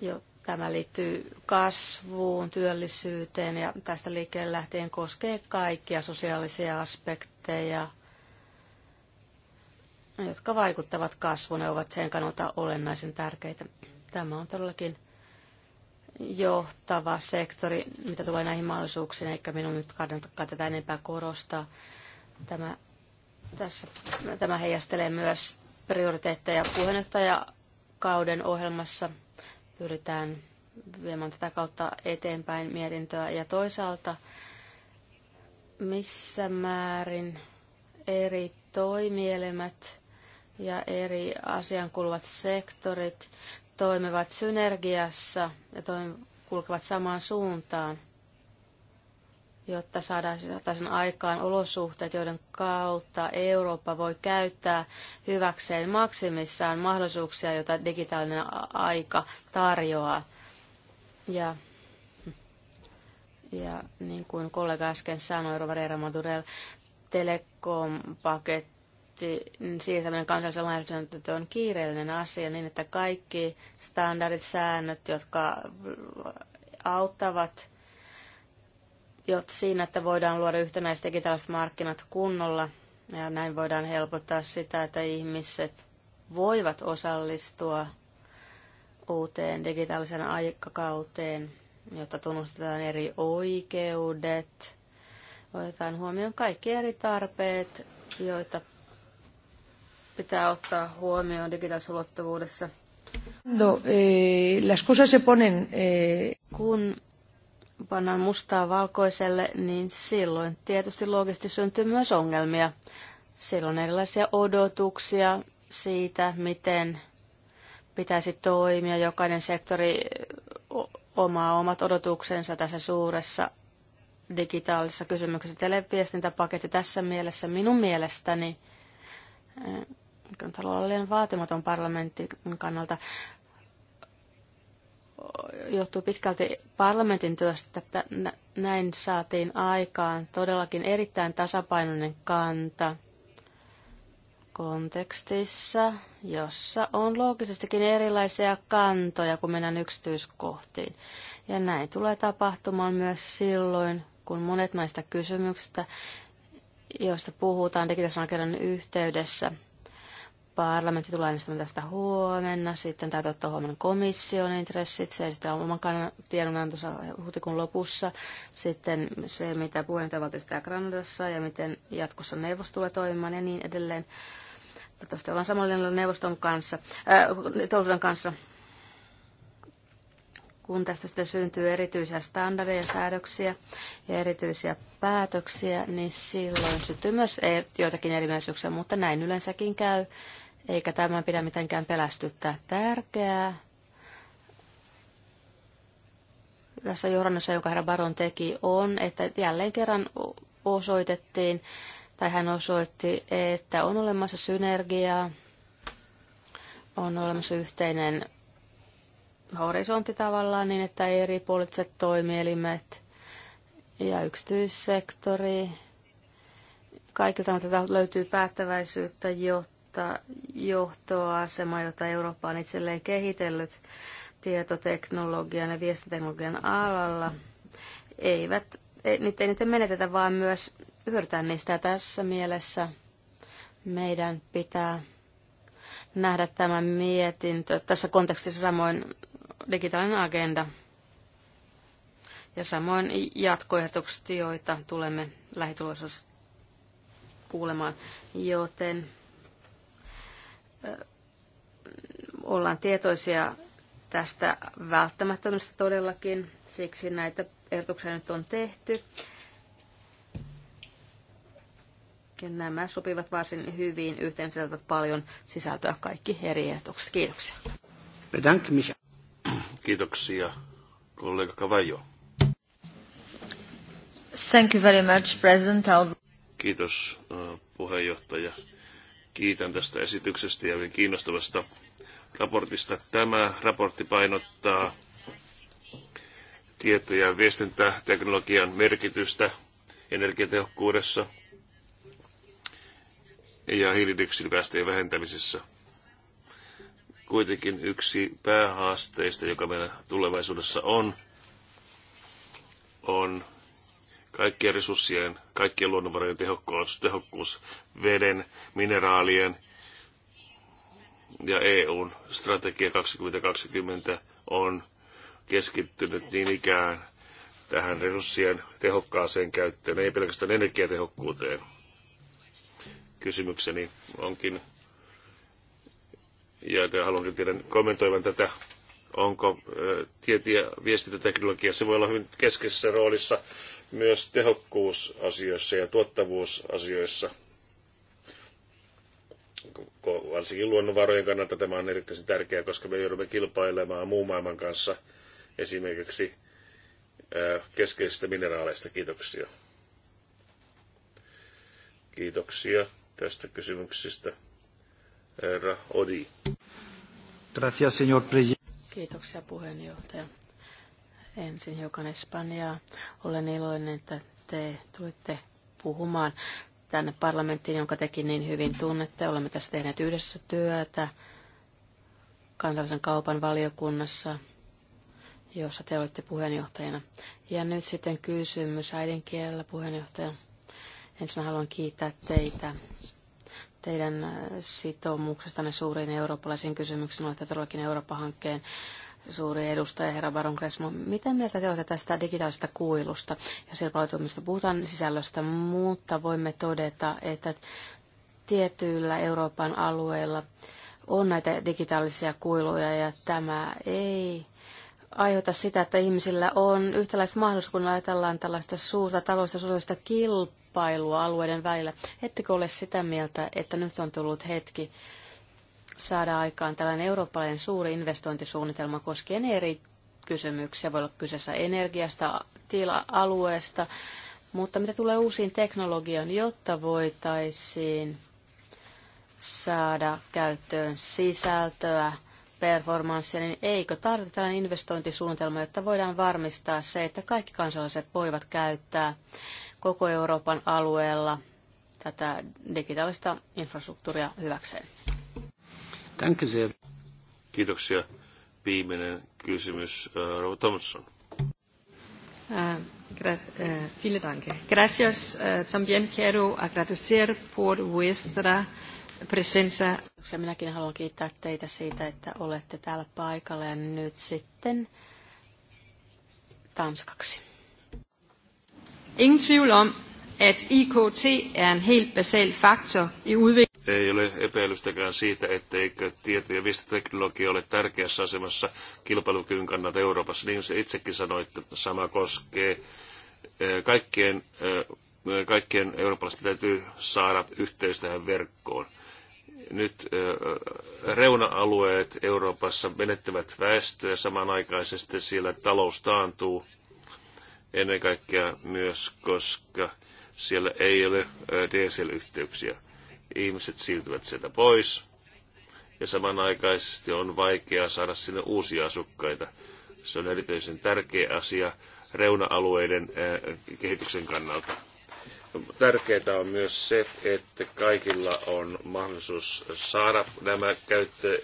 Jo tämä liittyy kasvuun, työllisyyteen ja tästä liikkeelle lähtien koskee kaikkia sosiaalisia aspekteja, jotka vaikuttavat kasvuun ja ovat sen kannalta olennaisen tärkeitä. Tämä on todellakin johtava sektori, mitä tulee näihin mahdollisuuksiin, eikä minun nyt kannatakaan tätä enempää korostaa. Tämä, tässä, tämä heijastelee myös prioriteetteja puheenjohtajakauden ohjelmassa. Pyritään viemään tätä kautta eteenpäin mietintöä ja toisaalta missä määrin eri toimielimet ja eri asiankuluvat sektorit toimivat synergiassa ja kulkevat samaan suuntaan, jotta saadaan sen aikaan olosuhteet, joiden kautta Eurooppa voi käyttää hyväkseen maksimissaan mahdollisuuksia, joita digitaalinen aika tarjoaa. Ja ja niin kuin kollega äsken sanoi, Rovarera Madurel, telekompaket tämmöinen kansallisen se on kiireellinen asia niin, että kaikki standardit, säännöt, jotka auttavat jot siinä, että voidaan luoda yhtenäiset digitaaliset markkinat kunnolla ja näin voidaan helpottaa sitä, että ihmiset voivat osallistua uuteen digitaaliseen aikakauteen, jotta tunnustetaan eri oikeudet, otetaan huomioon kaikki eri tarpeet, joita pitää ottaa huomioon ulottuvuudessa? No, eh, las cosas se ponen, eh... Kun pannaan mustaa valkoiselle, niin silloin tietysti loogisesti syntyy myös ongelmia. Silloin on erilaisia odotuksia siitä, miten pitäisi toimia. Jokainen sektori omaa omat odotuksensa tässä suuressa digitaalisessa kysymyksessä. Televiestintäpaketti tässä mielessä minun mielestäni eh, on olla liian vaatimaton parlamentin kannalta, johtuu pitkälti parlamentin työstä, että näin saatiin aikaan todellakin erittäin tasapainoinen kanta kontekstissa, jossa on loogisestikin erilaisia kantoja, kun mennään yksityiskohtiin. Ja näin tulee tapahtumaan myös silloin, kun monet näistä kysymyksistä, joista puhutaan digitaalisen oikeuden yhteydessä – Parlamentti tulee äänestämään tästä huomenna. Sitten täytyy ottaa huomenna komission intressit. Se esitää oman tiedonantonsa huhtikuun lopussa. Sitten se, mitä puheenjohtajavaltio sitä Granadassa ja miten jatkossa neuvosto tulee toimimaan ja niin edelleen. Toivottavasti ollaan samalla neuvoston kanssa, ää, äh, kanssa kun tästä sitten syntyy erityisiä standardeja, säädöksiä ja erityisiä päätöksiä, niin silloin syntyy myös e- joitakin erimielisyyksiä, mutta näin yleensäkin käy eikä tämä pidä mitenkään pelästyttää. Tärkeää tässä johdannossa, jonka herra Baron teki, on, että jälleen kerran osoitettiin, tai hän osoitti, että on olemassa synergiaa, on olemassa yhteinen horisontti tavallaan niin, että eri poliittiset toimielimet ja yksityissektori, kaikilta löytyy päättäväisyyttä, jotta uutta johtoasema, jota Eurooppa on itselleen kehitellyt tietoteknologian ja viestiteknologian alalla, eivät, ei, niitä, ei niitä menetetä, vaan myös hyödytään niistä. Ja tässä mielessä meidän pitää nähdä tämä mietintö tässä kontekstissa samoin digitaalinen agenda ja samoin jatkoehdotukset, joita tulemme lähitulossa kuulemaan, joten ollaan tietoisia tästä välttämättömästä todellakin, siksi näitä ehdotuksia nyt on tehty. Ja nämä sopivat varsin hyvin, yhteen sisältävät paljon sisältöä kaikki eri ehdotukset. Kiitoksia. Kiitoksia, kollega Kavajo. Thank you very much, President. Kiitos, äh, puheenjohtaja. Kiitän tästä esityksestä ja hyvin kiinnostavasta raportista. Tämä raportti painottaa tieto- ja viestintäteknologian merkitystä energiatehokkuudessa ja hiilidioksidipäästöjen vähentämisessä. Kuitenkin yksi päähaasteista, joka meillä tulevaisuudessa on, on kaikkien resurssien, kaikkien luonnonvarojen tehokkuus, tehokkuus veden, mineraalien ja EUn strategia 2020 on keskittynyt niin ikään tähän resurssien tehokkaaseen käyttöön, ei pelkästään energiatehokkuuteen. Kysymykseni onkin, ja haluankin teidän kommentoivan tätä onko tieteen viestintäteknologia, se voi olla hyvin keskeisessä roolissa myös tehokkuusasioissa ja tuottavuusasioissa. Varsinkin luonnonvarojen kannalta tämä on erittäin tärkeää, koska me joudumme kilpailemaan muun maailman kanssa esimerkiksi keskeisistä mineraaleista. Kiitoksia. Kiitoksia tästä kysymyksestä. Herra Odi. Gracias, señor Kiitoksia puheenjohtaja. Ensin hiukan Espanjaa. Olen iloinen, että te tulitte puhumaan tänne parlamenttiin, jonka tekin niin hyvin tunnette. Olemme tässä tehneet yhdessä työtä kansallisen kaupan valiokunnassa, jossa te olette puheenjohtajana. Ja nyt sitten kysymys äidinkielellä puheenjohtaja. Ensin haluan kiittää teitä teidän sitoumuksestanne suuriin eurooppalaisiin kysymyksiin. Olette todellakin Eurooppa-hankkeen suuri edustaja, herra Baron Kresmo. Miten mieltä te olette tästä digitaalisesta kuilusta ja sirpaloitumista? Puhutaan sisällöstä, mutta voimme todeta, että tietyillä Euroopan alueilla on näitä digitaalisia kuiluja ja tämä ei aiheuta sitä, että ihmisillä on yhtäläiset mahdollisuudet, kun ajatellaan tällaista suurta taloudellista sosiaalista kilpailua alueiden välillä. Ettekö ole sitä mieltä, että nyt on tullut hetki, saada aikaan tällainen eurooppalainen suuri investointisuunnitelma koskien eri kysymyksiä. Voi olla kyseessä energiasta, tila, alueesta, mutta mitä tulee uusiin teknologioihin, jotta voitaisiin saada käyttöön sisältöä, performanssia, niin eikö tarvita tällainen investointisuunnitelma, jotta voidaan varmistaa se, että kaikki kansalaiset voivat käyttää koko Euroopan alueella tätä digitaalista infrastruktuuria hyväkseen? Danke sehr. Kiitoksia. Viimeinen kysymys, äh, Robert Thompson. Uh, äh, gra- uh, äh, vielen Dank. Gracias. Uh, también quiero agradecer por vuestra presencia. Minäkin haluan kiittää teitä siitä, että olette täällä paikalla ja nyt sitten tanskaksi. Ingen tvivl om, että IKT on er en helt basal faktor i udviklingen. Ei ole epäilystäkään siitä, etteikö tieto- ja viestiteknologia ole tärkeässä asemassa kilpailukyvyn kannalta Euroopassa. Niin se itsekin että sama koskee kaikkien, kaikkien eurooppalaisten täytyy saada yhteys tähän verkkoon. Nyt reuna-alueet Euroopassa menettävät väestöä samanaikaisesti, siellä talous taantuu ennen kaikkea myös, koska siellä ei ole DSL-yhteyksiä ihmiset siirtyvät sieltä pois ja samanaikaisesti on vaikea saada sinne uusia asukkaita. Se on erityisen tärkeä asia reuna-alueiden kehityksen kannalta. Tärkeää on myös se, että kaikilla on mahdollisuus saada nämä käyttö.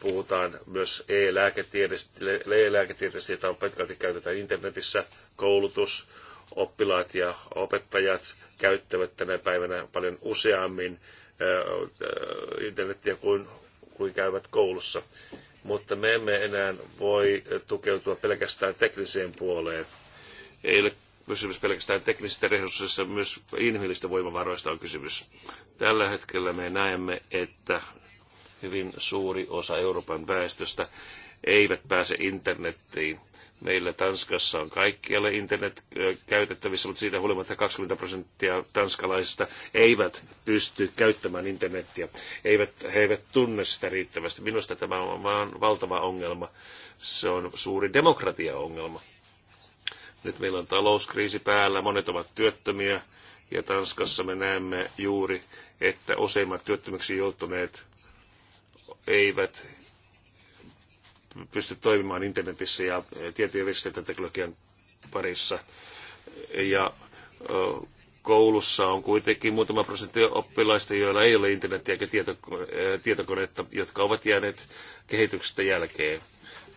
Puhutaan myös e-lääketieteestä, jota on pitkälti käytetään internetissä, koulutus, oppilaat ja opettajat käyttävät tänä päivänä paljon useammin internetiä kuin, kuin käyvät koulussa. Mutta me emme enää voi tukeutua pelkästään tekniseen puoleen. Ei ole kysymys pelkästään teknisistä resursseista, myös inhimillistä voimavaroista on kysymys. Tällä hetkellä me näemme, että hyvin suuri osa Euroopan väestöstä eivät pääse internettiin Meillä Tanskassa on kaikkialle internet käytettävissä, mutta siitä huolimatta 20 prosenttia tanskalaisista eivät pysty käyttämään internettiä. Eivät, he eivät tunne sitä riittävästi. Minusta tämä on vaan valtava ongelma. Se on suuri demokratiaongelma. Nyt meillä on talouskriisi päällä, monet ovat työttömiä ja Tanskassa me näemme juuri, että useimmat työttömyksi joutuneet eivät pysty toimimaan internetissä ja eh, tietojen viestintäteknologian parissa. Ja koulussa on kuitenkin muutama prosentti oppilaista, joilla ei ole internetiä eikä eh, tietokonetta, jotka ovat jääneet kehityksestä jälkeen.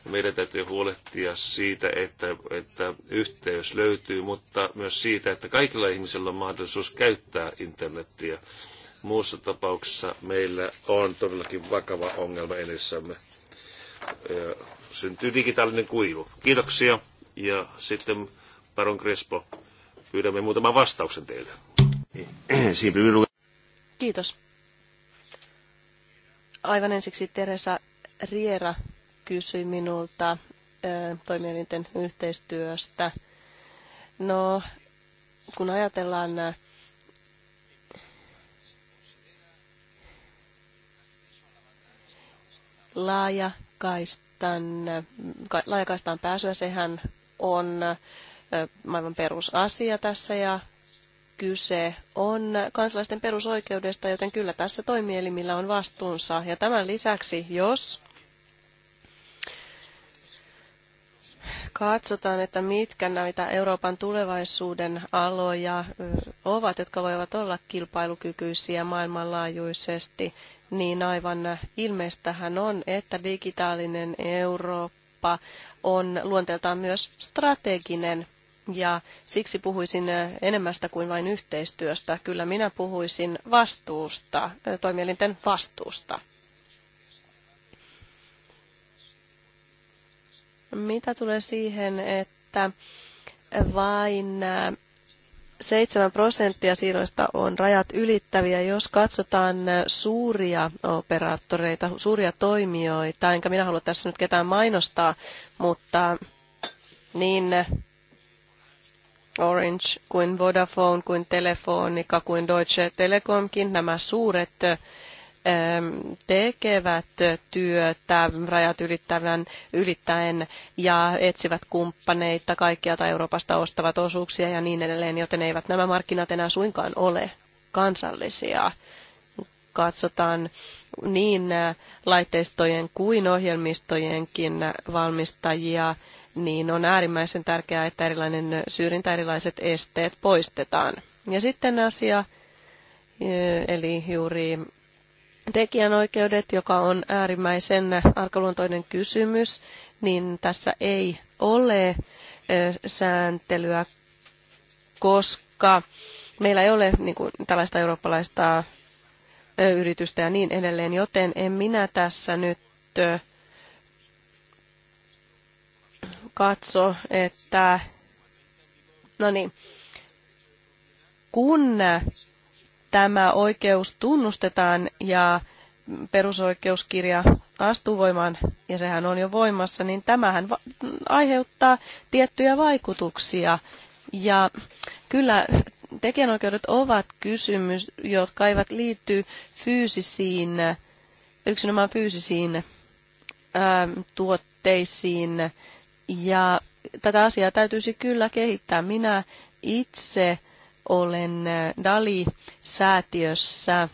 Meidän täytyy huolehtia siitä, että, että yhteys löytyy, mutta myös siitä, että kaikilla ihmisillä on mahdollisuus käyttää internetiä. Muussa tapauksessa meillä on todellakin vakava ongelma edessämme syntyy digitaalinen kuilu. Kiitoksia ja sitten Baron Crespo, pyydämme muutaman vastauksen teiltä. Kiitos. Aivan ensiksi Teresa Riera kysyi minulta toimielinten yhteistyöstä. No, kun ajatellaan laaja laajakaistan, laajakaistaan pääsyä. Sehän on maailman perusasia tässä ja kyse on kansalaisten perusoikeudesta, joten kyllä tässä toimielimillä on vastuunsa. Ja tämän lisäksi, jos katsotaan, että mitkä näitä Euroopan tulevaisuuden aloja ovat, jotka voivat olla kilpailukykyisiä maailmanlaajuisesti, niin aivan ilmeistähän on, että digitaalinen Eurooppa on luonteeltaan myös strateginen ja siksi puhuisin enemmästä kuin vain yhteistyöstä. Kyllä minä puhuisin vastuusta, toimielinten vastuusta. Mitä tulee siihen, että vain 7 prosenttia siirroista on rajat ylittäviä. Jos katsotaan äh, suuria operaattoreita, suuria toimijoita, enkä minä halua tässä nyt ketään mainostaa, mutta niin äh, Orange kuin Vodafone kuin Telefonica kuin Deutsche Telekomkin, nämä suuret äh, tekevät työtä rajat ylittävän, ylittäen ja etsivät kumppaneita kaikkialta Euroopasta ostavat osuuksia ja niin edelleen, joten eivät nämä markkinat enää suinkaan ole kansallisia. Katsotaan niin äh, laitteistojen kuin ohjelmistojenkin valmistajia, niin on äärimmäisen tärkeää, että erilainen syrjintä, erilaiset esteet poistetaan. Ja sitten asia, eli juuri tekijänoikeudet, joka on äärimmäisen arkaluontoinen kysymys, niin tässä ei ole sääntelyä, koska meillä ei ole niin kuin, tällaista eurooppalaista yritystä ja niin edelleen, joten en minä tässä nyt katso, että no niin, kun tämä oikeus tunnustetaan ja perusoikeuskirja astuu voimaan, ja sehän on jo voimassa, niin tämähän aiheuttaa tiettyjä vaikutuksia. Ja kyllä tekijänoikeudet ovat kysymys, jotka eivät liity fyysisiin, yksinomaan fyysisiin ää, ähm, tuotteisiin. Ja tätä asiaa täytyisi kyllä kehittää. Minä itse olen äh, Dali-säätiössä äh,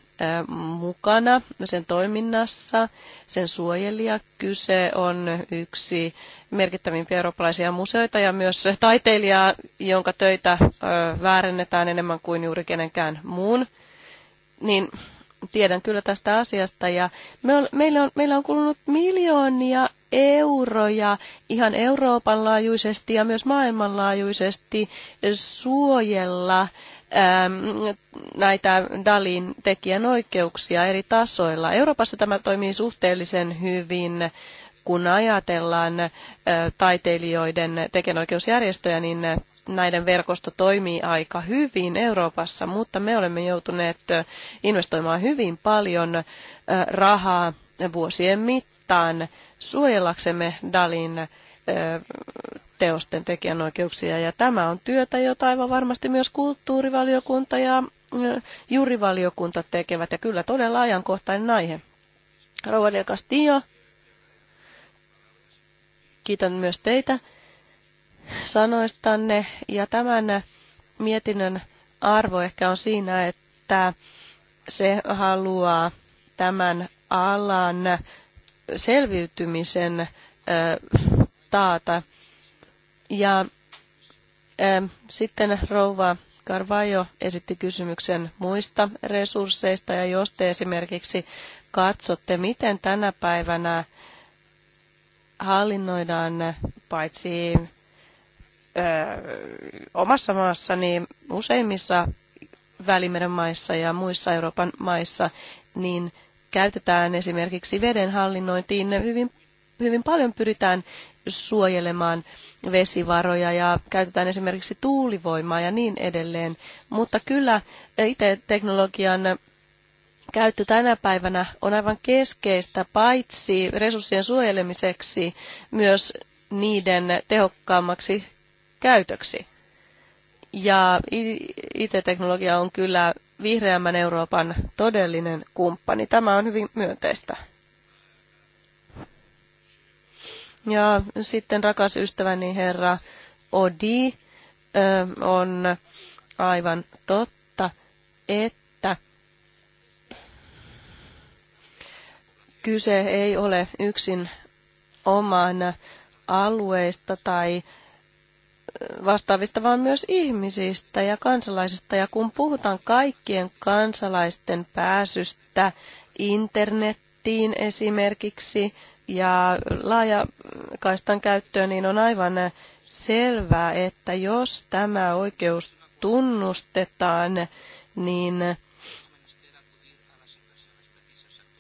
mukana sen toiminnassa, sen suojelija. Kyse on yksi merkittävimpiä eurooppalaisia museoita ja myös taiteilija, jonka töitä äh, väärennetään enemmän kuin juuri kenenkään muun. Niin tiedän kyllä tästä asiasta ja me on, meillä, on, meillä on kulunut miljoonia euroja ihan Euroopan laajuisesti ja myös maailmanlaajuisesti suojella äm, näitä Dalin tekijänoikeuksia eri tasoilla. Euroopassa tämä toimii suhteellisen hyvin kun ajatellaan taiteilijoiden tekijänoikeusjärjestöjä, niin näiden verkosto toimii aika hyvin Euroopassa, mutta me olemme joutuneet investoimaan hyvin paljon rahaa vuosien mittaan suojellaksemme Dalin teosten tekijänoikeuksia. Ja tämä on työtä, jota aivan varmasti myös kulttuurivaliokunta ja jurivaliokunta tekevät. Ja kyllä todella ajankohtainen aihe. Rouva Castillo, kiitän myös teitä sanoistanne. Ja tämän mietinnön arvo ehkä on siinä, että se haluaa tämän alan selviytymisen taata. Ja sitten rouva Carvajo esitti kysymyksen muista resursseista ja jos te esimerkiksi katsotte, miten tänä päivänä hallinnoidaan paitsi omassa maassani useimmissa Välimeren maissa ja muissa Euroopan maissa, niin käytetään esimerkiksi veden hallinnointiin hyvin, hyvin paljon pyritään suojelemaan vesivaroja ja käytetään esimerkiksi tuulivoimaa ja niin edelleen. Mutta kyllä itse teknologian käyttö tänä päivänä on aivan keskeistä paitsi resurssien suojelemiseksi myös niiden tehokkaammaksi käytöksi. Ja IT-teknologia on kyllä vihreämmän Euroopan todellinen kumppani. Tämä on hyvin myönteistä. Ja sitten rakas ystäväni herra Odi on aivan totta, että kyse ei ole yksin oman alueista tai vastaavista, vaan myös ihmisistä ja kansalaisista. Ja kun puhutaan kaikkien kansalaisten pääsystä internettiin esimerkiksi ja laajakaistan käyttöön, niin on aivan selvää, että jos tämä oikeus tunnustetaan, niin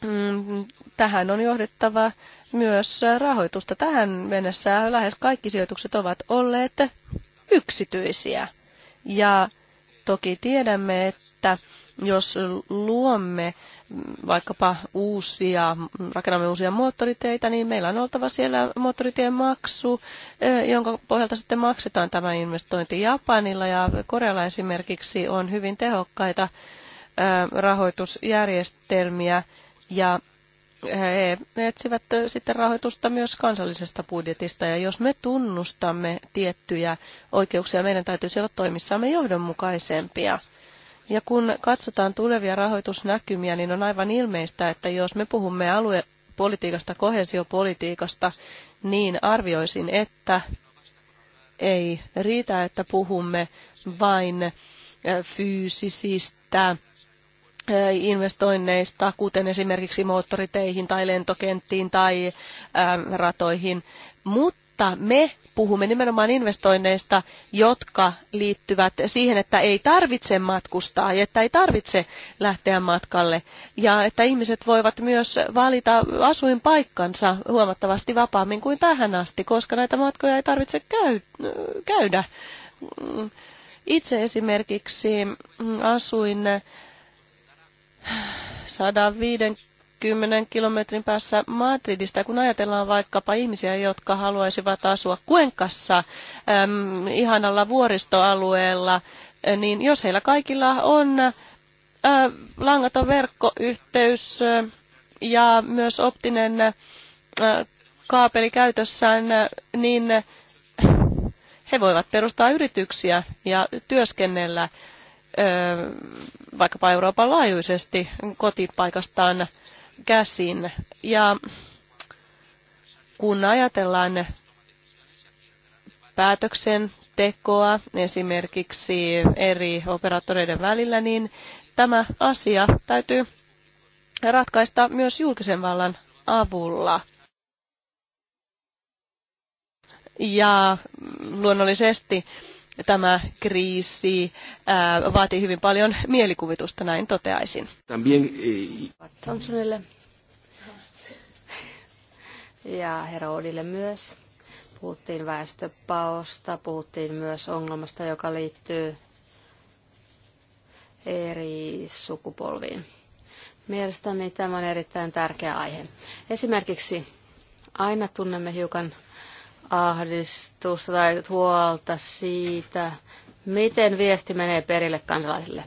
mm, tähän on johdettava myös rahoitusta. Tähän mennessä lähes kaikki sijoitukset ovat olleet yksityisiä. Ja toki tiedämme, että jos luomme vaikkapa uusia, rakennamme uusia moottoriteitä, niin meillä on oltava siellä moottoritien maksu, e, jonka pohjalta sitten maksetaan tämä investointi Japanilla ja Korealla esimerkiksi on hyvin tehokkaita e, rahoitusjärjestelmiä ja he etsivät sitten rahoitusta myös kansallisesta budjetista. Ja jos me tunnustamme tiettyjä oikeuksia, meidän täytyisi olla toimissamme johdonmukaisempia. Ja kun katsotaan tulevia rahoitusnäkymiä, niin on aivan ilmeistä, että jos me puhumme aluepolitiikasta, kohesiopolitiikasta, niin arvioisin, että ei riitä, että puhumme vain eh, fyysisistä investoinneista, kuten esimerkiksi moottoriteihin tai lentokenttiin tai ratoihin. Mutta me puhumme nimenomaan investoinneista, jotka liittyvät siihen, että ei tarvitse matkustaa ja että ei tarvitse lähteä matkalle. Ja että ihmiset voivat myös valita asuinpaikkansa huomattavasti vapaammin kuin tähän asti, koska näitä matkoja ei tarvitse käy, käydä. Itse esimerkiksi asuin 150 kilometrin päässä Madridista, kun ajatellaan vaikkapa ihmisiä, jotka haluaisivat asua Kuenkassa, äm, ihanalla vuoristoalueella, niin jos heillä kaikilla on ä, langaton verkkoyhteys ja myös optinen ä, kaapeli käytössään, niin he voivat perustaa yrityksiä ja työskennellä vaikkapa Euroopan laajuisesti kotipaikastaan käsin. Ja kun ajatellaan päätöksentekoa esimerkiksi eri operaattoreiden välillä, niin tämä asia täytyy ratkaista myös julkisen vallan avulla. Ja luonnollisesti tämä kriisi vaatii hyvin paljon mielikuvitusta, näin toteaisin. También, eh, Thompsonille ja herra Odille myös. Puhuttiin väestöpaosta, puhuttiin myös ongelmasta, joka liittyy eri sukupolviin. Mielestäni tämä on erittäin tärkeä aihe. Esimerkiksi aina tunnemme hiukan ahdistusta tai huolta siitä, miten viesti menee perille kansalaisille.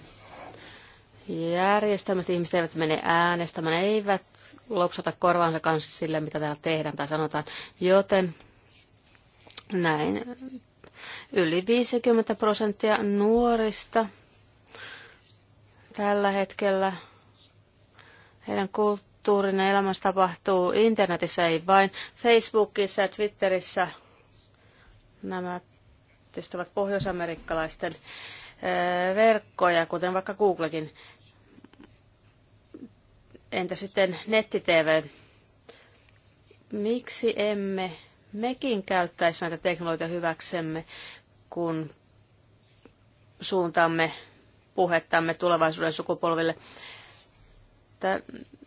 Järjestelmästä ihmiset eivät mene äänestämään, eivät loksata korvaansa kanssa sille, mitä täällä tehdään tai sanotaan. Joten näin yli 50 prosenttia nuorista tällä hetkellä heidän kulttuurinsa kulttuurinen elämä tapahtuu internetissä, ei vain Facebookissa ja Twitterissä. Nämä tietysti ovat pohjoisamerikkalaisten eh, verkkoja, kuten vaikka Googlekin. Entä sitten netti-TV? Miksi emme mekin käyttäisi näitä teknologioita hyväksemme, kun suuntaamme puhettamme tulevaisuuden sukupolville?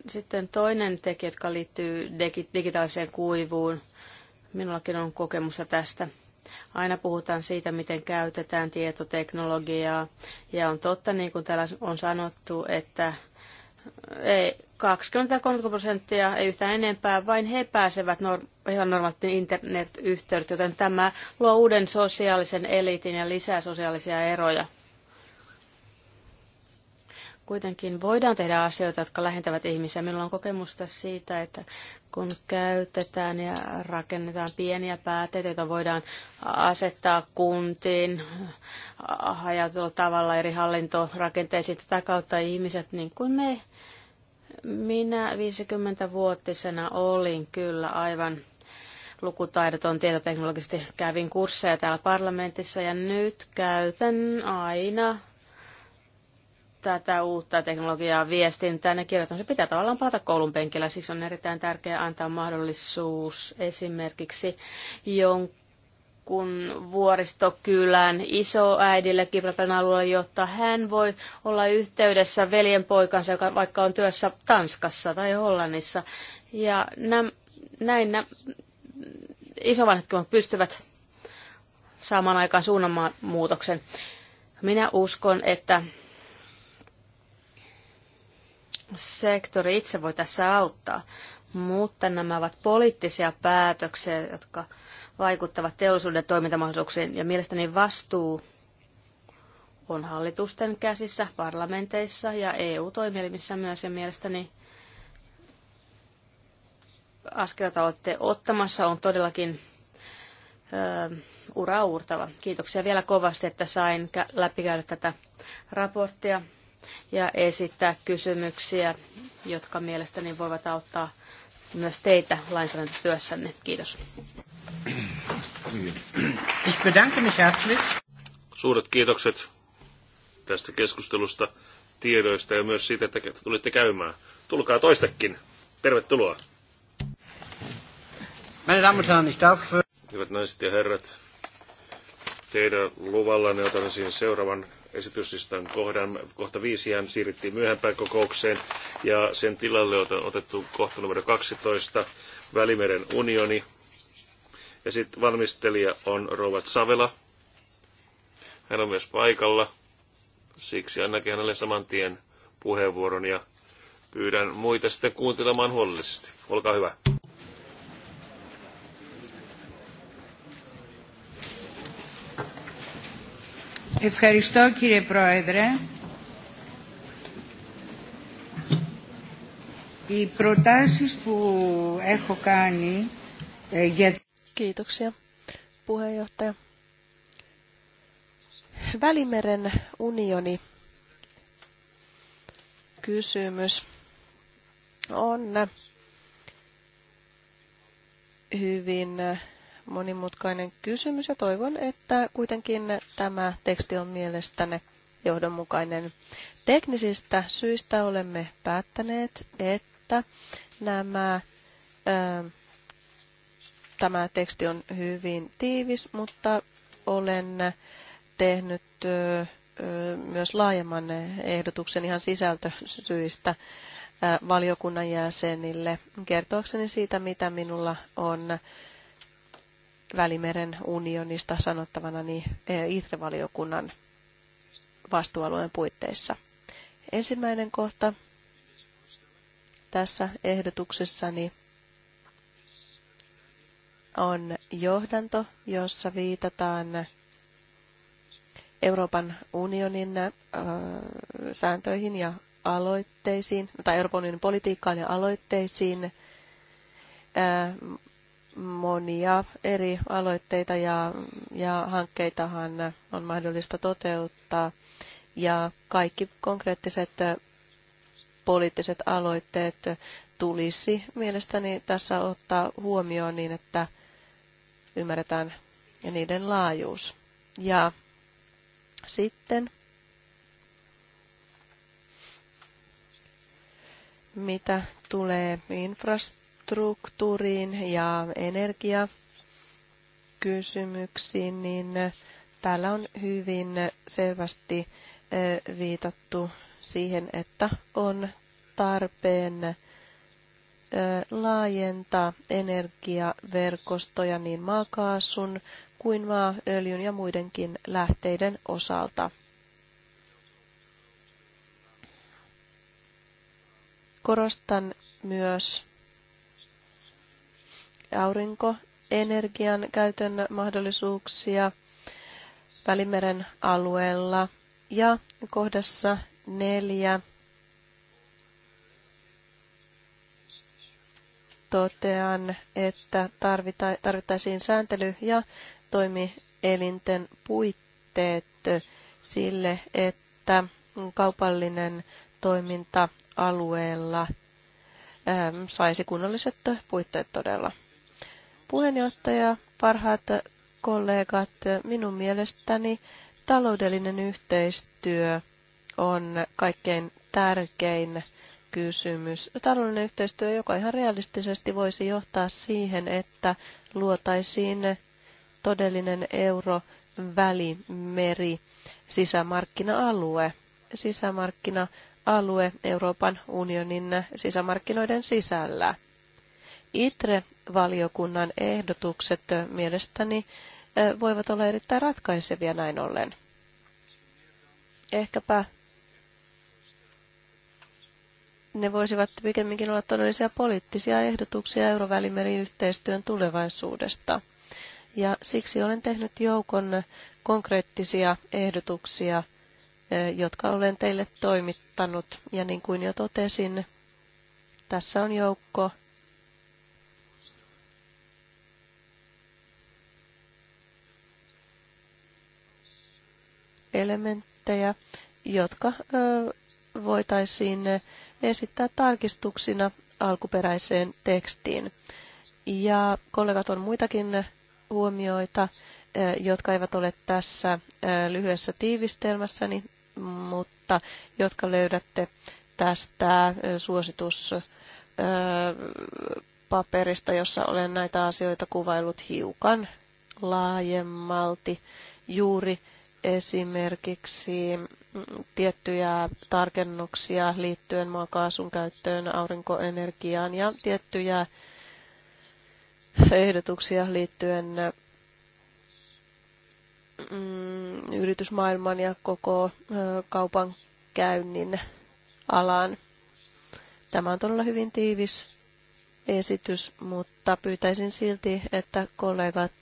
Sitten toinen tekijä, joka liittyy digitaaliseen kuivuun. Minullakin on kokemusta tästä. Aina puhutaan siitä, miten käytetään tietoteknologiaa. Ja on totta, niin kuin täällä on sanottu, että ei, 20-30 prosenttia, ei yhtään enempää, vain he pääsevät norm- ihan normaalit internetyhteydet, joten tämä luo uuden sosiaalisen eliitin ja lisää sosiaalisia eroja. Kuitenkin voidaan tehdä asioita, jotka lähentävät ihmisiä. Minulla on kokemusta siitä, että kun käytetään ja rakennetaan pieniä päätteitä, joita voidaan asettaa kuntiin hajautulla tavalla eri hallintorakenteisiin, tätä kautta ihmiset, niin kuin me, minä 50-vuotisena olin kyllä aivan lukutaidoton tietoteknologisesti kävin kursseja täällä parlamentissa ja nyt käytän aina tätä uutta teknologiaa viestintään ja kirjoittamisen pitää tavallaan palata koulun penkillä. Siksi on erittäin tärkeää antaa mahdollisuus esimerkiksi jonkun vuoristokylän isoäidille Gibraltarin alueella, jotta hän voi olla yhteydessä veljenpoikansa, joka vaikka on työssä Tanskassa tai Hollannissa. Ja nä, näin nä, isovanhetkin pystyvät saamaan aikaan suunnanmuutoksen. Minä uskon, että sektori itse voi tässä auttaa, mutta nämä ovat poliittisia päätöksiä, jotka vaikuttavat teollisuuden toimintamahdollisuuksiin ja mielestäni vastuu on hallitusten käsissä, parlamenteissa ja EU-toimielimissä myös ja mielestäni jota olette ottamassa on todellakin ö, ura uurtava. Kiitoksia vielä kovasti, että sain läpikäydä tätä raporttia ja esittää kysymyksiä, jotka mielestäni voivat auttaa myös teitä lainsäädäntötyössänne. Kiitos. Ich bedanke mich herzlich. Suuret kiitokset tästä keskustelusta, tiedoista ja myös siitä, että tulitte käymään. Tulkaa toistekin. Tervetuloa. Meine Damen und Herren, ich darf... Äh, Hyvät naiset ja herrat, teidän luvallanne otan siihen seuraavan esityslistan kohdan, kohta viisi hän siirrettiin myöhempään kokoukseen ja sen tilalle on otettu kohta numero 12, Välimeren unioni. Ja sitten valmistelija on Rovat Savela. Hän on myös paikalla, siksi annakin hänelle saman tien puheenvuoron ja pyydän muita sitten kuuntelemaan huolellisesti. Olkaa hyvä. Ευχαριστώ κύριε Πρόεδρε. Οι προτάσεις που έχω κάνει για... Kiitoksia, puheenjohtaja. Välimeren unioni kysymys on hyvin monimutkainen kysymys ja toivon, että kuitenkin tämä teksti on mielestäne johdonmukainen. Teknisistä syistä olemme päättäneet, että nämä, ö, tämä teksti on hyvin tiivis, mutta olen tehnyt ö, myös laajemman ehdotuksen ihan sisältösyistä valiokunnan jäsenille kertoakseni siitä, mitä minulla on Välimeren unionista sanottavana niin eh, ITRE-valiokunnan vastuualueen puitteissa. Ensimmäinen kohta tässä ehdotuksessani on johdanto, jossa viitataan Euroopan unionin sääntöihin ja aloitteisiin, tai Euroopan unionin politiikkaan ja aloitteisiin monia eri aloitteita ja, ja hankkeitahan on mahdollista toteuttaa. Ja kaikki konkreettiset poliittiset aloitteet tulisi mielestäni tässä ottaa huomioon niin, että ymmärretään niiden laajuus. Ja sitten, mitä tulee infrastruktuuriin, struktuuriin ja energiakysymyksiin, niin eh, täällä on hyvin eh, selvästi eh, viitattu siihen, että on tarpeen laajentaa energiaverkostoja niin maakaasun kuin maaöljyn ja muidenkin lähteiden osalta. Korostan myös aurinkoenergian käytön mahdollisuuksia Välimeren alueella. Ja kohdassa neljä totean, että tarvittaisiin sääntely- ja toimielinten puitteet sille, että kaupallinen toiminta alueella saisi kunnolliset puitteet todella. Puheenjohtaja, parhaat kollegat, minun mielestäni taloudellinen yhteistyö on kaikkein tärkein kysymys. Taloudellinen yhteistyö, joka ihan realistisesti voisi johtaa siihen, että luotaisiin todellinen euro välimeri, sisämarkkina-alue. Sisämarkkina-alue Euroopan unionin sisämarkkinoiden sisällä. ITRE-valiokunnan ehdotukset mielestäni voivat olla erittäin ratkaisevia näin ollen. Ehkäpä ne voisivat pikemminkin olla todellisia poliittisia ehdotuksia Eurovälimeriyhteistyön tulevaisuudesta. Ja siksi olen tehnyt joukon konkreettisia ehdotuksia, jotka olen teille toimittanut. Ja niin kuin jo totesin, tässä on joukko elementtejä, jotka voitaisiin esittää tarkistuksina alkuperäiseen tekstiin. Ja kollegat on muitakin huomioita, jotka eivät ole tässä lyhyessä tiivistelmässäni, mutta jotka löydätte tästä suosituspaperista, jossa olen näitä asioita kuvaillut hiukan laajemmalti juuri esimerkiksi mm, tiettyjä tarkennuksia liittyen maakaasun käyttöön, aurinkoenergiaan ja tiettyjä ehdotuksia liittyen mm, yritysmaailman ja koko kaupan käynnin alaan. Tämä on todella hyvin tiivis esitys, mutta pyytäisin silti, että kollegat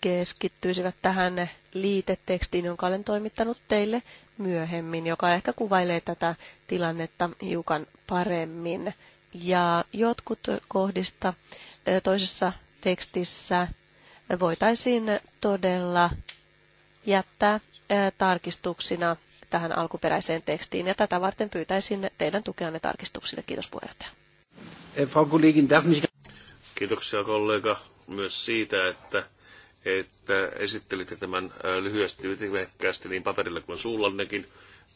keskittyisivät tähän liitetekstiin, jonka olen toimittanut teille myöhemmin, joka ehkä kuvailee tätä tilannetta hiukan paremmin. Ja jotkut kohdista toisessa tekstissä voitaisiin todella jättää tarkistuksina tähän alkuperäiseen tekstiin. Ja tätä varten pyytäisin teidän tukeanne tarkistuksille. Kiitos puheenjohtaja. Äh, Kiitoksia kollega myös siitä, että että esittelitte tämän lyhyesti ytimekkäästi niin paperilla kuin suullannekin.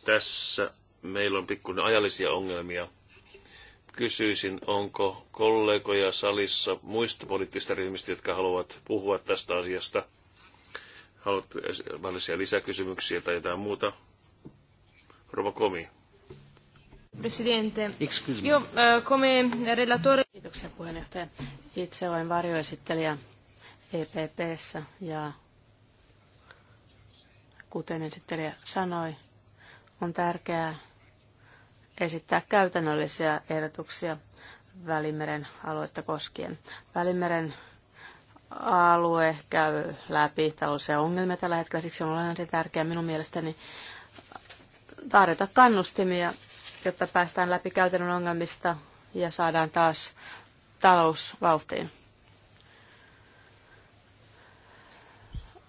Tässä meillä on pikkuinen ajallisia ongelmia. Kysyisin, onko kollegoja salissa muista poliittista ryhmistä, jotka haluavat puhua tästä asiasta. Haluatte mahdollisia lisäkysymyksiä tai jotain muuta? Rova Komi. Presidente, Excuse me. Io, come relatore... Kiitoksia puheenjohtaja. Itse olen varjoesittelijä EPPssä ja kuten esittelijä sanoi, on tärkeää esittää käytännöllisiä ehdotuksia Välimeren aluetta koskien. Välimeren alue käy läpi taloudellisia ongelmia tällä hetkellä, siksi on olennaisen tärkeää minun mielestäni tarjota kannustimia, jotta päästään läpi käytännön ongelmista ja saadaan taas talous vauhtiin.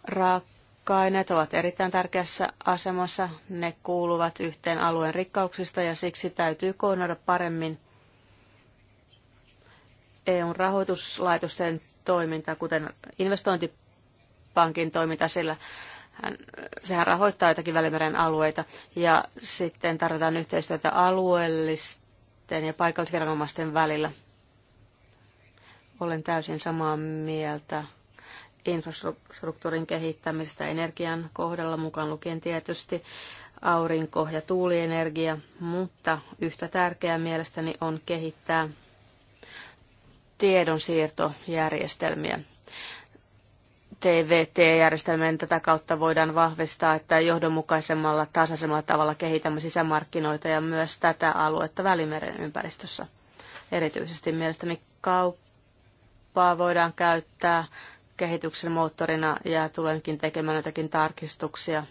Raaka-aineet ovat erittäin tärkeässä asemassa. Ne kuuluvat yhteen alueen rikkauksista ja siksi täytyy koordinoida paremmin eu rahoituslaitosten toiminta, kuten investointipankin toiminta, sillä hän, sehän rahoittaa jotakin Välimeren alueita. Ja sitten tarvitaan yhteistyötä alueellisten ja paikallisviranomaisten välillä. Olen täysin samaa mieltä infrastruktuurin kehittämistä energian kohdalla, mukaan lukien tietysti aurinko- ja tuulienergia, mutta yhtä tärkeää mielestäni on kehittää tiedonsiirtojärjestelmiä. TVT-järjestelmien tätä kautta voidaan vahvistaa, että johdonmukaisemmalla, tasaisemmalla tavalla kehitämme sisämarkkinoita ja myös tätä aluetta Välimeren ympäristössä. Erityisesti mielestäni kauppaa voidaan käyttää kehityksen moottorina ja tulenkin tekemään jotakin tarkistuksia.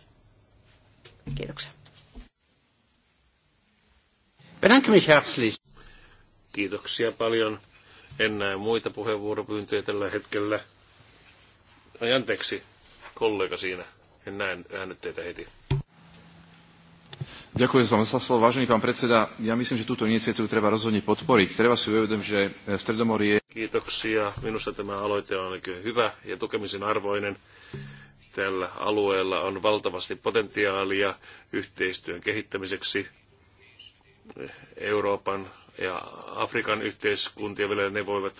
Kiitoksia. Bedanke mich herzlich. Kiitoksia paljon. En näe muita puheenvuoropyyntöjä tällä hetkellä. Ai anteeksi, kollega siinä. En näe äänetteitä heti. Ďakujem vám za slovo. Vážený pán predseda, ja myslím, že túto iniciatívu treba rozhodne podporiť. Treba si uvedomiť, že e, Stredomorie... Kiitoksia. Minusta tämä aloite on ainakin hyvä ja tukemisen arvoinen. Tällä alueella on valtavasti potentiaalia yhteistyön kehittämiseksi Euroopan ja Afrikan yhteiskuntia vielä ne voivat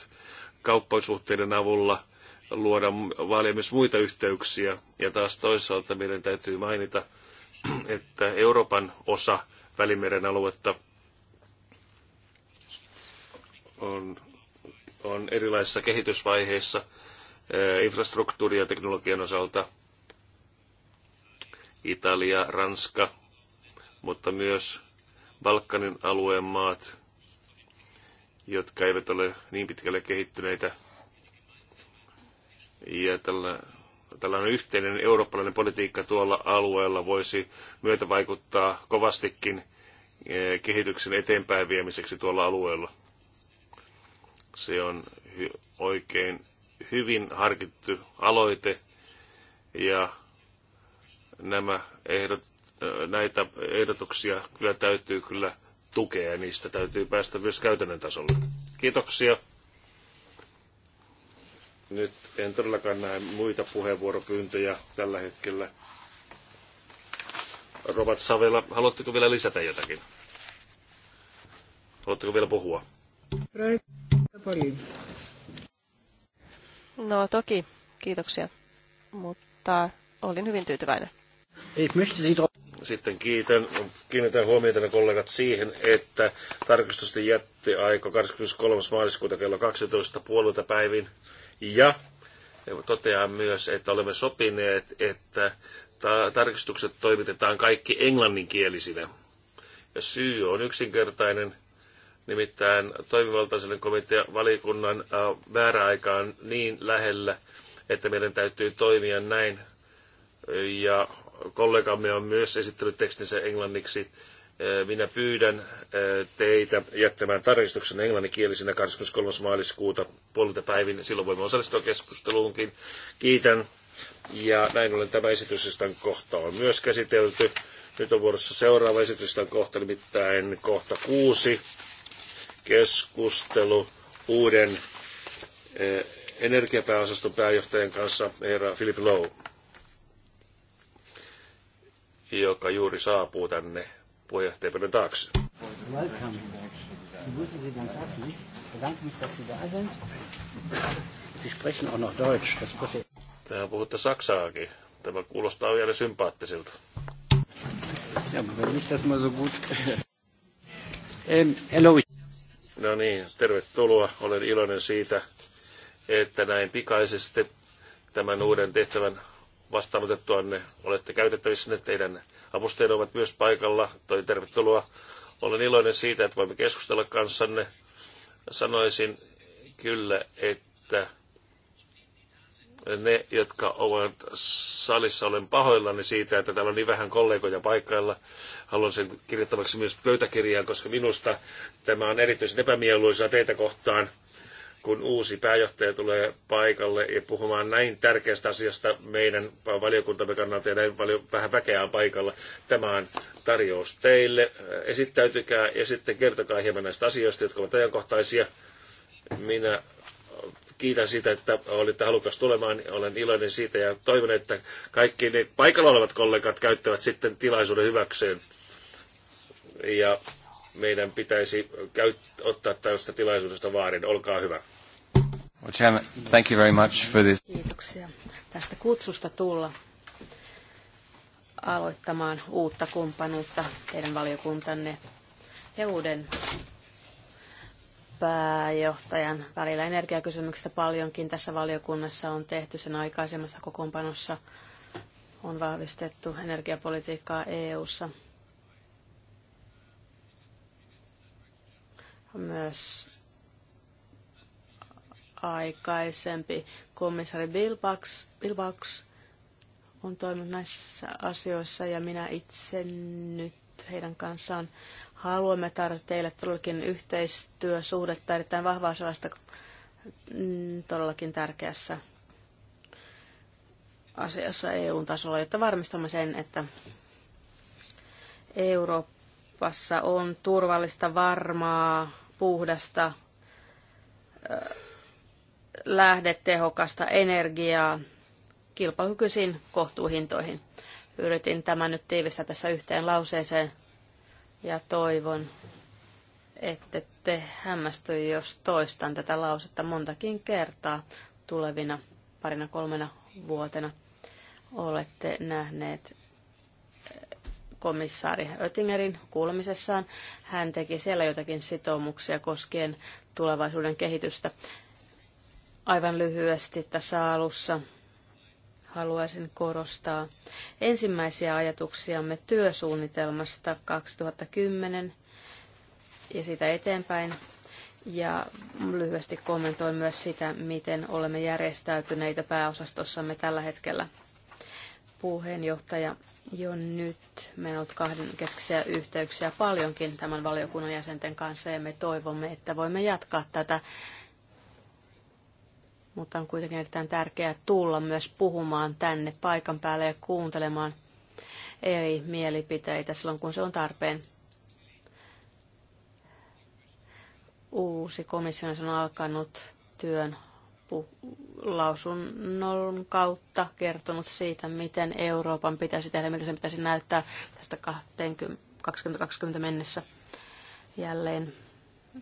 kauppaisuhteiden avulla luoda vaalia myös muita yhteyksiä. Ja taas toisaalta meidän täytyy mainita, että Euroopan osa Välimeren aluetta on, on erilaisissa kehitysvaiheissa eh, infrastruktuurin ja teknologian osalta. Italia, Ranska, mutta myös Balkanin alueen maat, jotka eivät ole niin pitkälle kehittyneitä. Ja tällä tällainen yhteinen eurooppalainen politiikka tuolla alueella voisi myötävaikuttaa vaikuttaa kovastikin eh, kehityksen eteenpäin viemiseksi tuolla alueella. Se on oikein hyvin harkittu aloite ja nämä ehdot, eh, näitä ehdotuksia kyllä täytyy kyllä tukea ja niistä täytyy päästä myös käytännön tasolle. Kiitoksia. Nyt en todellakaan näe muita puheenvuoropyyntöjä tällä hetkellä. Robert Savela, haluatteko vielä lisätä jotakin? Haluatteko vielä puhua? No toki, kiitoksia. Mutta olin hyvin tyytyväinen. Sitten kiitän, kiinnitän huomiota kollegat siihen, että tarkistusten jätti aika 23. maaliskuuta kello 12 puolelta päivin ja toteaa myös, että olemme sopineet, että tarkistukset toimitetaan kaikki englanninkielisinä. Ja syy on yksinkertainen, nimittäin toimivaltaisen komitean valikunnan määräaika on niin lähellä, että meidän täytyy toimia näin. Ja kollegamme on myös esittänyt tekstinsä englanniksi, minä pyydän teitä jättämään tarkistuksen englanninkielisenä 23. maaliskuuta puolilta päivin. Silloin voimme osallistua keskusteluunkin. Kiitän. Ja näin ollen tämä esityslistan kohta on myös käsitelty. Nyt on vuorossa seuraava esityslistan kohta, nimittäin kohta kuusi. Keskustelu uuden energiapääosaston pääjohtajan kanssa, herra Philip Lowe, joka juuri saapuu tänne puheenjohtajapöydän taakse. Tähän puhutte saksaakin. Tämä kuulostaa vielä sympaattisilta. Ähm, no niin, tervetuloa. Olen iloinen siitä, että näin pikaisesti tämän uuden tehtävän vastaanotettuanne olette käytettävissä teidän Avustajat ovat myös paikalla. Toi tervetuloa. Olen iloinen siitä, että voimme keskustella kanssanne. Sanoisin kyllä, että ne, jotka ovat salissa, olen pahoillani siitä, että täällä on niin vähän kollegoja paikalla. Haluan sen kirjoittavaksi myös pöytäkirjaan, koska minusta tämä on erityisen epämieluisaa teitä kohtaan kun uusi pääjohtaja tulee paikalle ja puhumaan näin tärkeästä asiasta meidän valiokuntamme kannalta ja näin paljon vähän väkeä on paikalla. Tämä on tarjous teille. Esittäytykää ja sitten kertokaa hieman näistä asioista, jotka ovat ajankohtaisia. Minä kiitän siitä, että olitte halukas tulemaan. Olen iloinen siitä ja toivon, että kaikki ne paikalla olevat kollegat käyttävät sitten tilaisuuden hyväkseen. Ja meidän pitäisi ottaa tällaista tilaisuudesta vaarin. Olkaa hyvä. Thank you very much for this. Kiitoksia tästä kutsusta tulla aloittamaan uutta kumppanuutta teidän valiokuntanne ja uuden pääjohtajan välillä energiakysymyksistä paljonkin tässä valiokunnassa on tehty sen aikaisemmassa kokoonpanossa. On vahvistettu energiapolitiikkaa EU:ssa. ssa Myös aikaisempi komissaari Bilbaks, Bilbaks on toiminut näissä asioissa ja minä itse nyt heidän kanssaan haluamme tarjota teille todellakin yhteistyösuhdetta, erittäin vahvaa sellaista mm, todellakin tärkeässä asiassa EU-tasolla, jotta varmistamme sen, että Euroopassa on turvallista, varmaa, puhdasta lähdetehokasta energiaa kilpailukykyisiin kohtuuhintoihin. Yritin tämän nyt tiivistää tässä yhteen lauseeseen ja toivon, että te hämmästy, jos toistan tätä lausetta montakin kertaa tulevina parina kolmena vuotena. Olette nähneet, komissaari Oettingerin kuulemisessaan. Hän teki siellä jotakin sitoumuksia koskien tulevaisuuden kehitystä. Aivan lyhyesti tässä alussa haluaisin korostaa ensimmäisiä ajatuksiamme työsuunnitelmasta 2010 ja sitä eteenpäin. Ja lyhyesti kommentoin myös sitä, miten olemme järjestäytyneitä pääosastossamme tällä hetkellä. Puheenjohtaja jo nyt. Meillä on ollut kahdenkeskisiä yhteyksiä paljonkin tämän valiokunnan jäsenten kanssa ja me toivomme, että voimme jatkaa tätä. Mutta on kuitenkin erittäin tärkeää tulla myös puhumaan tänne paikan päälle ja kuuntelemaan eri mielipiteitä silloin, kun se on tarpeen. Uusi komissio on alkanut työn loppulausunnon kautta kertonut siitä, miten Euroopan pitäisi tehdä, miltä sen pitäisi näyttää tästä 2020 mennessä. Jälleen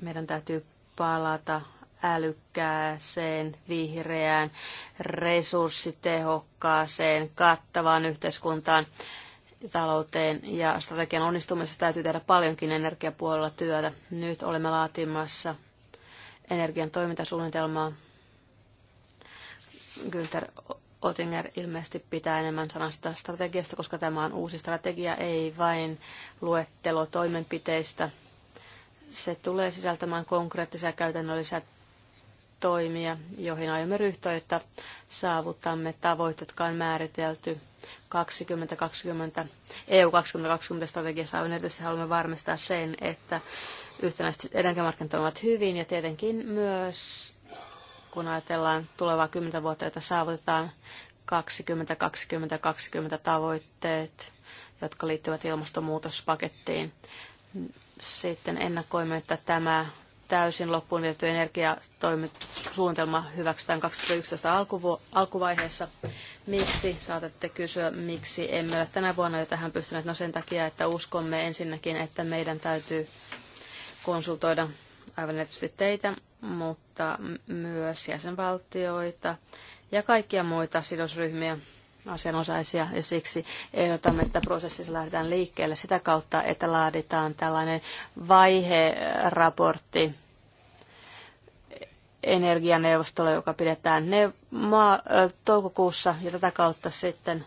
meidän täytyy palata älykkääseen, vihreään, resurssitehokkaaseen, kattavaan yhteiskuntaan, talouteen ja strategian onnistumisessa täytyy tehdä paljonkin energiapuolella työtä. Nyt olemme laatimassa energian toimintasuunnitelmaa Günther Otinger ilmeisesti pitää enemmän sanasta strategiasta, koska tämä on uusi strategia, ei vain luettelo toimenpiteistä. Se tulee sisältämään konkreettisia käytännöllisiä toimia, joihin aiomme ryhtyä, että saavutamme tavoitteet, jotka on määritelty 2020, EU 2020 strategiassa on erityisesti haluamme varmistaa sen, että yhtenäiset energiamarkkinat ovat hyvin ja tietenkin myös kun ajatellaan tulevaa kymmentä vuotta, että saavutetaan 2020-2020 tavoitteet, jotka liittyvät ilmastonmuutospakettiin. Sitten ennakoimme, että tämä täysin loppuun viety energiatoimisuunnitelma hyväksytään 2011 alkuvu- alkuvaiheessa. Miksi? Saatatte kysyä, miksi emme ole tänä vuonna jo tähän pystyneet. No sen takia, että uskomme ensinnäkin, että meidän täytyy konsultoida aivan erityisesti teitä, mutta myös jäsenvaltioita ja kaikkia muita sidosryhmiä asianosaisia ja siksi ehdotamme, että prosessissa lähdetään liikkeelle sitä kautta, että laaditaan tällainen vaiheraportti energianeuvostolle, joka pidetään ne maa, toukokuussa ja tätä kautta sitten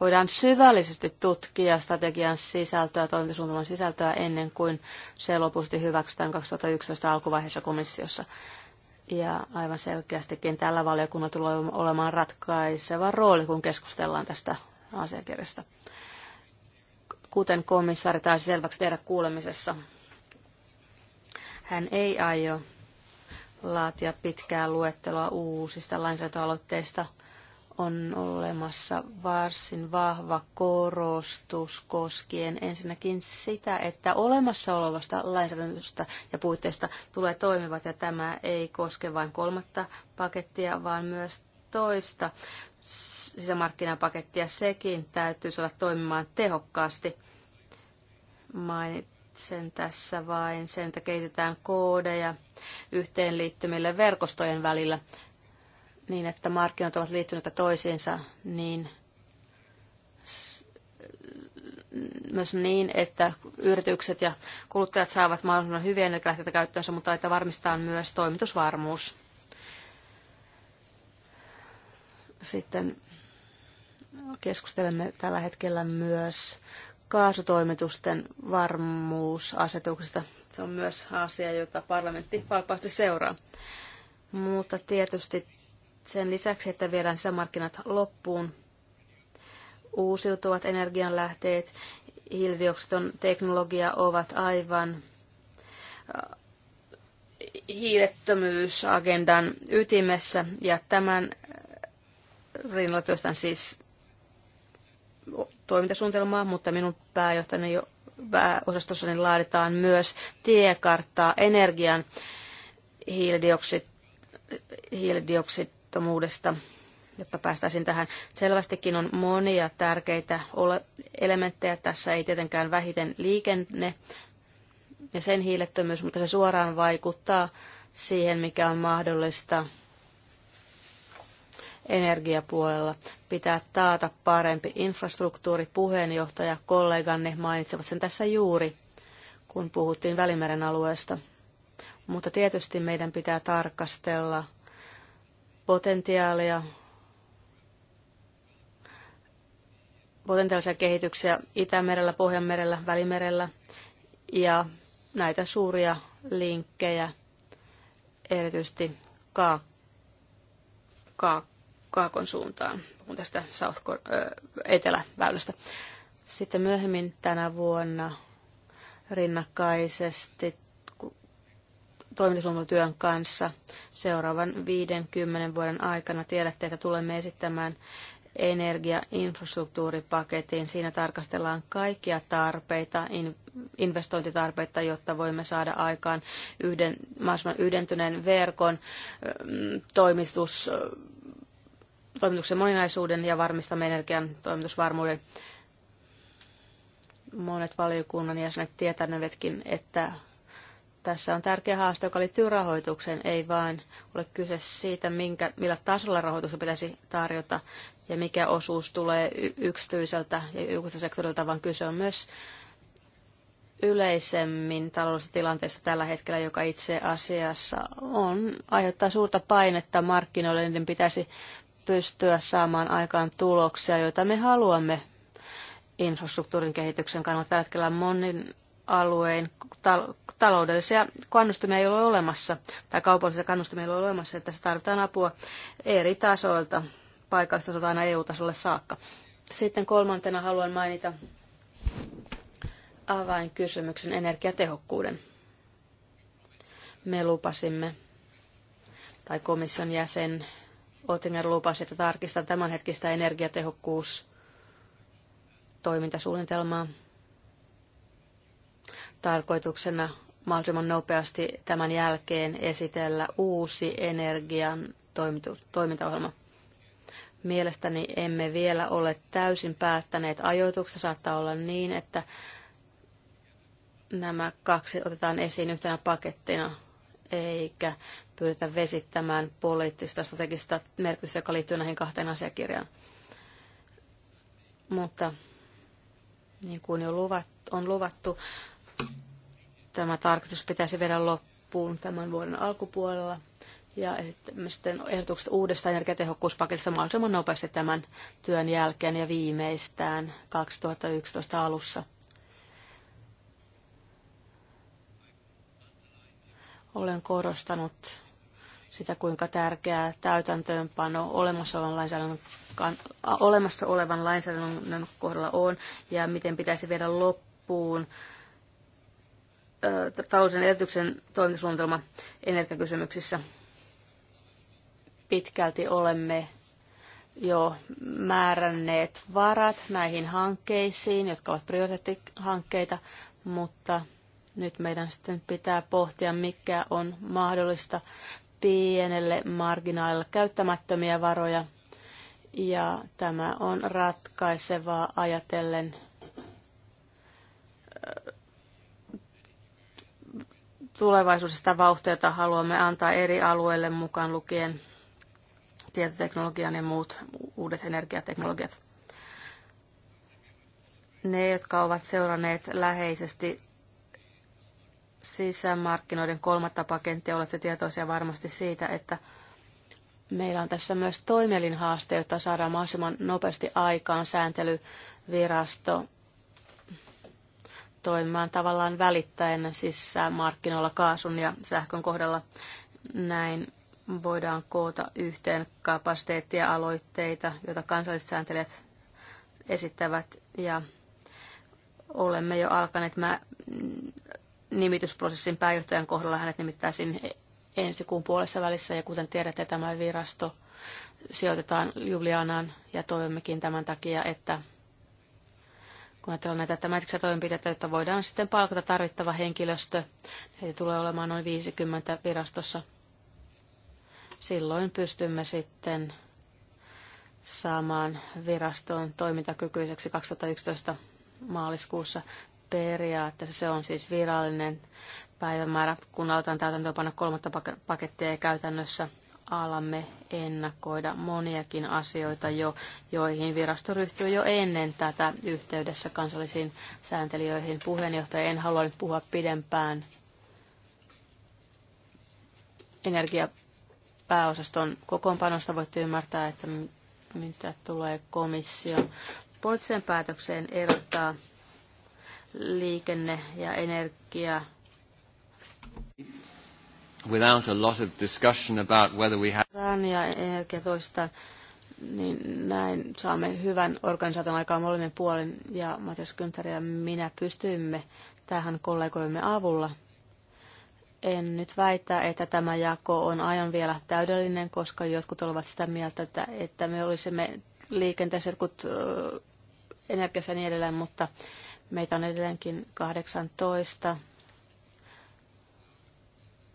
voidaan syvällisesti tutkia strategian sisältöä, toimintasuunnitelman sisältöä ennen kuin se lopusti hyväksytään 2011 alkuvaiheessa komissiossa. Ja aivan selkeästikin tällä valiokunnalla tulee olemaan ratkaiseva rooli, kun keskustellaan tästä asiakirjasta. Kuten komissaari taisi selväksi tehdä kuulemisessa, hän ei aio laatia pitkää luetteloa uusista lainsäädäntöaloitteista – on olemassa varsin vahva korostus koskien ensinnäkin sitä, että olemassa olevasta lainsäädännöstä ja puitteista tulee toimivat, ja tämä ei koske vain kolmatta pakettia, vaan myös toista sisämarkkinapakettia. Sekin täytyy saada toimimaan tehokkaasti. Mainitsen tässä vain sen, että kehitetään koodeja yhteenliittymille verkostojen välillä niin, että markkinat ovat liittyneet toisiinsa, niin myös niin, että yritykset ja kuluttajat saavat mahdollisimman hyviä energialähteitä käyttöönsä, mutta että varmistaa myös toimitusvarmuus. Sitten keskustelemme tällä hetkellä myös kaasutoimitusten varmuusasetuksesta. Se on myös asia, jota parlamentti valpaasti seuraa. Mutta tietysti sen lisäksi, että viedään sisämarkkinat loppuun, uusiutuvat energianlähteet, hiilidioksidon teknologia ovat aivan äh, hiilettömyysagendan ytimessä ja tämän äh, rinnalla työstän siis toimintasuunnitelmaa, mutta minun pääjohtajani jo osastossani laaditaan myös tiekarttaa energian hiilidioksid, hiilidioksid riippumattomuudesta, jotta päästäisiin tähän. Selvästikin on monia tärkeitä elementtejä. Tässä ei tietenkään vähiten liikenne ja sen hiilettömyys, mutta se suoraan vaikuttaa siihen, mikä on mahdollista energiapuolella. Pitää taata parempi infrastruktuuri. Puheenjohtaja, kolleganne mainitsevat sen tässä juuri, kun puhuttiin Välimeren alueesta. Mutta tietysti meidän pitää tarkastella potentiaalia, potentiaalisia kehityksiä Itämerellä, Pohjanmerellä, Välimerellä ja näitä suuria linkkejä erityisesti Kaakkoon ka- kaakon suuntaan, kun tästä South eteläväylästä. Sitten myöhemmin tänä vuonna rinnakkaisesti työn kanssa seuraavan 50 vuoden aikana. Tiedätte, että tulemme esittämään energiainfrastruktuuripaketin. Siinä tarkastellaan kaikkia tarpeita, investointitarpeita, jotta voimme saada aikaan yhden, mahdollisimman yhdentyneen verkon mm, toimitus, toimituksen moninaisuuden ja varmistamme energian toimitusvarmuuden. Monet valiokunnan jäsenet tietävätkin, että tässä on tärkeä haaste, joka liittyy rahoitukseen, ei vain ole kyse siitä, minkä, millä tasolla rahoitusta pitäisi tarjota ja mikä osuus tulee yksityiseltä ja julkiselta sektorilta, vaan kyse on myös yleisemmin taloudellisesta tilanteesta tällä hetkellä, joka itse asiassa on, aiheuttaa suurta painetta markkinoille, niiden pitäisi pystyä saamaan aikaan tuloksia, joita me haluamme infrastruktuurin kehityksen kannalta. Tällä hetkellä monin alueen taloudellisia kannustimia ei ole olemassa, tai kaupallisia kannustimia ei ole olemassa, että se tarvitaan apua eri tasoilta, paikallistasolta aina EU-tasolle saakka. Sitten kolmantena haluan mainita avainkysymyksen energiatehokkuuden. Me lupasimme, tai komission jäsen Oettinger lupasi, että tarkistaa tämänhetkistä energiatehokkuus toimintasuunnitelmaa tarkoituksena mahdollisimman nopeasti tämän jälkeen esitellä uusi energian toimintaohjelma. Mielestäni emme vielä ole täysin päättäneet ajoituksesta. Saattaa olla niin, että nämä kaksi otetaan esiin yhtenä pakettina, eikä pyritä vesittämään poliittista strategista merkitystä, joka liittyy näihin kahteen asiakirjaan. Mutta niin kuin jo luvat, on luvattu, Tämä tarkoitus pitäisi viedä loppuun tämän vuoden alkupuolella ja sitten ehdotukset uudesta energiatehokkuuspaketista mahdollisimman nopeasti tämän työn jälkeen ja viimeistään 2011 alussa. Olen korostanut sitä, kuinka tärkeää täytäntöönpano olemassa olevan lainsäädännön, olemassa olevan lainsäädännön kohdalla on ja miten pitäisi viedä loppuun taloudellisen elvytyksen toimintasuunnitelma energiakysymyksissä. Pitkälti olemme jo määränneet varat näihin hankkeisiin, jotka ovat prioriteettihankkeita, mutta nyt meidän sitten pitää pohtia, mikä on mahdollista pienelle marginaalille käyttämättömiä varoja. Ja tämä on ratkaisevaa ajatellen tulevaisuudesta vauhtia, jota haluamme antaa eri alueille mukaan lukien tietoteknologian ja muut uudet energiateknologiat. Ne, jotka ovat seuranneet läheisesti sisämarkkinoiden kolmatta pakenttia, olette tietoisia varmasti siitä, että meillä on tässä myös toimielin haaste, jotta saadaan mahdollisimman nopeasti aikaan sääntelyvirasto, toimimaan tavallaan välittäen siis markkinoilla kaasun ja sähkön kohdalla. Näin voidaan koota yhteen kapasiteettia aloitteita, joita kansalliset sääntelijät esittävät ja olemme jo alkaneet mä, nimitysprosessin pääjohtajan kohdalla hänet nimittäisin ensi kuun puolessa välissä ja kuten tiedätte tämä virasto sijoitetaan Julianaan ja toivommekin tämän takia, että kun ajatellaan näitä tämänhetkisiä toimenpiteitä, että voidaan sitten palkata tarvittava henkilöstö. Heitä tulee olemaan noin 50 virastossa. Silloin pystymme sitten saamaan viraston toimintakykyiseksi 2011 maaliskuussa periaatteessa. Se on siis virallinen päivämäärä, kun aletaan täytäntöönpanna kolmatta pakettia ja käytännössä alamme ennakoida moniakin asioita jo, joihin virasto ryhtyy jo ennen tätä yhteydessä kansallisiin sääntelijöihin. Puheenjohtaja, en halua nyt puhua pidempään energiapääosaston kokoonpanosta. Voitte ymmärtää, että mitä tulee komission poliittiseen päätökseen erottaa liikenne ja energia without a lot of discussion about whether we have... Rania energia niin näin saamme hyvän organisaation aikaan molemmin puolin ja Matias Günther ja minä pystyimme tähän kollegoimme avulla. En nyt väitä, että tämä jako on aivan vielä täydellinen, koska jotkut ovat sitä mieltä, että, että me olisimme liikenteessä jotkut energiassa ja niin edelleen, mutta meitä on edelleenkin 18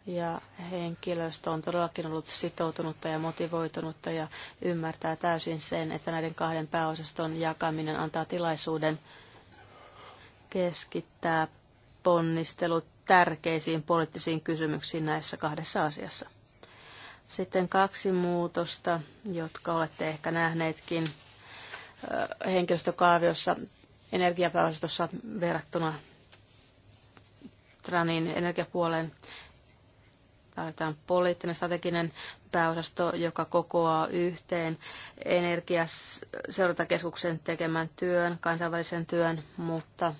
ja henkilöstö on todellakin ollut sitoutunutta ja motivoitunutta ja ymmärtää täysin sen, että näiden kahden pääosaston jakaminen antaa tilaisuuden keskittää ponnistelut tärkeisiin poliittisiin kysymyksiin näissä kahdessa asiassa. Sitten kaksi muutosta, jotka olette ehkä nähneetkin henkilöstökaaviossa energiapääosastossa verrattuna Tranin energiapuoleen Tarvitaan poliittinen strateginen pääosasto, joka kokoaa yhteen energiaseurantakeskuksen tekemän työn, kansainvälisen työn, mutta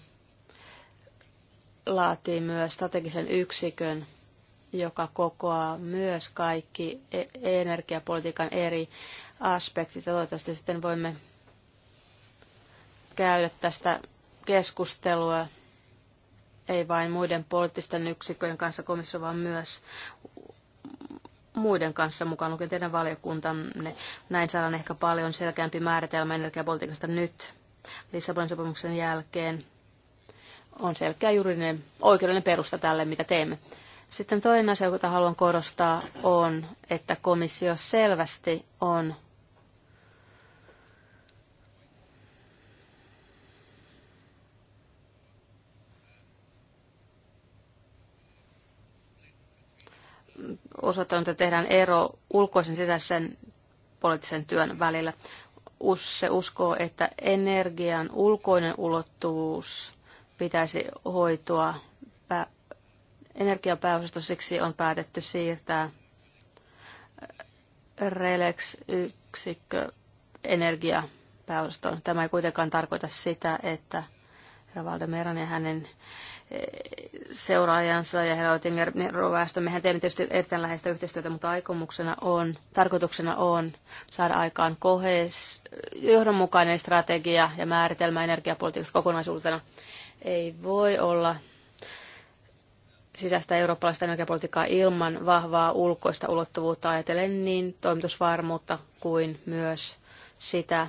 laatii myös strategisen yksikön, joka kokoaa myös kaikki e- energiapolitiikan eri aspektit. Toivottavasti sitten voimme käydä tästä keskustelua ei vain muiden poliittisten yksikköjen kanssa komissio, vaan myös muiden kanssa mukaan lukien teidän valiokuntanne. Näin saadaan ehkä paljon selkeämpi määritelmä energiapolitiikasta nyt Lissabonin sopimuksen jälkeen. On selkeä juridinen oikeudellinen perusta tälle, mitä teemme. Sitten toinen asia, jota haluan korostaa, on, että komissio selvästi on osoittanut, että tehdään ero ulkoisen sisäisen poliittisen työn välillä. Se uskoo, että energian ulkoinen ulottuvuus pitäisi hoitua pää- energiapääosasto, siksi on päätetty siirtää äh, Relex-yksikkö energiapääosastoon. Tämä ei kuitenkaan tarkoita sitä, että Herra Valdemeran ja hänen seuraajansa ja herra Oettinger Rovasto. Mehän teemme tietysti erittäin läheistä yhteistyötä, mutta aikomuksena on, tarkoituksena on saada aikaan kohes, johdonmukainen strategia ja määritelmä energiapolitiikasta kokonaisuutena. Ei voi olla sisäistä eurooppalaista energiapolitiikkaa ilman vahvaa ulkoista ulottuvuutta ajatellen niin toimitusvarmuutta kuin myös sitä,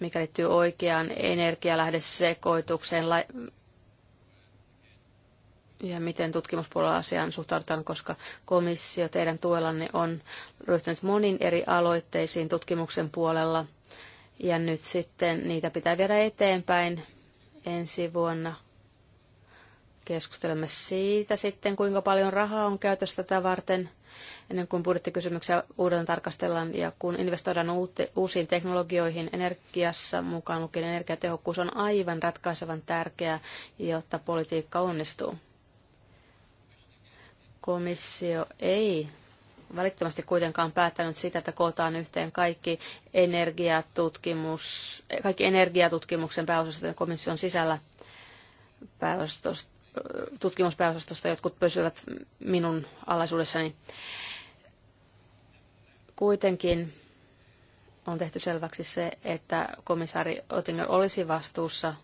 mikä liittyy oikeaan energialähdesekoitukseen, ja miten tutkimuspuolella asiaan suhtaudutaan, koska komissio teidän tuellanne on ryhtynyt monin eri aloitteisiin tutkimuksen puolella ja nyt sitten niitä pitää viedä eteenpäin ensi vuonna. Keskustelemme siitä sitten, kuinka paljon rahaa on käytössä tätä varten, ennen kuin budjettikysymyksiä uudelleen tarkastellaan ja kun investoidaan uusiin teknologioihin energiassa, mukaan lukien energiatehokkuus on aivan ratkaisevan tärkeää, jotta politiikka onnistuu. Komissio ei välittömästi kuitenkaan päättänyt sitä, että kootaan yhteen kaikki, energiatutkimus, kaikki energiatutkimuksen pääosastojen komission sisällä tutkimuspääosastosta jotkut pysyvät minun alaisuudessani. Kuitenkin on tehty selväksi se, että komissaari Oettinger olisi vastuussa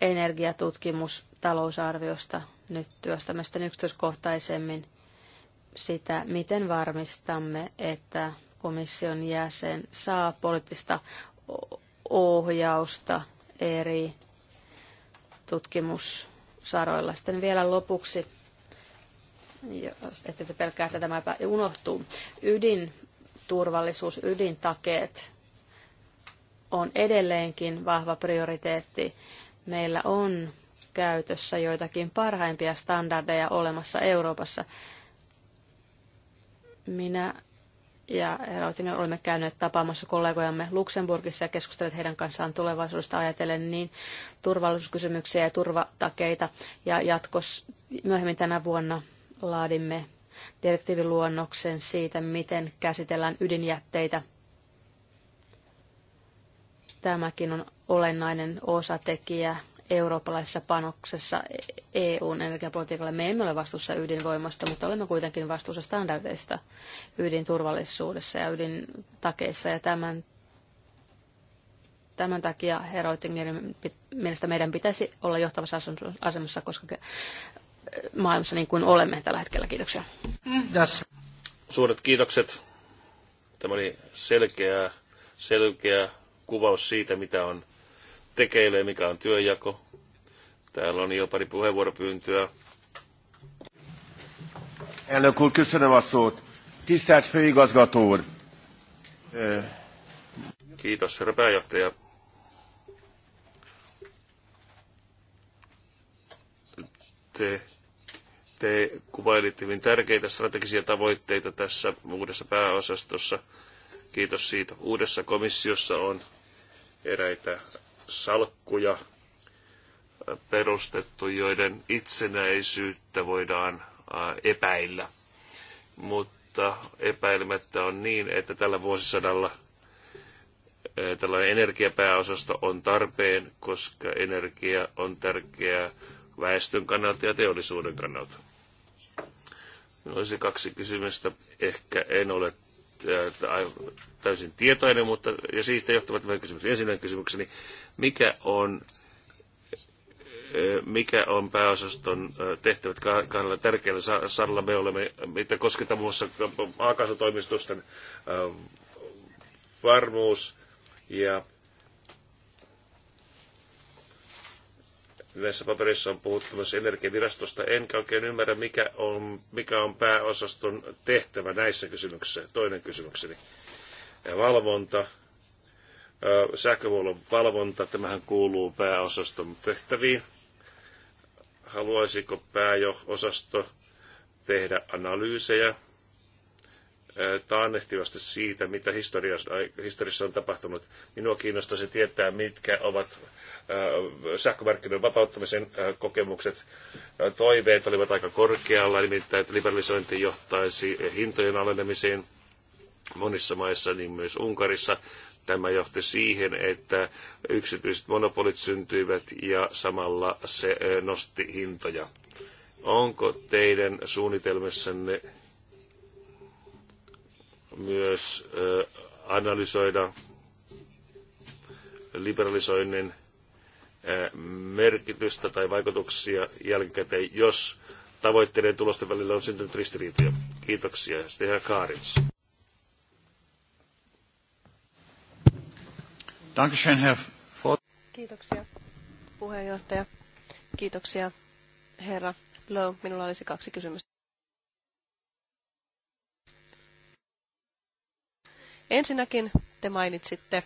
energiatutkimus talousarviosta – nyt työstämme sitten niin yksityiskohtaisemmin sitä, miten varmistamme, että komission jäsen saa poliittista ohjausta eri tutkimussaroilla. Sitten vielä lopuksi, ettei te pelkää, että tämä unohtuu, ydinturvallisuus, ydintakeet on edelleenkin vahva prioriteetti. Meillä on käytössä joitakin parhaimpia standardeja olemassa Euroopassa. Minä ja Rautinen olemme käyneet tapaamassa kollegojamme Luxemburgissa ja keskustelleet heidän kanssaan tulevaisuudesta ajatellen niin turvallisuuskysymyksiä ja turvatakeita. Ja jatkos myöhemmin tänä vuonna laadimme direktiiviluonnoksen siitä, miten käsitellään ydinjätteitä. Tämäkin on olennainen osatekijä eurooppalaisessa panoksessa EUn energiapolitiikalle. Me emme ole vastuussa ydinvoimasta, mutta olemme kuitenkin vastuussa standardeista ydinturvallisuudessa ja ydintakeissa. Ja tämän, tämän takia Heroitingerin mielestä meidän pitäisi olla johtavassa asemassa, koska maailmassa niin kuin olemme tällä hetkellä. Kiitoksia. Yes. Suuret kiitokset. Tämä oli selkeä, selkeä kuvaus siitä, mitä on tekeilee, mikä on työjako. Täällä on jo pari puheenvuoropyyntöä. Elnök úr, köszönöm a szót. Tisztelt főigazgató úr! Kiitos, herra pääjohtaja. Te, te kuvailitte hyvin tärkeitä strategisia tavoitteita tässä uudessa pääosastossa. Kiitos siitä. Uudessa komissiossa on eräitä salkkuja perustettu, joiden itsenäisyyttä voidaan epäillä. Mutta epäilemättä on niin, että tällä vuosisadalla tällainen energiapääosasto on tarpeen, koska energia on tärkeää väestön kannalta ja teollisuuden kannalta. Minulla olisi kaksi kysymystä. Ehkä en ole täysin tietoinen, mutta ja siitä johtuvat nämä kysymykset. Ensimmäinen kysymykseni, mikä on mikä on pääosaston tehtävät kannalla tärkeällä saralla. Me olemme, mitä kosketa muun muassa maakaasutoimistusten varmuus ja näissä paperissa on puhuttu myös energiavirastosta. Enkä oikein ymmärrä, mikä on, mikä on pääosaston tehtävä näissä kysymyksissä. Toinen kysymykseni. Valvonta, sähköhuollon valvonta, tämähän kuuluu pääosaston tehtäviin. Haluaisiko pääosasto tehdä analyysejä taannehtivasti siitä, mitä historiassa on tapahtunut. Minua kiinnostaisi tietää, mitkä ovat sähkömarkkinoiden vapauttamisen kokemukset. Toiveet olivat aika korkealla, nimittäin että liberalisointi johtaisi hintojen alenemiseen monissa maissa, niin myös Unkarissa. Tämä johti siihen, että yksityiset monopolit syntyivät ja samalla se nosti hintoja. Onko teidän suunnitelmissanne myös analysoida liberalisoinnin merkitystä tai vaikutuksia jälkikäteen, jos tavoitteiden tulosten välillä on syntynyt ristiriitoja. Kiitoksia. Sitten herra Kaarins. Kiitoksia puheenjohtaja. Kiitoksia herra Lowe. Minulla olisi kaksi kysymystä. Ensinnäkin te mainitsitte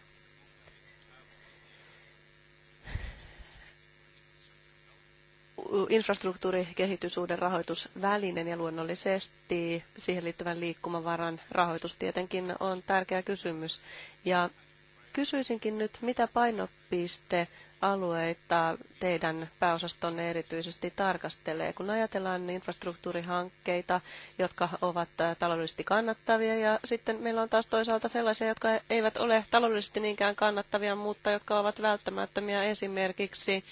infrastruktuurikehitysuuden rahoitusvälinen ja luonnollisesti siihen liittyvän liikkumavaran rahoitus tietenkin on tärkeä kysymys. Ja Kysyisinkin nyt, mitä painopistealueita teidän pääosastonne erityisesti tarkastelee, kun ajatellaan infrastruktuurihankkeita, jotka ovat äh, taloudellisesti kannattavia, ja sitten meillä on taas toisaalta sellaisia, jotka eivät ole taloudellisesti niinkään kannattavia, mutta jotka ovat välttämättömiä esimerkiksi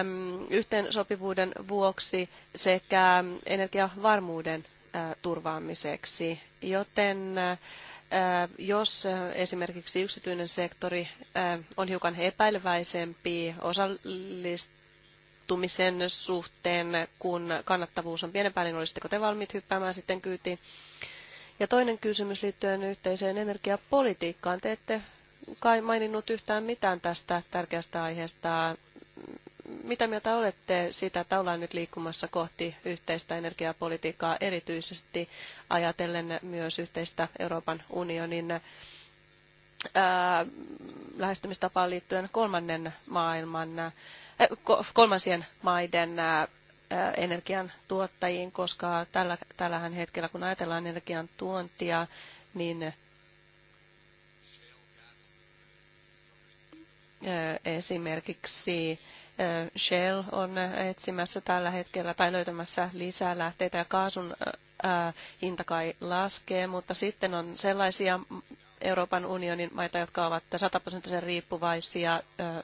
äm, yhteensopivuuden vuoksi sekä energiavarmuuden äh, turvaamiseksi. Joten äh, Äh, jos äh, esimerkiksi yksityinen sektori äh, on hiukan epäileväisempi osallistumisen suhteen, kun kannattavuus on pienempää, niin olisitteko te valmiit hyppäämään sitten kyytiin? Ja toinen kysymys liittyen yhteiseen energiapolitiikkaan. Te ette kai maininnut yhtään mitään tästä tärkeästä aiheesta mitä mieltä olette siitä, että ollaan nyt liikkumassa kohti yhteistä energiapolitiikkaa, erityisesti ajatellen myös yhteistä Euroopan unionin ää, lähestymistapaan liittyen kolmannen maailman, ää, kolmansien maiden ää, energian tuottajiin, koska tällä, tällähän hetkellä, kun ajatellaan energian tuontia, niin esimerkiksi Shell on etsimässä tällä hetkellä tai löytämässä lisää lähteitä ja kaasun hinta kai laskee, mutta sitten on sellaisia Euroopan unionin maita, jotka ovat sataprosenttisen riippuvaisia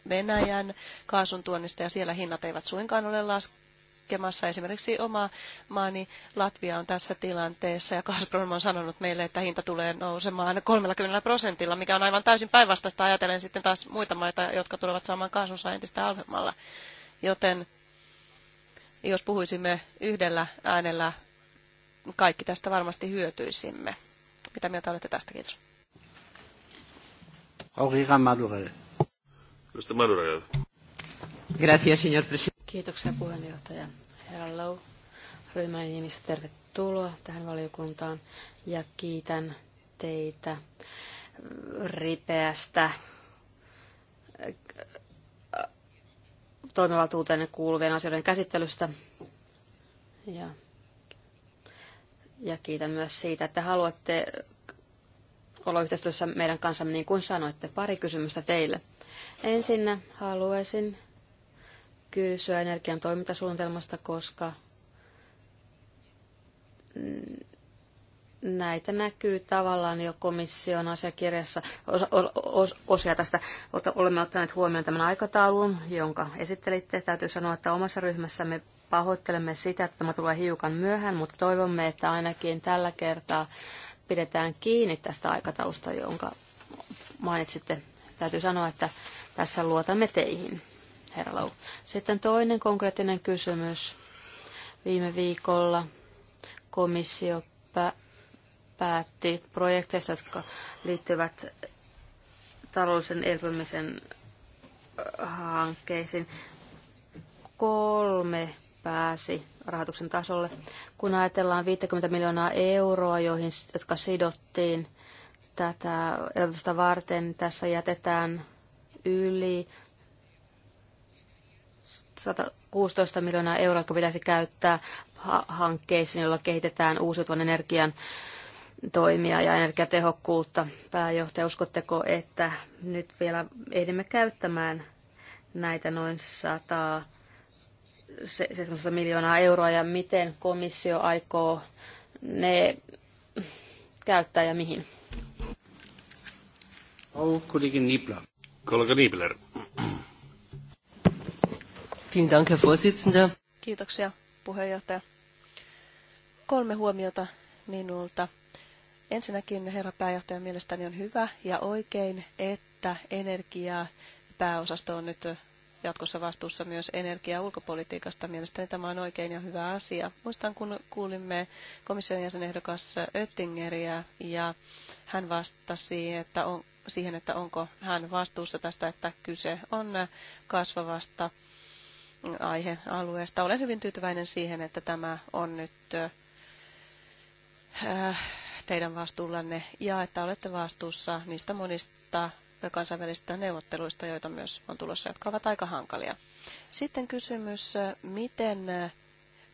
Venäjän kaasun tuonnista ja siellä hinnat eivät suinkaan ole laskeneet koskemassa. Esimerkiksi oma maani Latvia on tässä tilanteessa ja Gazprom on sanonut meille, että hinta tulee nousemaan 30 prosentilla, mikä on aivan täysin päinvastaista ajatellen sitten taas muita maita, jotka tulevat saamaan kaasunsa entistä alhemmalla. Joten jos puhuisimme yhdellä äänellä, kaikki tästä varmasti hyötyisimme. Mitä mieltä olette tästä? Kiitos. Gracias, señor presidente. Kiitoksia puheenjohtaja Herra Low. Ryhmän nimissä tervetuloa tähän valiokuntaan ja kiitän teitä ripeästä äh, toimivaltuuteen kuuluvien asioiden käsittelystä. Ja, ja kiitän myös siitä, että haluatte olla yhteistyössä meidän kanssamme, niin kuin sanoitte. Pari kysymystä teille. Ensinnä haluaisin kysyä energian toimintasuunnitelmasta, koska näitä näkyy tavallaan jo komission asiakirjassa. Osia tästä olemme ottaneet huomioon tämän aikataulun, jonka esittelitte. Täytyy sanoa, että omassa ryhmässämme pahoittelemme sitä, että tämä tulee hiukan myöhään, mutta toivomme, että ainakin tällä kertaa pidetään kiinni tästä aikataulusta, jonka mainitsitte. Täytyy sanoa, että tässä luotamme teihin. Hello. Sitten toinen konkreettinen kysymys. Viime viikolla komissio päätti projekteista, jotka liittyvät taloudellisen elpymisen hankkeisiin. Kolme pääsi rahoituksen tasolle. Kun ajatellaan 50 miljoonaa euroa, joihin, jotka sidottiin tätä elvytystä varten, tässä jätetään yli 116 miljoonaa euroa, jotka pitäisi käyttää hankkeisiin, joilla kehitetään uusiutuvan energian toimia ja energiatehokkuutta. Pääjohtaja, uskotteko, että nyt vielä ehdimme käyttämään näitä noin 100 miljoonaa euroa ja miten komissio aikoo ne käyttää ja mihin? Kollega Niebler. Kollega Vielen Dank, Herr Vorsitzender. Kiitoksia, puheenjohtaja. Kolme huomiota minulta. Ensinnäkin herra pääjohtaja, mielestäni on hyvä ja oikein, että energiaa pääosasto on nyt jatkossa vastuussa myös energia- ja ulkopolitiikasta. Mielestäni tämä on oikein ja hyvä asia. Muistan, kun kuulimme komission jäsenehdokas Oettingeriä ja hän vastasi, että on, siihen, että onko hän vastuussa tästä, että kyse on kasvavasta aihealueesta. Olen hyvin tyytyväinen siihen, että tämä on nyt äh, teidän vastuullanne ja että olette vastuussa niistä monista kansainvälisistä neuvotteluista, joita myös on tulossa, jotka ovat aika hankalia. Sitten kysymys, miten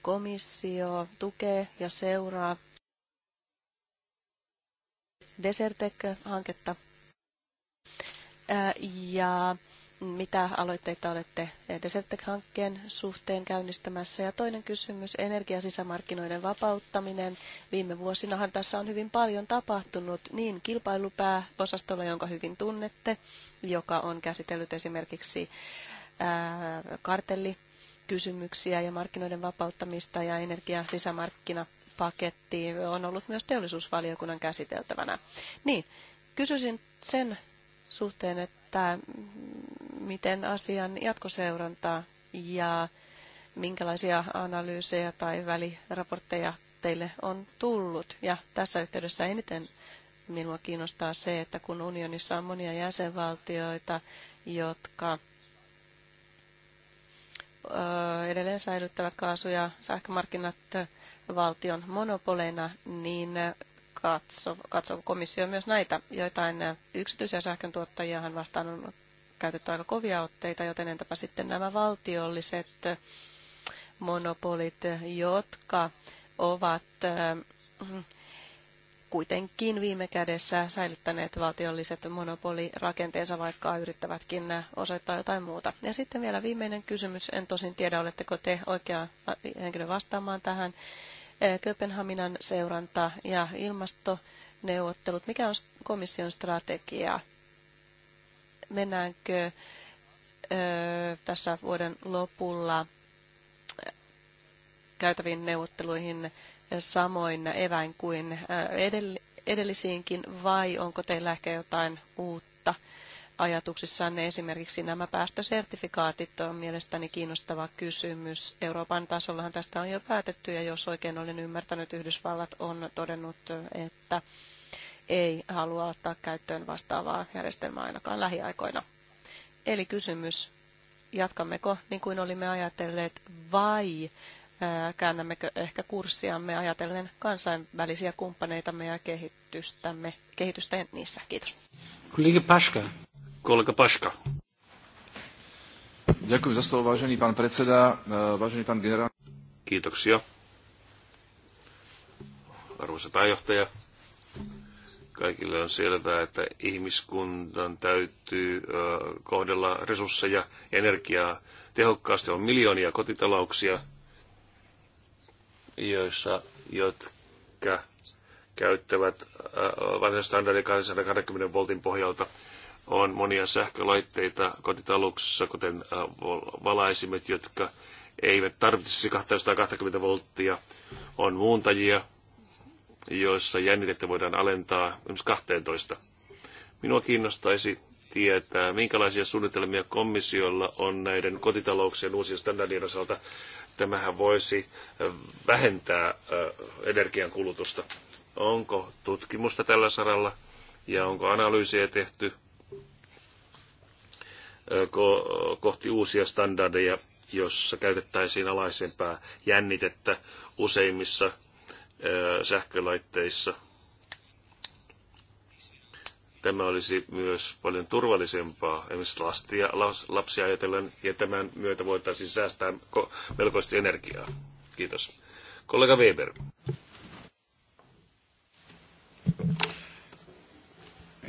komissio tukee ja seuraa Desertec-hanketta äh, ja mitä aloitteita olette Desertec-hankkeen suhteen käynnistämässä? Ja toinen kysymys, energiasisämarkkinoiden vapauttaminen. Viime vuosinahan tässä on hyvin paljon tapahtunut niin kilpailupääosastolla, jonka hyvin tunnette, joka on käsitellyt esimerkiksi kartellikysymyksiä ja markkinoiden vapauttamista ja energiasisämarkkinapaketti on ollut myös teollisuusvaliokunnan käsiteltävänä. Niin, kysyisin sen suhteen, että miten asian jatkoseurantaa ja minkälaisia analyysejä tai väliraportteja teille on tullut. Ja tässä yhteydessä eniten minua kiinnostaa se, että kun unionissa on monia jäsenvaltioita, jotka edelleen säilyttävät kaasu- ja sähkömarkkinat valtion monopoleina, niin katso, katso komissio myös näitä. Joitain yksityisiä sähköntuottajiahan vastaan on käytetty aika kovia otteita, joten entäpä sitten nämä valtiolliset monopolit, jotka ovat äh, kuitenkin viime kädessä säilyttäneet valtiolliset monopolirakenteensa, vaikka yrittävätkin osoittaa jotain muuta. Ja sitten vielä viimeinen kysymys, en tosin tiedä, oletteko te oikea henkilö vastaamaan tähän. Äh, Kööpenhaminan seuranta ja ilmastoneuvottelut. Mikä on komission strategia mennäänkö tässä vuoden lopulla käytäviin neuvotteluihin samoin eväin kuin edellisiinkin, vai onko teillä ehkä jotain uutta ajatuksissanne? Esimerkiksi nämä päästösertifikaatit on mielestäni kiinnostava kysymys. Euroopan tasollahan tästä on jo päätetty, ja jos oikein olen ymmärtänyt, Yhdysvallat on todennut, että ei halua ottaa käyttöön vastaavaa järjestelmää ainakaan lähiaikoina. Eli kysymys, jatkammeko niin kuin olimme ajatelleet vai käännämmekö ehkä kurssiamme ajatellen kansainvälisiä kumppaneitamme ja kehitystämme, kehitystä niissä. Kiitos. Kollega Paška. Kollega Paška. Ďakujem za slovo, vážený pán predseda, vážený pán generál. Kiitoksia. Arvoisa pääjohtaja, Kaikille on selvää, että ihmiskunnan täytyy kohdella resursseja, energiaa tehokkaasti. On miljoonia kotitalouksia, joissa, jotka käyttävät vanhan standardin 220 voltin pohjalta on monia sähkölaitteita kotitalouksissa, kuten valaisimet, jotka eivät tarvitsisi 220 volttia. On muuntajia, joissa jännitettä voidaan alentaa esimerkiksi 12. Minua kiinnostaisi tietää, minkälaisia suunnitelmia komissiolla on näiden kotitalouksien uusien standardien osalta. Tämähän voisi vähentää energiankulutusta. Onko tutkimusta tällä saralla ja onko analyysiä tehty kohti uusia standardeja, jossa käytettäisiin alaisempaa jännitettä useimmissa sähkölaitteissa. Tämä olisi myös paljon turvallisempaa, esimerkiksi lastia, lapsia ajatellen, ja tämän myötä voitaisiin säästää melkoisesti energiaa. Kiitos. Kollega Weber.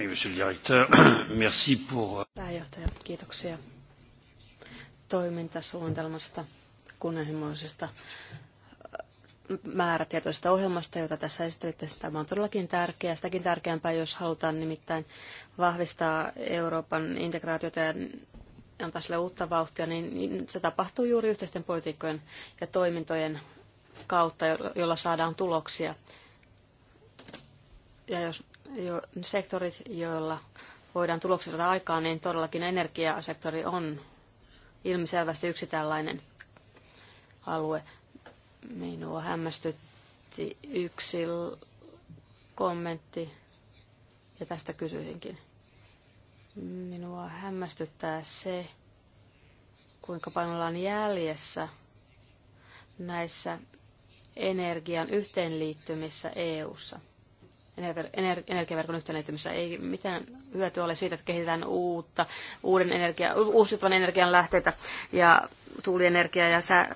Monsieur le directeur, merci pour... Euh, Pääjohtaja, kiitoksia toimintasuunnitelmasta, kunnianhimoisesta määrätietoisesta ohjelmasta, jota tässä esittelitte. Tämä on todellakin tärkeää, sitäkin tärkeämpää, jos halutaan nimittäin vahvistaa Euroopan integraatiota ja antaa sille uutta vauhtia, niin, niin se tapahtuu juuri yhteisten politiikkojen ja toimintojen kautta, jolla saadaan tuloksia. Ja jos jo, sektorit, joilla voidaan tuloksia saada aikaan, niin todellakin energiasektori on ilmiselvästi yksi tällainen alue. Minua hämmästytti yksi kommentti, ja tästä kysyisinkin. Minua hämmästyttää se, kuinka paljon ollaan jäljessä näissä energian yhteenliittymissä EU-ssa. Energiaverkon yhteenliittymissä ei mitään hyötyä ole siitä, että kehitetään uutta, uuden energia, uusiutuvan energian lähteitä ja tuulienergiaa ja sä,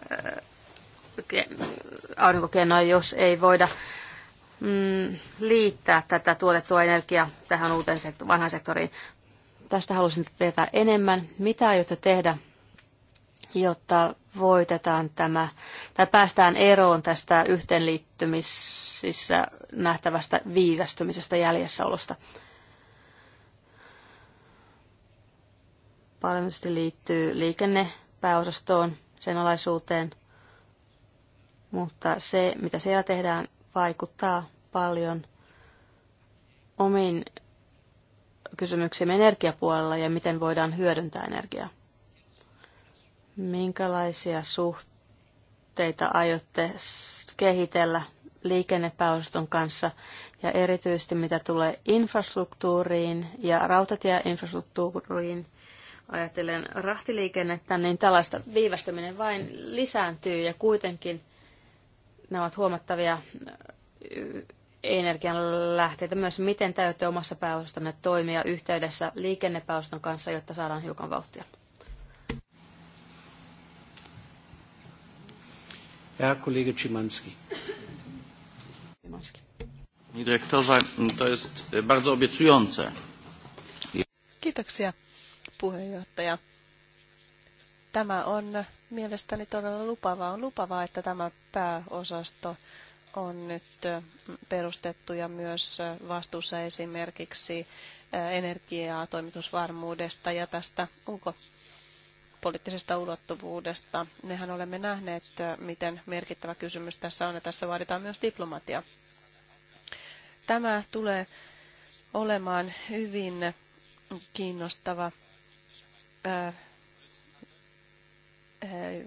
aurinkokennoa, jos ei voida mm, liittää tätä tuotettua energiaa tähän uuteen sekt- vanhaan sektoriin. Tästä halusin tietää enemmän. Mitä aiotte tehdä, jotta voitetaan tämä, tai päästään eroon tästä yhteenliittymisissä nähtävästä viivästymisestä jäljessäolosta? Paljon liittyy pääosastoon, sen alaisuuteen – mutta se, mitä siellä tehdään, vaikuttaa paljon omiin kysymyksiin energiapuolella ja miten voidaan hyödyntää energiaa. Minkälaisia suhteita aiotte kehitellä liikennepääosaston kanssa ja erityisesti mitä tulee infrastruktuuriin ja rautatieinfrastruktuuriin, ajatellen rahtiliikennettä, niin tällaista viivästyminen vain lisääntyy ja kuitenkin – Nämä ovat huomattavia energianlähteitä myös. Miten täytyy omassa pääosastanne toimia yhteydessä liikennepääoston kanssa, jotta saadaan hiukan vauhtia? Herr Kollege Szymanski. Szymanski. Panie to jest bardzo obiecujące. Kiitoksia, puheenjohtaja. Tämä on mielestäni todella lupavaa. On lupavaa, että tämä pääosasto on nyt perustettu ja myös vastuussa esimerkiksi energiaa, toimitusvarmuudesta ja tästä ulkopoliittisesta ulottuvuudesta. Mehän olemme nähneet, miten merkittävä kysymys tässä on ja tässä vaaditaan myös diplomatia. Tämä tulee olemaan hyvin kiinnostava Eh,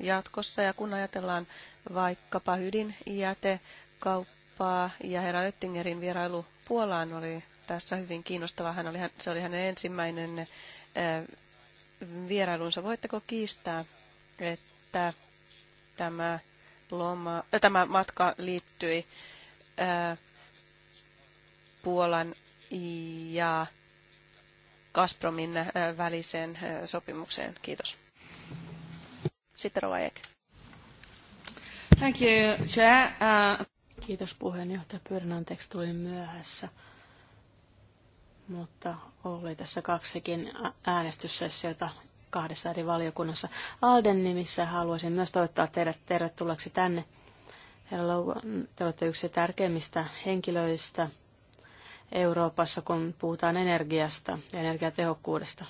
jatkossa. Ja kun ajatellaan vaikkapa ydinjätekauppaa ja herra Oettingerin vierailu Puolaan oli tässä hyvin kiinnostava. Hän oli, se oli hänen ensimmäinen eh, vierailunsa. Voitteko kiistää, että tämä, loma, eh, tämä matka liittyi Puolan ja Gazpromin väliseen sopimukseen? Kiitos. Sitten Ek. Thank you, Chair. Uh... Kiitos puheenjohtaja. Pyydän anteeksi, tulin myöhässä. Mutta oli tässä kaksikin äänestyssessiota kahdessa eri valiokunnassa. Alden nimissä haluaisin myös toivottaa teidät tervetulleeksi tänne. Hello, te olette yksi tärkeimmistä henkilöistä Euroopassa, kun puhutaan energiasta ja energiatehokkuudesta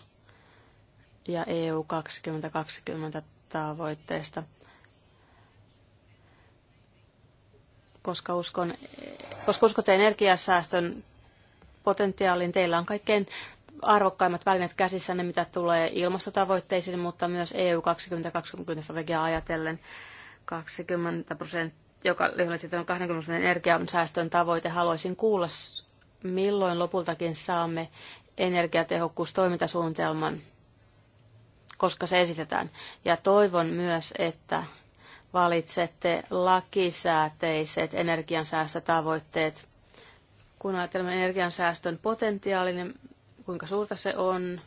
ja EU 2020 tavoitteesta, koska, uskon, koska uskotte energiasäästön potentiaaliin, teillä on kaikkein arvokkaimmat välineet käsissänne, mitä tulee ilmastotavoitteisiin, mutta myös EU 2020-strategiaa ajatellen 20 prosenttia joka lyhyesti on 20 energiansäästön tavoite. Haluaisin kuulla, milloin lopultakin saamme energiatehokkuustoimintasuunnitelman koska se esitetään. Ja toivon myös, että valitsette lakisääteiset energiansäästötavoitteet. Kun ajatellaan energiansäästön potentiaalinen, niin kuinka suurta se on,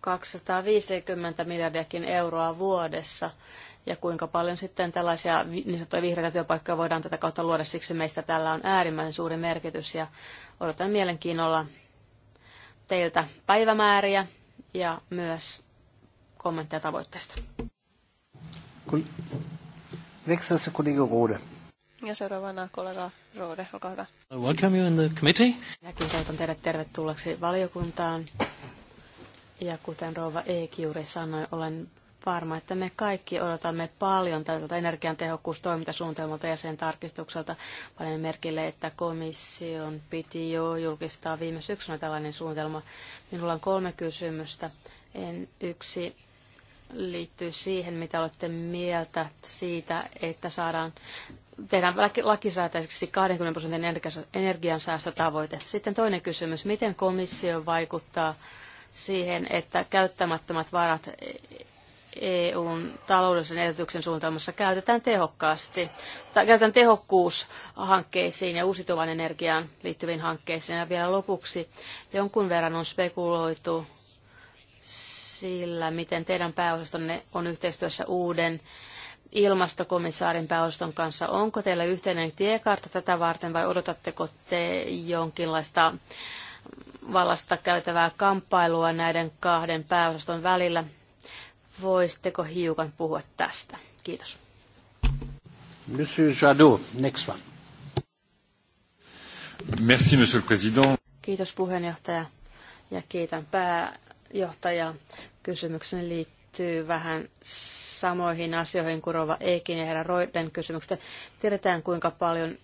250 miljardiakin euroa vuodessa, ja kuinka paljon sitten tällaisia niin sanottuja vihreitä työpaikkoja voidaan tätä kautta luoda. Siksi meistä tällä on äärimmäisen suuri merkitys, ja odotan mielenkiinnolla teiltä päivämääriä ja myös kommentteja tavoitteesta. Veksassa kollega Rode. Ja seuraavana kollega Rode, olkaa hyvä. I welcome you in the committee. Minäkin toivotan teidät tervetulleeksi valiokuntaan. Ja kuten Rova E. juuri sanoi, olen varma, että me kaikki odotamme paljon tältä energiantehokkuustoimintasuunnitelmalta ja sen tarkistukselta. Panemme merkille, että komission piti jo julkistaa viime syksynä tällainen suunnitelma. Minulla on kolme kysymystä. En, yksi liittyy siihen, mitä olette mieltä siitä, että saadaan tehdään lakisääteiseksi 20 prosentin energiansäästötavoite. Sitten toinen kysymys, miten komissio vaikuttaa siihen, että käyttämättömät varat EUn taloudellisen elvytyksen suunnitelmassa käytetään tehokkaasti, tai käytetään tehokkuushankkeisiin ja uusiutuvan energiaan liittyviin hankkeisiin. Ja vielä lopuksi jonkun verran on spekuloitu sillä, miten teidän pääosastonne on yhteistyössä uuden ilmastokomissaarin pääosaston kanssa. Onko teillä yhteinen tiekartta tätä varten vai odotatteko te jonkinlaista vallasta käytävää kamppailua näiden kahden pääosaston välillä? Voisitteko hiukan puhua tästä? Kiitos. Monsieur Jadot, next one. Merci, monsieur le président. Kiitos puheenjohtaja ja kiitän pääjohtajaa. Kysymykseni liittyy vähän samoihin asioihin kuin Rova Eikin ja herra Roiden kysymykset. Tiedetään, kuinka paljon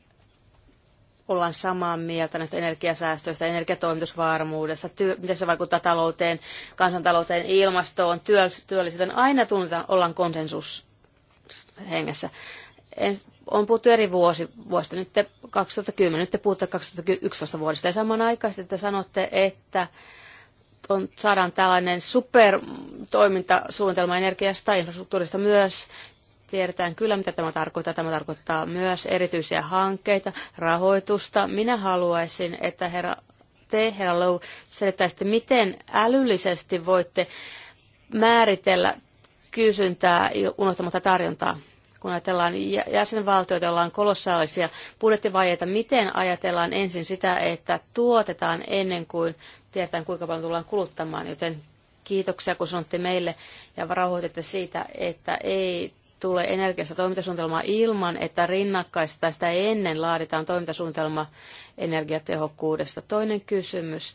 ollaan samaa mieltä näistä energiasäästöistä, energiatoimitusvarmuudesta, työ, miten se vaikuttaa talouteen, kansantalouteen, ilmastoon, työllisyyteen. Aina tunnetaan, ollaan konsensus hengessä. En, on puhuttu eri vuosi, vuosista, nyt te 2010, nyt te puhutte 2011 vuodesta, ja samanaikaisesti te sanotte, että on, saadaan tällainen supertoimintasuunnitelma energiasta, infrastruktuurista myös, Tiedetään kyllä, mitä tämä tarkoittaa. Tämä tarkoittaa myös erityisiä hankkeita, rahoitusta. Minä haluaisin, että herra, te, herra Lou, selittäisitte, miten älyllisesti voitte määritellä kysyntää unohtamatta tarjontaa kun ajatellaan jäsenvaltioita, joilla on kolossaalisia budjettivajeita, miten ajatellaan ensin sitä, että tuotetaan ennen kuin tiedetään, kuinka paljon tullaan kuluttamaan, joten kiitoksia, kun sanotte meille ja rahoitatte siitä, että ei tule energiasta toimintasuunnitelmaa ilman, että rinnakkaista tai sitä ennen laaditaan toimintasuunnitelma energiatehokkuudesta. Toinen kysymys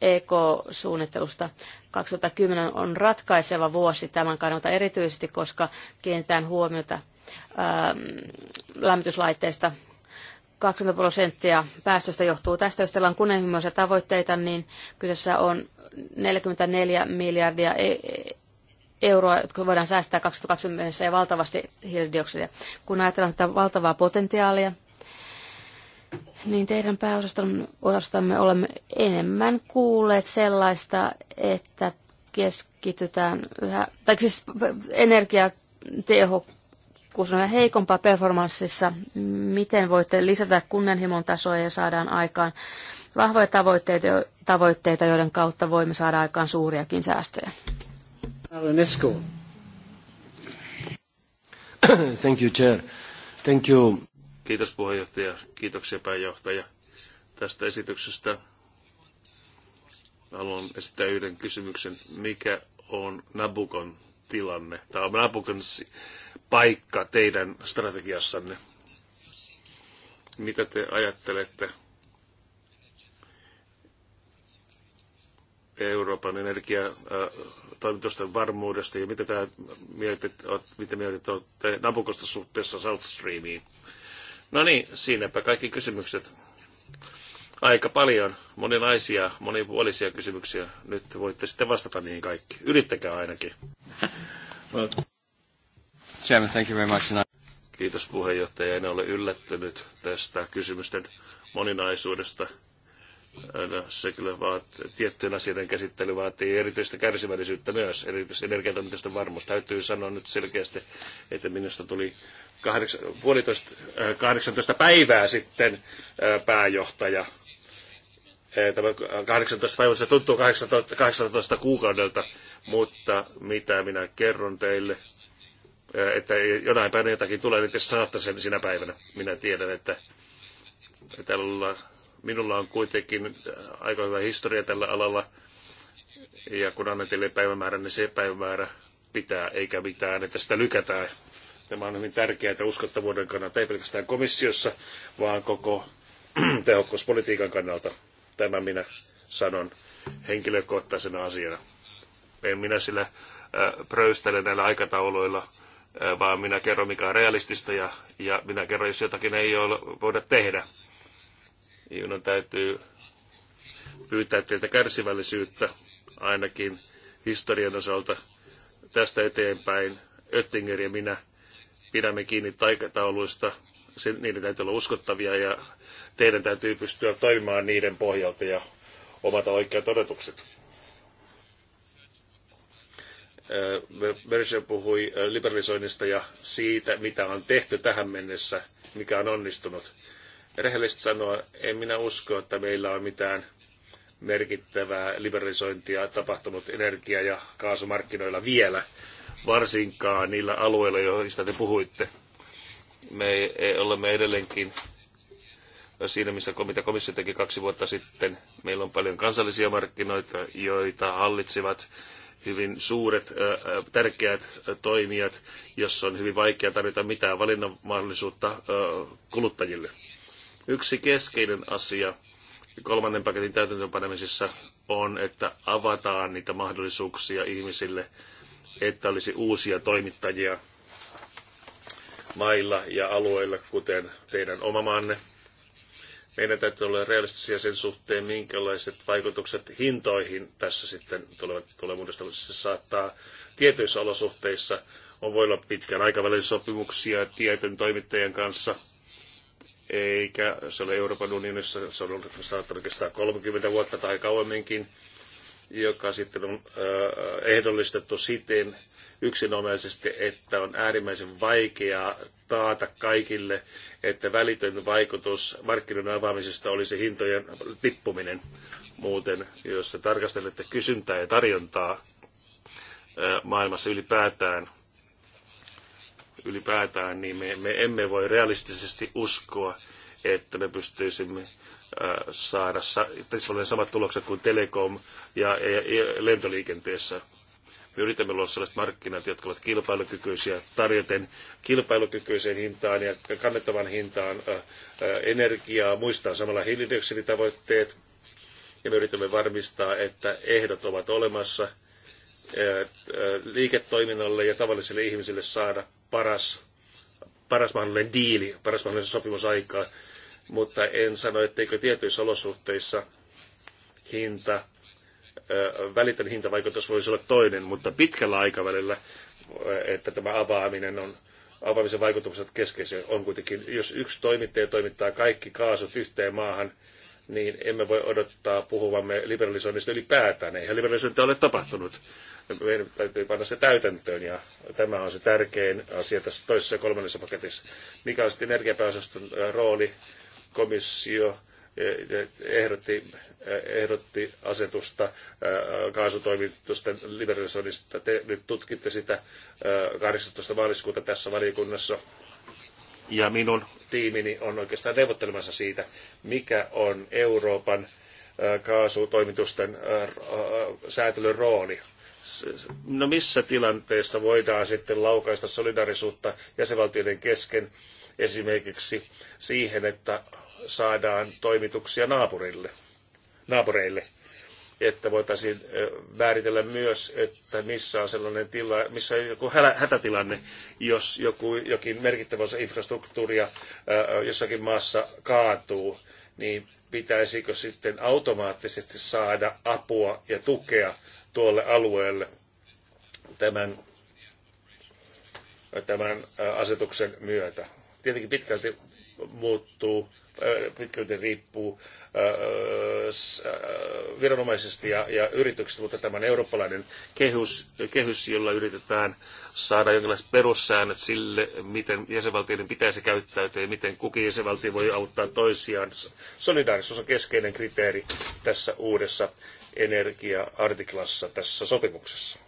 EK-suunnittelusta. 2010 on ratkaiseva vuosi tämän kannalta erityisesti, koska kiinnitään huomiota ää, ähm, lämmityslaitteista 20 prosenttia päästöstä johtuu tästä. Jos teillä on kunnianhimoisia tavoitteita, niin kyseessä on 44 miljardia e- euroa, jotka voidaan säästää 2020 ja valtavasti hiilidioksidia. Kun ajatellaan tätä valtavaa potentiaalia, niin teidän pääosastamme olemme enemmän kuulleet sellaista, että keskitytään yhä, tai siis energiatehokkuus on yhä heikompaa performanssissa. Miten voitte lisätä kunnianhimon tasoa ja saadaan aikaan vahvoja tavoitteita, tavoitteita, joiden kautta voimme saada aikaan suuriakin säästöjä? Ionescu. Thank you, Chair. Thank you. Kiitos puheenjohtaja, kiitoksia pääjohtaja tästä esityksestä. Haluan esittää yhden kysymyksen. Mikä on Nabukon tilanne? Tämä on Nabukon paikka teidän strategiassanne. Mitä te ajattelette Euroopan energiatoimitusten varmuudesta ja mitä mieltä mitä olette Nabukosta suhteessa South Streamiin? No niin, siinäpä kaikki kysymykset. Aika paljon, moninaisia, monipuolisia kysymyksiä. Nyt voitte sitten vastata niihin kaikki. Yrittäkää ainakin. Chairman, thank you very much. Kiitos puheenjohtaja. En ole yllättynyt tästä kysymysten moninaisuudesta No, se kyllä vaatii, tiettyjen asioiden käsittely vaatii erityistä kärsivällisyyttä myös, erityisesti energiatoimitusten varmuus. Täytyy sanoa nyt selkeästi, että minusta tuli kahdeksan, puolitoista, 18 äh, päivää sitten äh, pääjohtaja. Äh, tämä 18 päivää, se tuntuu 18, 18 kuukaudelta, mutta mitä minä kerron teille, että jonain päivänä jotakin tulee, niin te sen sinä päivänä. Minä tiedän, että tällä Minulla on kuitenkin äh, aika hyvä historia tällä alalla. Ja kun annan teille päivämäärän, niin se päivämäärä pitää eikä mitään, että sitä lykätään. Tämä on hyvin tärkeää että uskottavuuden kannalta, ei pelkästään komissiossa, vaan koko tehokkuuspolitiikan kannalta. Tämä minä sanon henkilökohtaisena asiana. En minä sillä äh, pröystele näillä aikatauluilla, äh, vaan minä kerron mikä on realistista ja, ja minä kerron, jos jotakin ei ole, voida tehdä. Minun täytyy pyytää teiltä kärsivällisyyttä ainakin historian osalta tästä eteenpäin. Öttinger ja minä pidämme kiinni taikatauluista. niiden täytyy olla uskottavia ja teidän täytyy pystyä toimimaan niiden pohjalta ja omata oikeat odotukset. Mercer puhui liberalisoinnista ja siitä, mitä on tehty tähän mennessä, mikä on onnistunut rehellisesti sanoa, en minä usko, että meillä on mitään merkittävää liberalisointia tapahtunut energia- ja kaasumarkkinoilla vielä, varsinkaan niillä alueilla, joista te puhuitte. Me e, olemme edelleenkin siinä, missä mitä komissio teki kaksi vuotta sitten. Meillä on paljon kansallisia markkinoita, joita hallitsivat hyvin suuret, tärkeät toimijat, jossa on hyvin vaikea tarjota mitään valinnanmahdollisuutta kuluttajille Yksi keskeinen asia kolmannen paketin täytäntöönpanemisissa on, että avataan niitä mahdollisuuksia ihmisille, että olisi uusia toimittajia mailla ja alueilla, kuten teidän oma maanne. Meidän täytyy olla realistisia sen suhteen, minkälaiset vaikutukset hintoihin tässä sitten tulevat saattaa tietyissä olosuhteissa on voi olla pitkän aikavälin sopimuksia tietyn toimittajan kanssa – eikä se ole Euroopan unionissa, se on ollut saattanut kestää 30 vuotta tai kauemminkin, joka sitten on äh, ehdollistettu siten yksinomaisesti, että on äärimmäisen vaikeaa taata kaikille, että välitön vaikutus markkinoiden avaamisesta olisi hintojen tippuminen. Muuten, jos te tarkastelette kysyntää ja tarjontaa äh, maailmassa ylipäätään, ylipäätään, niin me, me emme voi realistisesti uskoa, että me pystyisimme saada täsmälleen samat tulokset kuin telekom ja, ja, ja lentoliikenteessä. Me yritämme luoda sellaiset markkinat, jotka ovat kilpailukykyisiä, tarjoten kilpailukykyiseen hintaan ja kannettavan hintaan energiaa, muistaa samalla hiilidioksiditavoitteet. Ja me yritämme varmistaa, että ehdot ovat olemassa liiketoiminnalle ja tavallisille ihmisille saada paras, paras mahdollinen diili, paras mahdollinen sopimusaika, Mutta en sano, etteikö tietyissä olosuhteissa hinta, välitön hintavaikutus voisi olla toinen, mutta pitkällä aikavälillä, että tämä avaaminen on, avaamisen vaikutukset keskeisiä on kuitenkin, jos yksi toimittaja toimittaa kaikki kaasut yhteen maahan, niin emme voi odottaa puhuvamme liberalisoinnista ylipäätään. Eihän liberalisointia ole tapahtunut meidän täytyy panna se täytäntöön ja tämä on se tärkein asia tässä toisessa ja kolmannessa paketissa. Mikä on sitten energiapääosaston äh, rooli? Komissio eh, eh, ehdotti, eh, ehdotti asetusta äh, kaasutoimitusten liberalisoinnista. Te nyt tutkitte sitä 18. Äh, maaliskuuta tässä valiokunnassa ja minun tiimini on oikeastaan neuvottelemassa siitä, mikä on Euroopan kaasutoimitusten säätelyn rooli no missä tilanteessa voidaan sitten laukaista solidarisuutta jäsenvaltioiden kesken esimerkiksi siihen, että saadaan toimituksia naapurille, naapureille, että voitaisiin määritellä myös, että missä on sellainen tila, missä on joku hätätilanne, jos joku, jokin merkittävä osa infrastruktuuria jossakin maassa kaatuu, niin pitäisikö sitten automaattisesti saada apua ja tukea tuolle alueelle tämän, äh, tämän äh, asetuksen myötä. Tietenkin pitkälti muuttuu, äh, pitkälti riippuu viranomaisesti ja, ja yrityksistä, mutta tämä on eurooppalainen kehys, kehys, jolla yritetään saada jonkinlaiset perussäännöt sille, miten jäsenvaltioiden pitäisi käyttäytyä ja miten kukin jäsenvaltio voi auttaa toisiaan. Solidaarisuus on keskeinen kriteeri tässä uudessa energia-artiklassa tässä sopimuksessa.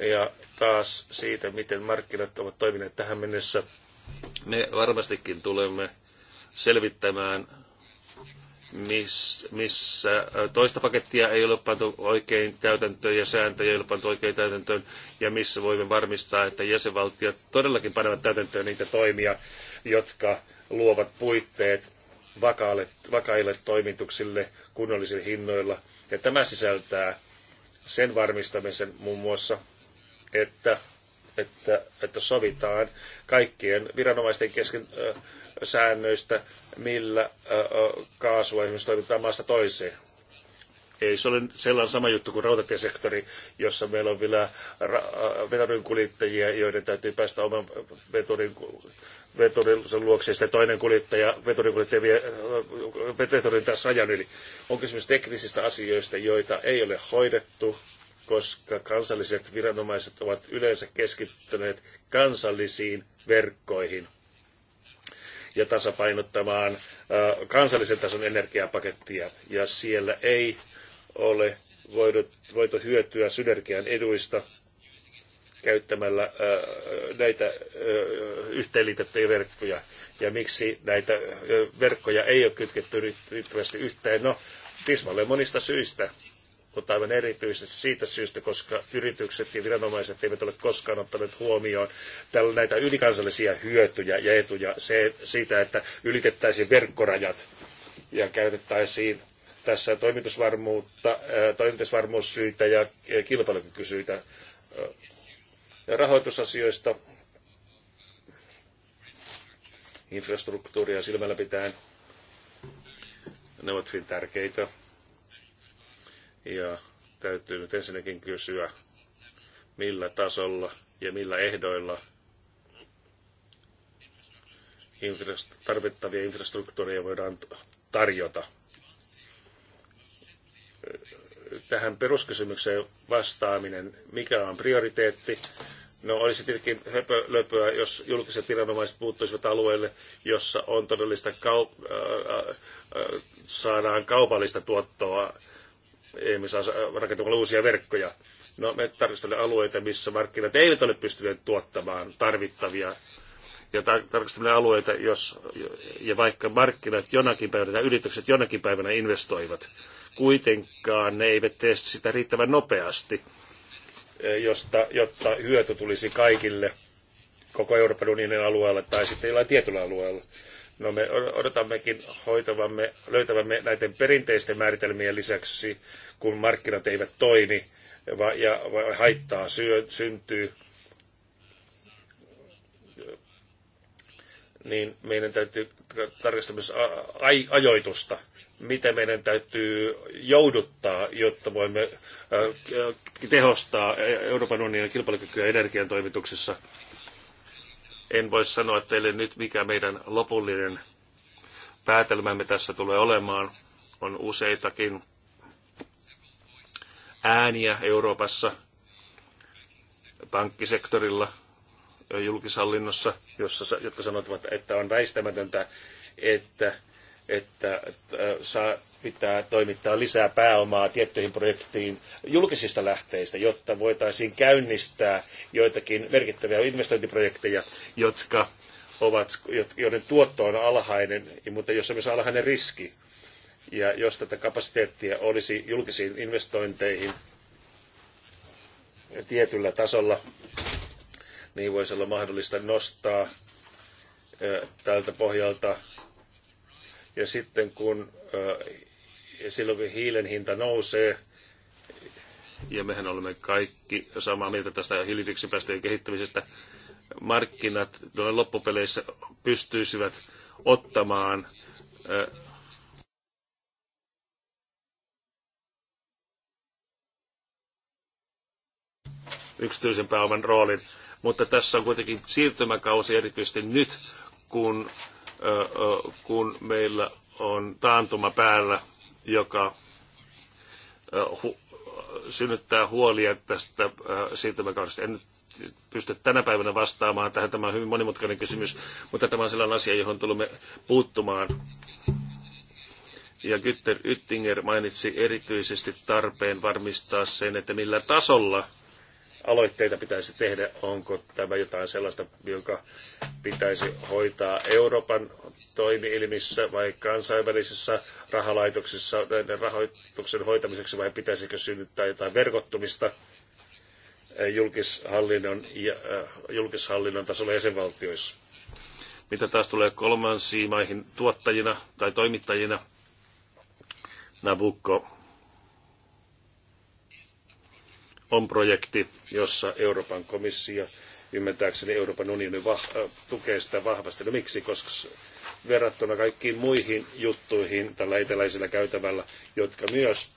Ja taas siitä, miten markkinat ovat toimineet tähän mennessä, me varmastikin tulemme selvittämään, miss, missä toista pakettia ei ole pantu oikein täytäntöön ja sääntöjä ei ole pantu oikein täytäntöön, ja missä voimme varmistaa, että jäsenvaltiot todellakin panevat täytäntöön niitä toimia, jotka luovat puitteet vakaalle, vakaille toimituksille kunnollisilla hinnoilla. Ja tämä sisältää sen varmistamisen muun muassa, että, että, että sovitaan kaikkien viranomaisten kesken säännöistä, millä kaasua esimerkiksi toimitetaan maasta toiseen. Ei se ole sellainen sama juttu kuin rautatiesektori, jossa meillä on vielä veturin kuljettajia, joiden täytyy päästä oman veturin veturinsa luokse ja sitten toinen kuljettaja, veturin kuljettaja vie äh, veturin taas rajan yli. On kysymys teknisistä asioista, joita ei ole hoidettu, koska kansalliset viranomaiset ovat yleensä keskittyneet kansallisiin verkkoihin ja tasapainottamaan äh, kansallisen tason energiapakettia. Ja siellä ei ole voitu, voitu hyötyä synergian eduista käyttämällä näitä yhteenliitettyjä verkkoja ja miksi näitä verkkoja ei ole kytketty riittävästi yhteen. No, tismalle monista syistä, mutta aivan erityisesti siitä syystä, koska yritykset ja viranomaiset eivät ole koskaan ottaneet huomioon tällä näitä ylikansallisia hyötyjä ja etuja se, siitä, että ylitettäisiin verkkorajat ja käytettäisiin tässä toimitusvarmuutta, toimitusvarmuussyitä ja kilpailukykyisyitä rahoitusasioista infrastruktuuria silmällä pitäen. Ne ovat hyvin tärkeitä. Ja täytyy nyt ensinnäkin kysyä, millä tasolla ja millä ehdoilla tarvittavia infrastruktuureja voidaan tarjota. Tähän peruskysymykseen vastaaminen, mikä on prioriteetti, No olisi tietenkin höpölöpöä, jos julkiset viranomaiset puuttuisivat alueelle, jossa on todellista kaup- äh, äh, saadaan kaupallista tuottoa, emme saa rakentamalla uusia verkkoja. No me tarkastelemme alueita, missä markkinat eivät ole pystyneet tuottamaan tarvittavia ja tarkastelemme alueita, jos, ja vaikka markkinat jonakin päivänä tai yritykset jonakin päivänä investoivat, kuitenkaan ne eivät tee sitä riittävän nopeasti Eh, josta, jotta hyöty tulisi kaikille koko Euroopan unionin alueella tai sitten jollain tietyllä alueella. No me odotammekin hoitavamme, löytävämme näiden perinteisten määritelmien lisäksi, kun markkinat eivät toimi ja haittaa syö, syntyy, niin meidän täytyy tarkistaa myös ajoitusta mitä meidän täytyy jouduttaa, jotta voimme äh, tehostaa Euroopan unionin kilpailukykyä energiantoimituksessa. En voi sanoa teille nyt, mikä meidän lopullinen päätelmämme tässä tulee olemaan. On useitakin ääniä Euroopassa, pankkisektorilla, julkishallinnossa, jossa, jotka sanovat, että on väistämätöntä, että että äh, saa, pitää toimittaa lisää pääomaa tiettyihin projektiin julkisista lähteistä, jotta voitaisiin käynnistää joitakin merkittäviä investointiprojekteja, jotka ovat, joiden tuotto on alhainen, mutta jossa on myös alhainen riski. Ja jos tätä kapasiteettia olisi julkisiin investointeihin tietyllä tasolla, niin voisi olla mahdollista nostaa äh, tältä pohjalta ja sitten kun äh, silloin kun hiilen hinta nousee, ja mehän olemme kaikki samaa mieltä tästä hiilidioksidipäästöjen kehittämisestä, markkinat loppupeleissä pystyisivät ottamaan äh, yksityisen pääoman roolin. Mutta tässä on kuitenkin siirtymäkausi erityisesti nyt, kun kun meillä on taantuma päällä, joka synnyttää huolia tästä siirtymäkaudesta. En nyt pysty tänä päivänä vastaamaan tähän. Tämä on hyvin monimutkainen kysymys, mutta tämä on sellainen asia, johon tulemme puuttumaan. Ja Gütter Yttinger mainitsi erityisesti tarpeen varmistaa sen, että millä tasolla – aloitteita pitäisi tehdä? Onko tämä jotain sellaista, joka pitäisi hoitaa Euroopan toimielimissä vai kansainvälisissä rahalaitoksissa näiden rahoituksen hoitamiseksi vai pitäisikö synnyttää jotain verkottumista julkishallinnon, ja, äh, julkishallinnon tasolla jäsenvaltioissa? Mitä taas tulee kolmansiin maihin tuottajina tai toimittajina? Nabucco on projekti, jossa Euroopan komissio, ymmärtääkseni Euroopan unioni vah- äh, tukee sitä vahvasti. No miksi? Koska verrattuna kaikkiin muihin juttuihin tällä eteläisellä käytävällä, jotka myös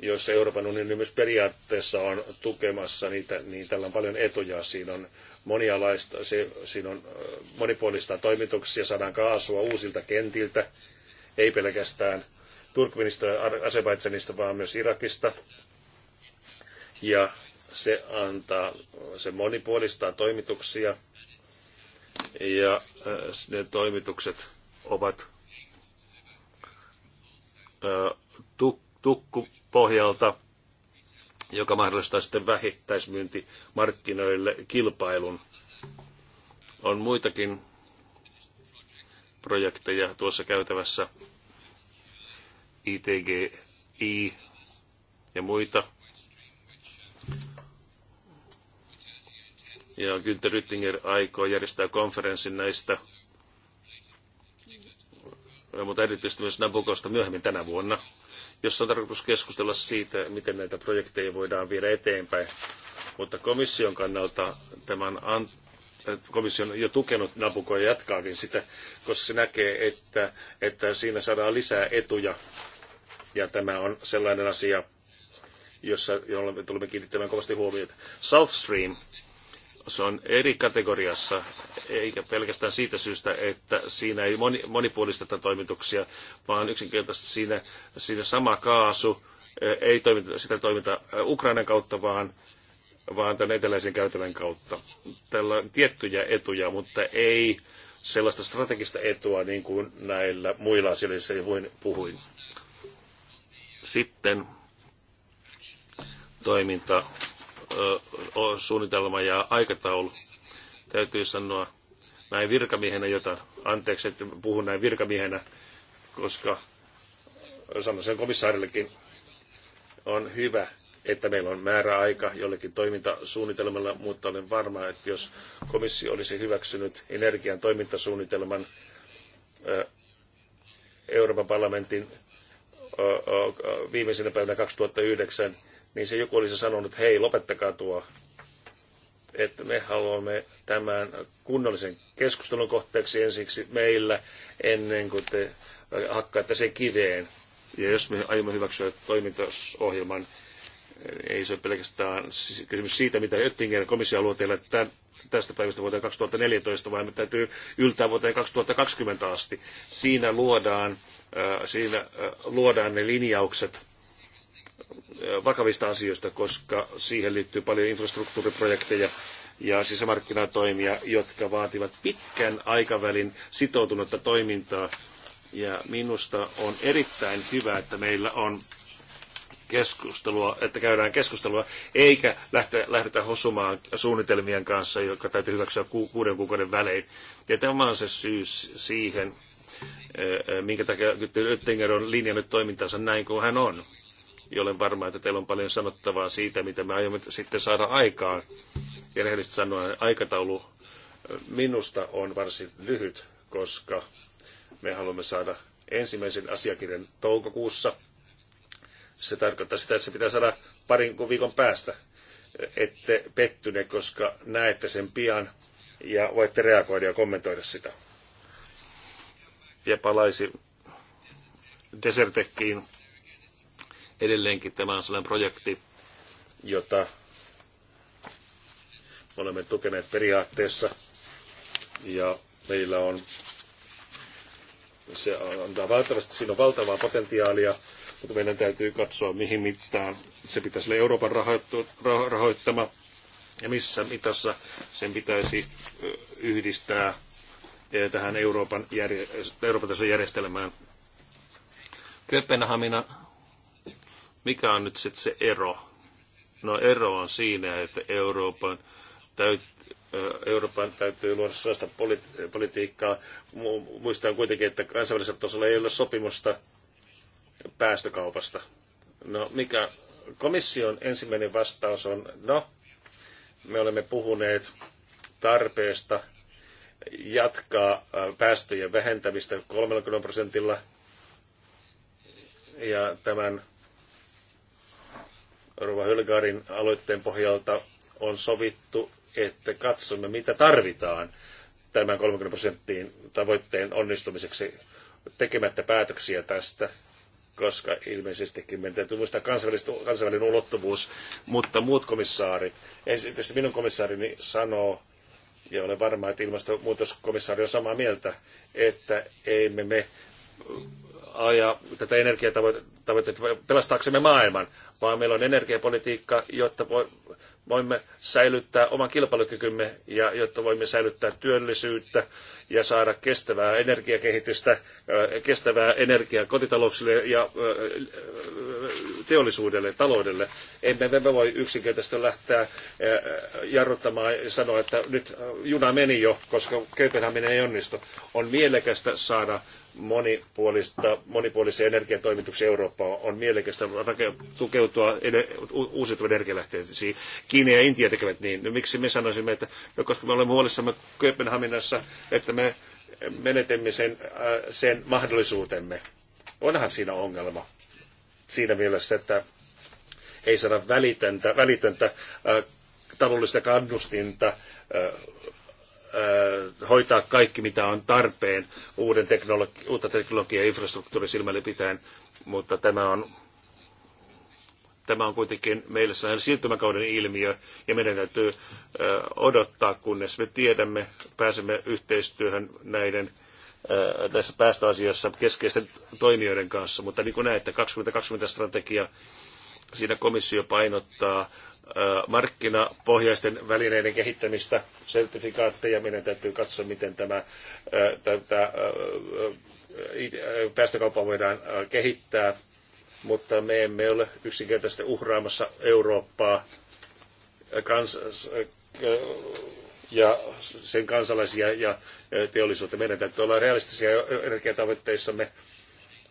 joissa Euroopan unioni myös periaatteessa on tukemassa niitä, niin tällä on paljon etuja. Siinä on monialaista, se, siinä on äh, monipuolista toimituksia, saadaan kaasua uusilta kentiltä, ei pelkästään Turkmenista ja Azerbaidsanista, vaan myös Irakista ja se antaa, se monipuolistaa toimituksia ja äh, ne toimitukset ovat äh, tukkupohjalta, joka mahdollistaa sitten vähittäismyynti markkinoille kilpailun. On muitakin projekteja tuossa käytävässä, ITGI ja muita – ja Günther Rüttinger aikoo järjestää konferenssin näistä, mutta erityisesti myös Nabokosta myöhemmin tänä vuonna, jossa on tarkoitus keskustella siitä, miten näitä projekteja voidaan viedä eteenpäin. Mutta komission kannalta tämän an- komissio on jo tukenut Nabukoa ja jatkaakin sitä, koska se näkee, että, että siinä saadaan lisää etuja. Ja tämä on sellainen asia, jossa, jolla me tulemme kiinnittämään kovasti huomiota. South Stream se on eri kategoriassa, eikä pelkästään siitä syystä, että siinä ei moni, monipuolisteta toimituksia, vaan yksinkertaisesti siinä, siinä sama kaasu eh, ei toimita, sitä toimita eh, Ukrainan kautta, vaan, vaan tämän eteläisen käytävän kautta. Tällä on tiettyjä etuja, mutta ei sellaista strategista etua niin kuin näillä muilla asioilla, joihin puhuin. Sitten toiminta suunnitelma ja aikataulu. Täytyy sanoa näin virkamiehenä, jota, anteeksi, että puhun näin virkamiehenä, koska sanoisin komissaarillekin, on hyvä, että meillä on määräaika jollekin toimintasuunnitelmalla, mutta olen varma, että jos komissio olisi hyväksynyt energian toimintasuunnitelman Euroopan parlamentin viimeisenä päivänä 2009, niin se joku olisi sanonut, että hei, lopettakaa tuo, että me haluamme tämän kunnollisen keskustelun kohteeksi ensiksi meillä, ennen kuin te hakkaatte sen kiveen. Ja jos me aiomme hyväksyä toimintaohjelman, ei se ole pelkästään kysymys siitä, mitä Öttingen komissio haluaa tehdä tästä päivästä vuoteen 2014, vaan me täytyy yltää vuoteen 2020 asti. Siinä luodaan, äh, siinä äh, luodaan ne linjaukset vakavista asioista, koska siihen liittyy paljon infrastruktuuriprojekteja ja sisämarkkinatoimia, jotka vaativat pitkän aikavälin sitoutunutta toimintaa. Ja minusta on erittäin hyvä, että meillä on keskustelua, että käydään keskustelua, eikä lähteä, lähdetä hosumaan suunnitelmien kanssa, jotka täytyy hyväksyä ku, kuuden kuukauden välein. Ja tämä on se syy siihen, eh, eh, minkä takia Günther Oettinger on linjannut toimintansa näin kuin hän on ja olen varma, että teillä on paljon sanottavaa siitä, mitä me aiomme sitten saada aikaan. Ja rehellisesti sanoen aikataulu minusta on varsin lyhyt, koska me haluamme saada ensimmäisen asiakirjan toukokuussa. Se tarkoittaa sitä, että se pitää saada parin viikon päästä. Ette pettyne, koska näette sen pian ja voitte reagoida ja kommentoida sitä. Ja palaisi Desertekkiin Edelleenkin tämä on sellainen projekti, jota olemme tukeneet periaatteessa ja meillä on se antaa valtavasti, siinä on valtavaa potentiaalia, mutta meidän täytyy katsoa, mihin mittaan se pitäisi olla Euroopan rahoittu, rahoittama ja missä mitassa sen pitäisi yhdistää tähän Euroopan, järje, Euroopan järjestelmään. Kööpenhamina mikä on nyt sitten se ero? No ero on siinä, että Euroopan täytyy Euroopan täytyy luoda sellaista politi- politiikkaa. Muistan kuitenkin, että kansainvälisellä tasolla ei ole sopimusta päästökaupasta. No mikä komission ensimmäinen vastaus on, no me olemme puhuneet tarpeesta jatkaa päästöjen vähentämistä 30 prosentilla ja tämän Rova Hölgarin aloitteen pohjalta on sovittu, että katsomme, mitä tarvitaan tämän 30 prosenttiin tavoitteen onnistumiseksi tekemättä päätöksiä tästä, koska ilmeisestikin meidän täytyy muistaa kansainvälinen ulottuvuus, mutta muut komissaarit, tietysti minun komissaarini sanoo, ja olen varma, että ilmastonmuutoskomissaari on samaa mieltä, että emme me aja tätä energiatavoitetta tavoitteet pelastaaksemme maailman, vaan meillä on energiapolitiikka, jotta voimme säilyttää oman kilpailukykymme ja jotta voimme säilyttää työllisyyttä ja saada kestävää energiakehitystä, kestävää energiaa kotitalouksille ja teollisuudelle, taloudelle. Emme me voi yksinkertaisesti lähteä jarruttamaan ja sanoa, että nyt juna meni jo, koska Kööpenhaminen ei onnistu. On mielekästä saada monipuolista, monipuolisia energiatoimituksia Eurooppaa on mielekästä tukeutua uusiutuvan energialähteisiin. Kiina ja Intia tekevät niin. No, miksi me sanoisimme, että no, koska me olemme huolissamme Kööpenhaminassa, että me menetämme sen, äh, sen mahdollisuutemme. Onhan siinä ongelma siinä mielessä, että ei saada välitöntä, välitöntä äh, taloudellista kannustinta äh, Äh, hoitaa kaikki, mitä on tarpeen uuden teknologi- uutta teknologiaa ja infrastruktuuri silmälle pitäen, mutta tämä on, tämä on kuitenkin meille sellainen siirtymäkauden ilmiö, ja meidän täytyy äh, odottaa, kunnes me tiedämme, pääsemme yhteistyöhön näiden tässä äh, päästöasioissa keskeisten toimijoiden kanssa, mutta niin kuin näette, 2020 strategia, siinä komissio painottaa markkinapohjaisten välineiden kehittämistä, sertifikaatteja. Meidän täytyy katsoa, miten tämä, tätä päästökauppa voidaan kehittää, mutta me emme ole yksinkertaisesti uhraamassa Eurooppaa kans- ja sen kansalaisia ja teollisuutta. Meidän täytyy olla realistisia energiatavoitteissamme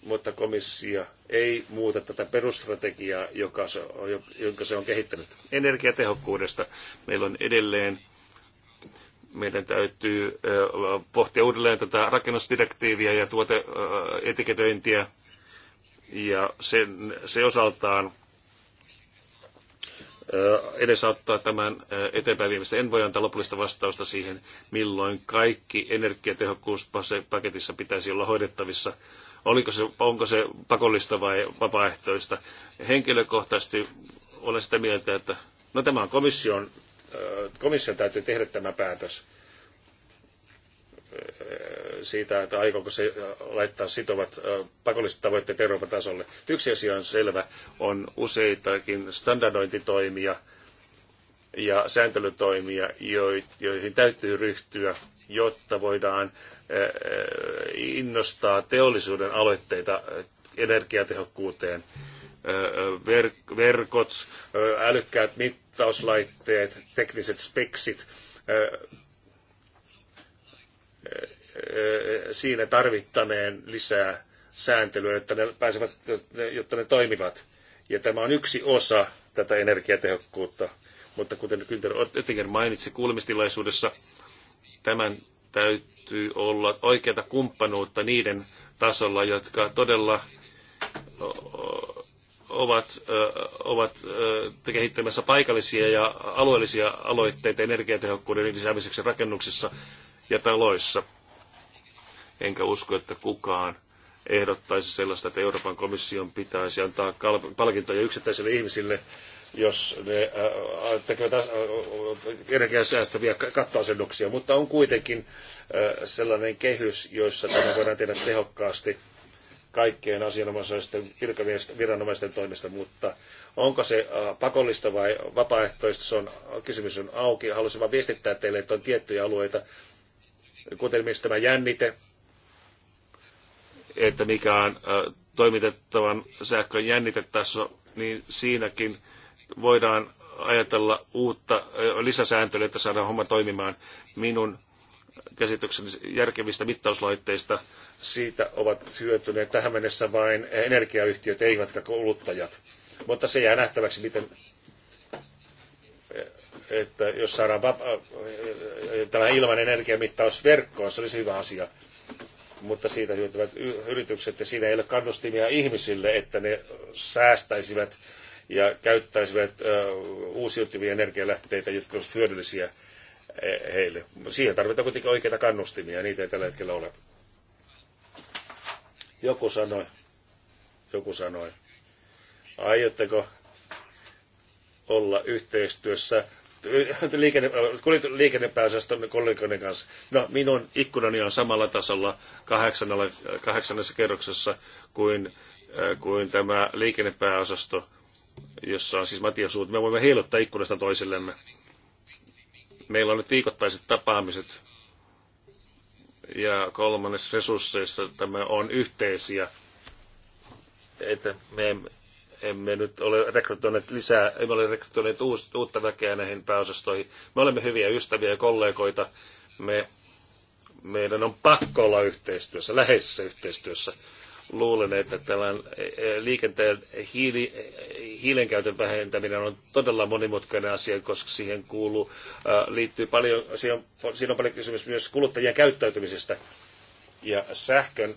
mutta komissio ei muuta tätä perusstrategiaa, joka se, jonka se on kehittänyt. Energiatehokkuudesta meillä on edelleen, meidän täytyy pohtia uudelleen tätä rakennusdirektiiviä ja tuoteetiketöintiä, ja sen, se osaltaan edesauttaa tämän eteenpäin viimeistä En voi antaa lopullista vastausta siihen, milloin kaikki energiatehokkuuspaketissa pitäisi olla hoidettavissa oliko se, onko se pakollista vai vapaaehtoista. Henkilökohtaisesti olen sitä mieltä, että no tämä on komission, äh, komissio täytyy tehdä tämä päätös äh, siitä, että aikooko se äh, laittaa sitovat pakolliset tavoitteet Euroopan tasolle. Yksi asia on selvä, on useitakin standardointitoimia ja sääntelytoimia, joihin täytyy ryhtyä jotta voidaan eh, eh, innostaa teollisuuden aloitteita eh, energiatehokkuuteen. Verkot, älykkäät mittauslaitteet, tekniset speksit. Siinä tarvittaneen lisää sääntelyä, jotta ne, pääsevät, jotta ne toimivat. Ja tämä on yksi osa tätä energiatehokkuutta. Mutta kuten Günther Oettinger mainitsi kuulemistilaisuudessa, tämän täytyy olla oikeata kumppanuutta niiden tasolla, jotka todella ovat, ovat kehittämässä paikallisia ja alueellisia aloitteita energiatehokkuuden lisäämiseksi rakennuksissa ja taloissa. Enkä usko, että kukaan ehdottaisi sellaista, että Euroopan komission pitäisi antaa palkintoja yksittäisille ihmisille, jos ne äh, äh, tekevät äh, energiasäästäviä kattoasennuksia, mutta on kuitenkin sellainen kehys, jossa tämä voidaan tehdä tehokkaasti kaikkien asianomaisten viranomaisten toimesta, mutta onko se pakollista vai vapaaehtoista, se on, kysymys on auki. Haluaisin vain viestittää teille, että on tiettyjä alueita, kuten esimerkiksi tämä jännite, että mikä on toimitettavan sähkön jännitetaso, niin siinäkin voidaan ajatella uutta lisäsääntelyä, että saadaan homma toimimaan. Minun käsitykseni järkevistä mittauslaitteista siitä ovat hyötyneet tähän mennessä vain energiayhtiöt, eivätkä kuluttajat. Mutta se jää nähtäväksi, miten että jos saadaan tällainen tämä ilman energiamittaus verkkoon, se olisi hyvä asia. Mutta siitä hyötyvät yritykset ja siinä ei ole kannustimia ihmisille, että ne säästäisivät ja käyttäisivät uusiutuvia energialähteitä, jotka olisivat hyödyllisiä e, heille. Siihen tarvitaan kuitenkin oikeita kannustimia, ja niitä ei tällä hetkellä ole. Joku sanoi, joku sanoi, aiotteko olla yhteistyössä liikennepääsäästön kollegoiden kanssa. No, minun ikkunani on samalla tasolla kahdeksannessa kerroksessa kuin, kuin tämä liikennepääosasto jossa on siis Matias suut. me voimme heilottaa ikkunasta toisellemme. Meillä on nyt viikoittaiset tapaamiset ja kolmannes resursseissa tämä on yhteisiä. Että me emme, emme nyt ole rekrytoineet lisää, emme ole rekrytoineet uutta väkeä näihin pääosastoihin. Me olemme hyviä ystäviä ja kollegoita. Me, meidän on pakko olla yhteistyössä, läheisessä yhteistyössä luulen, että tällainen eh, eh, liikenteen hiili, eh, hiilen käytön vähentäminen on todella monimutkainen asia, koska siihen kuuluu, liittyy paljon, siinä on, siinä on paljon kysymys myös kuluttajien käyttäytymisestä ja sähkön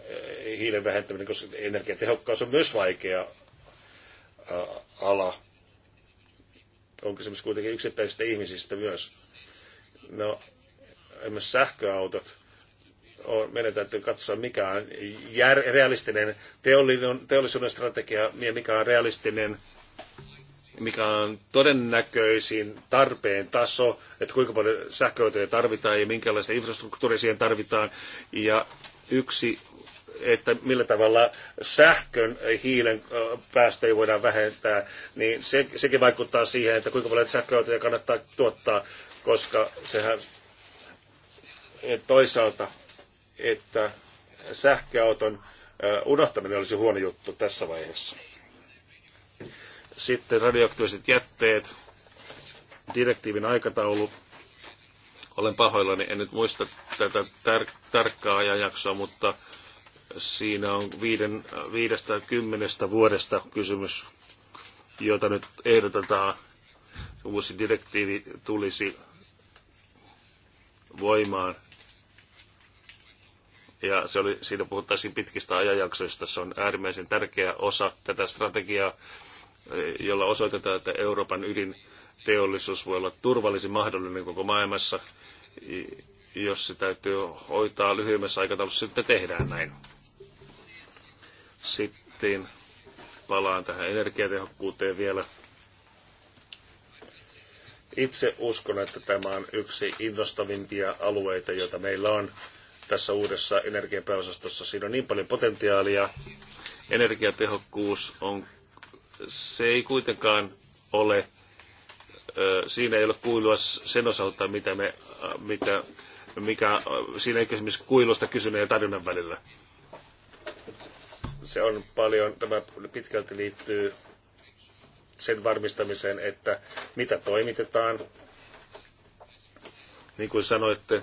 hiilen vähentäminen, koska energiatehokkaus on myös vaikea ala. On kysymys kuitenkin yksittäisistä ihmisistä myös. No, esimerkiksi sähköautot, on, meidän täytyy katsoa, mikä on jär, realistinen teollinen, teollisuuden strategia ja mikä on realistinen mikä on todennäköisin tarpeen taso, että kuinka paljon sähköautoja tarvitaan ja minkälaista infrastruktuuria siihen tarvitaan. Ja yksi, että millä tavalla sähkön hiilen päästöjä voidaan vähentää, niin se, sekin vaikuttaa siihen, että kuinka paljon sähköautoja kannattaa tuottaa, koska sehän toisaalta että sähköauton unohtaminen olisi huono juttu tässä vaiheessa. Sitten radioaktiiviset jätteet, direktiivin aikataulu. Olen pahoillani, en nyt muista tätä tar- tarkkaa ajanjaksoa, mutta siinä on viiden, viidestä kymmenestä vuodesta kysymys, jota nyt ehdotetaan. Uusi direktiivi tulisi voimaan ja se oli, siinä puhuttaisiin pitkistä ajanjaksoista. Se on äärimmäisen tärkeä osa tätä strategiaa, jolla osoitetaan, että Euroopan ydinteollisuus voi olla turvallisin mahdollinen koko maailmassa, jos se täytyy hoitaa lyhyemmässä aikataulussa, sitten tehdään näin. Sitten palaan tähän energiatehokkuuteen vielä. Itse uskon, että tämä on yksi innostavimpia alueita, joita meillä on tässä uudessa energiapääosastossa. Siinä on niin paljon potentiaalia. Energiatehokkuus on, se ei kuitenkaan ole, siinä ei ole kuilua sen osalta, mitä me, mitä, mikä, siinä ei esimerkiksi kuilusta kysynnän ja tarjonnan välillä. Se on paljon, tämä pitkälti liittyy sen varmistamiseen, että mitä toimitetaan. Niin kuin sanoitte,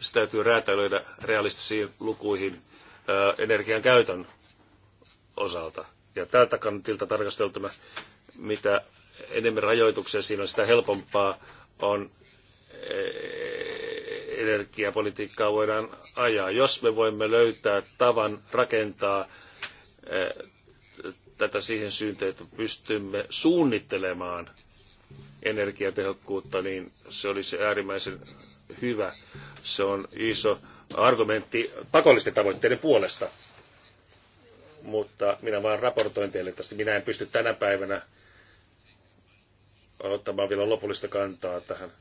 se täytyy räätälöidä realistisiin lukuihin energian käytön osalta. Ja tältä kantilta tarkasteltuna, mitä enemmän rajoituksia siinä on, sitä helpompaa on e, energiapolitiikkaa voidaan ajaa. Jos me voimme löytää tavan rakentaa e, tätä siihen syynteen, että pystymme suunnittelemaan energiatehokkuutta, niin se olisi äärimmäisen hyvä. Se on iso argumentti pakollisten tavoitteiden puolesta. Mutta minä vaan raportoin teille tästä. Minä en pysty tänä päivänä ottamaan vielä lopullista kantaa tähän.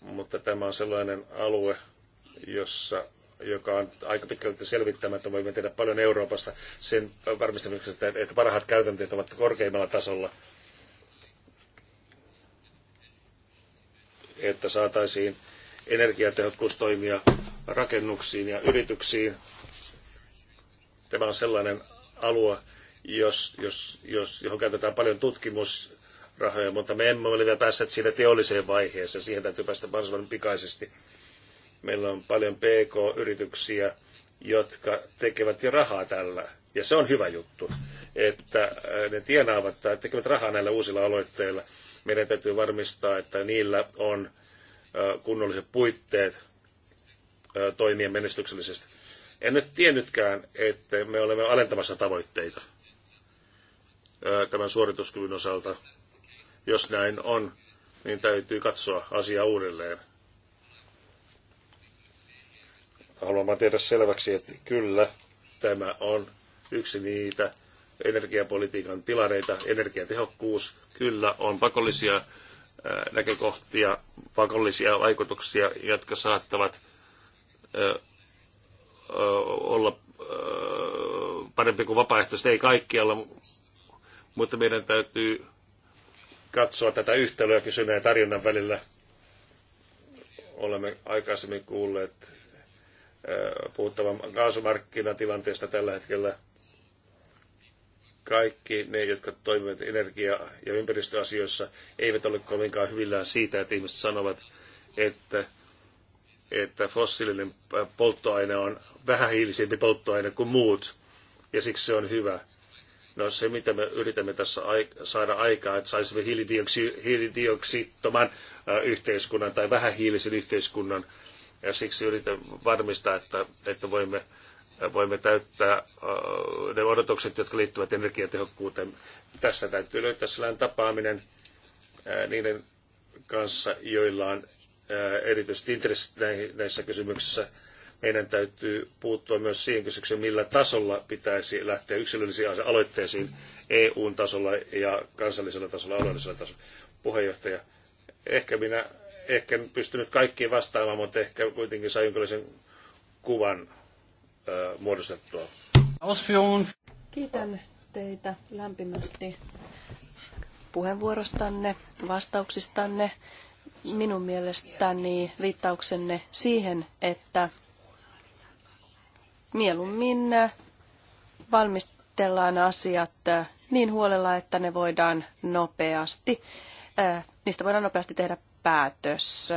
Mutta tämä on sellainen alue, jossa joka on aika pitkälti selvittämättä. Voimme tehdä paljon Euroopassa sen varmistamiseksi, että parhaat käytänteet ovat korkeimmalla tasolla. Että saataisiin energiatehokkuustoimia rakennuksiin ja yrityksiin. Tämä on sellainen alue, jos, jos, jos, johon käytetään paljon tutkimusrahoja, mutta me emme ole vielä päässeet siinä teolliseen vaiheeseen. Siihen täytyy päästä mahdollisimman pikaisesti. Meillä on paljon PK-yrityksiä, jotka tekevät jo rahaa tällä. Ja se on hyvä juttu, että äh, ne tienaavat tai tekevät rahaa näillä uusilla aloitteilla. Meidän täytyy varmistaa, että niillä on kunnolliset puitteet toimia menestyksellisesti. En nyt tiennytkään, että me olemme alentamassa tavoitteita tämän suorituskyvyn osalta. Jos näin on, niin täytyy katsoa asia uudelleen. Haluan vain tehdä selväksi, että kyllä, tämä on yksi niitä energiapolitiikan pilareita, energiatehokkuus. Kyllä, on pakollisia näkökohtia, pakollisia vaikutuksia, jotka saattavat olla parempi kuin vapaaehtoista, ei kaikkialla, mutta meidän täytyy katsoa tätä yhtälöä kysynnän ja tarjonnan välillä. Olemme aikaisemmin kuulleet puhuttavan kaasumarkkinatilanteesta tällä hetkellä – kaikki ne, jotka toimivat energia- ja ympäristöasioissa, eivät ole kovinkaan hyvillään siitä, että ihmiset sanovat, että, että fossiilinen äh, polttoaine on vähähiilisempi polttoaine kuin muut, ja siksi se on hyvä. No se, mitä me yritämme tässä saada aikaa, että saisimme hiilidioksi- hiilidioksittoman äh, yhteiskunnan tai vähähiilisen yhteiskunnan, ja siksi yritän varmistaa, että, että voimme voimme täyttää äh, ne odotukset, jotka liittyvät energiatehokkuuteen. Tässä täytyy löytää sellainen tapaaminen äh, niiden kanssa, joilla on äh, erityisesti intressi näissä kysymyksissä. Meidän täytyy puuttua myös siihen kysymykseen, millä tasolla pitäisi lähteä yksilöllisiin aloitteisiin EU-tasolla ja kansallisella tasolla, alueellisella tasolla. Puheenjohtaja, ehkä minä ehkä en pystynyt kaikkiin vastaamaan, mutta ehkä kuitenkin sain jonkinlaisen kuvan muodostettua. Kiitän teitä lämpimästi puheenvuorostanne, vastauksistanne. Minun mielestäni viittauksenne siihen, että mieluummin valmistellaan asiat niin huolella, että ne voidaan nopeasti, niistä voidaan nopeasti tehdä päätös.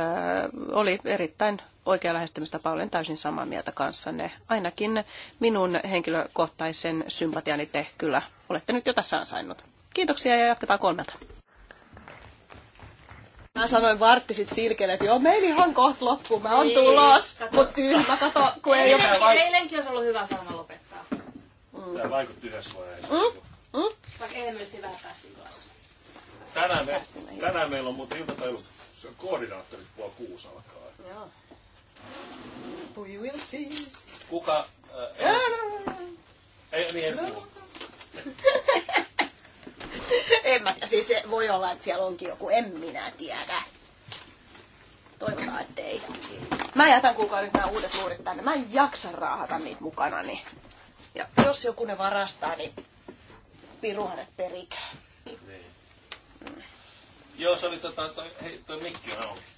Oli erittäin oikea lähestymistapa. Olen täysin samaa mieltä kanssanne. Ainakin minun henkilökohtaisen sympatiani te kyllä olette nyt jo tässä ansainnut. Kiitoksia ja jatketaan kolmelta. Mä sanoin vartti sit silkelle, että joo, meillä ihan kohta loppuu, mä oon tulos. Mut tyhmä, kato, kun ei ole... Eilenkin olisi ollut hyvä sauna lopettaa. Mm. Tää vaikutti yhdessä vaiheessa. Mm? Mm? Vaikka myös päästiin tänään, me, tänään meillä on muuten iltatailut, se on koordinaattorit puoli kuusi alkaa. Joo. We will see. Kuka? Äh, en, ei, niin en en mä, siis se voi olla, että siellä onkin joku, en minä tiedä. Toivotaan, että ei. Mä jätän kuulkaa nyt nämä uudet luurit tänne. Mä en jaksa raahata niitä mukana. Niin. Ja jos joku ne varastaa, niin piruhan ne perikää. Niin. Joo, se oli tota, toi, hei, toi mikki on auki.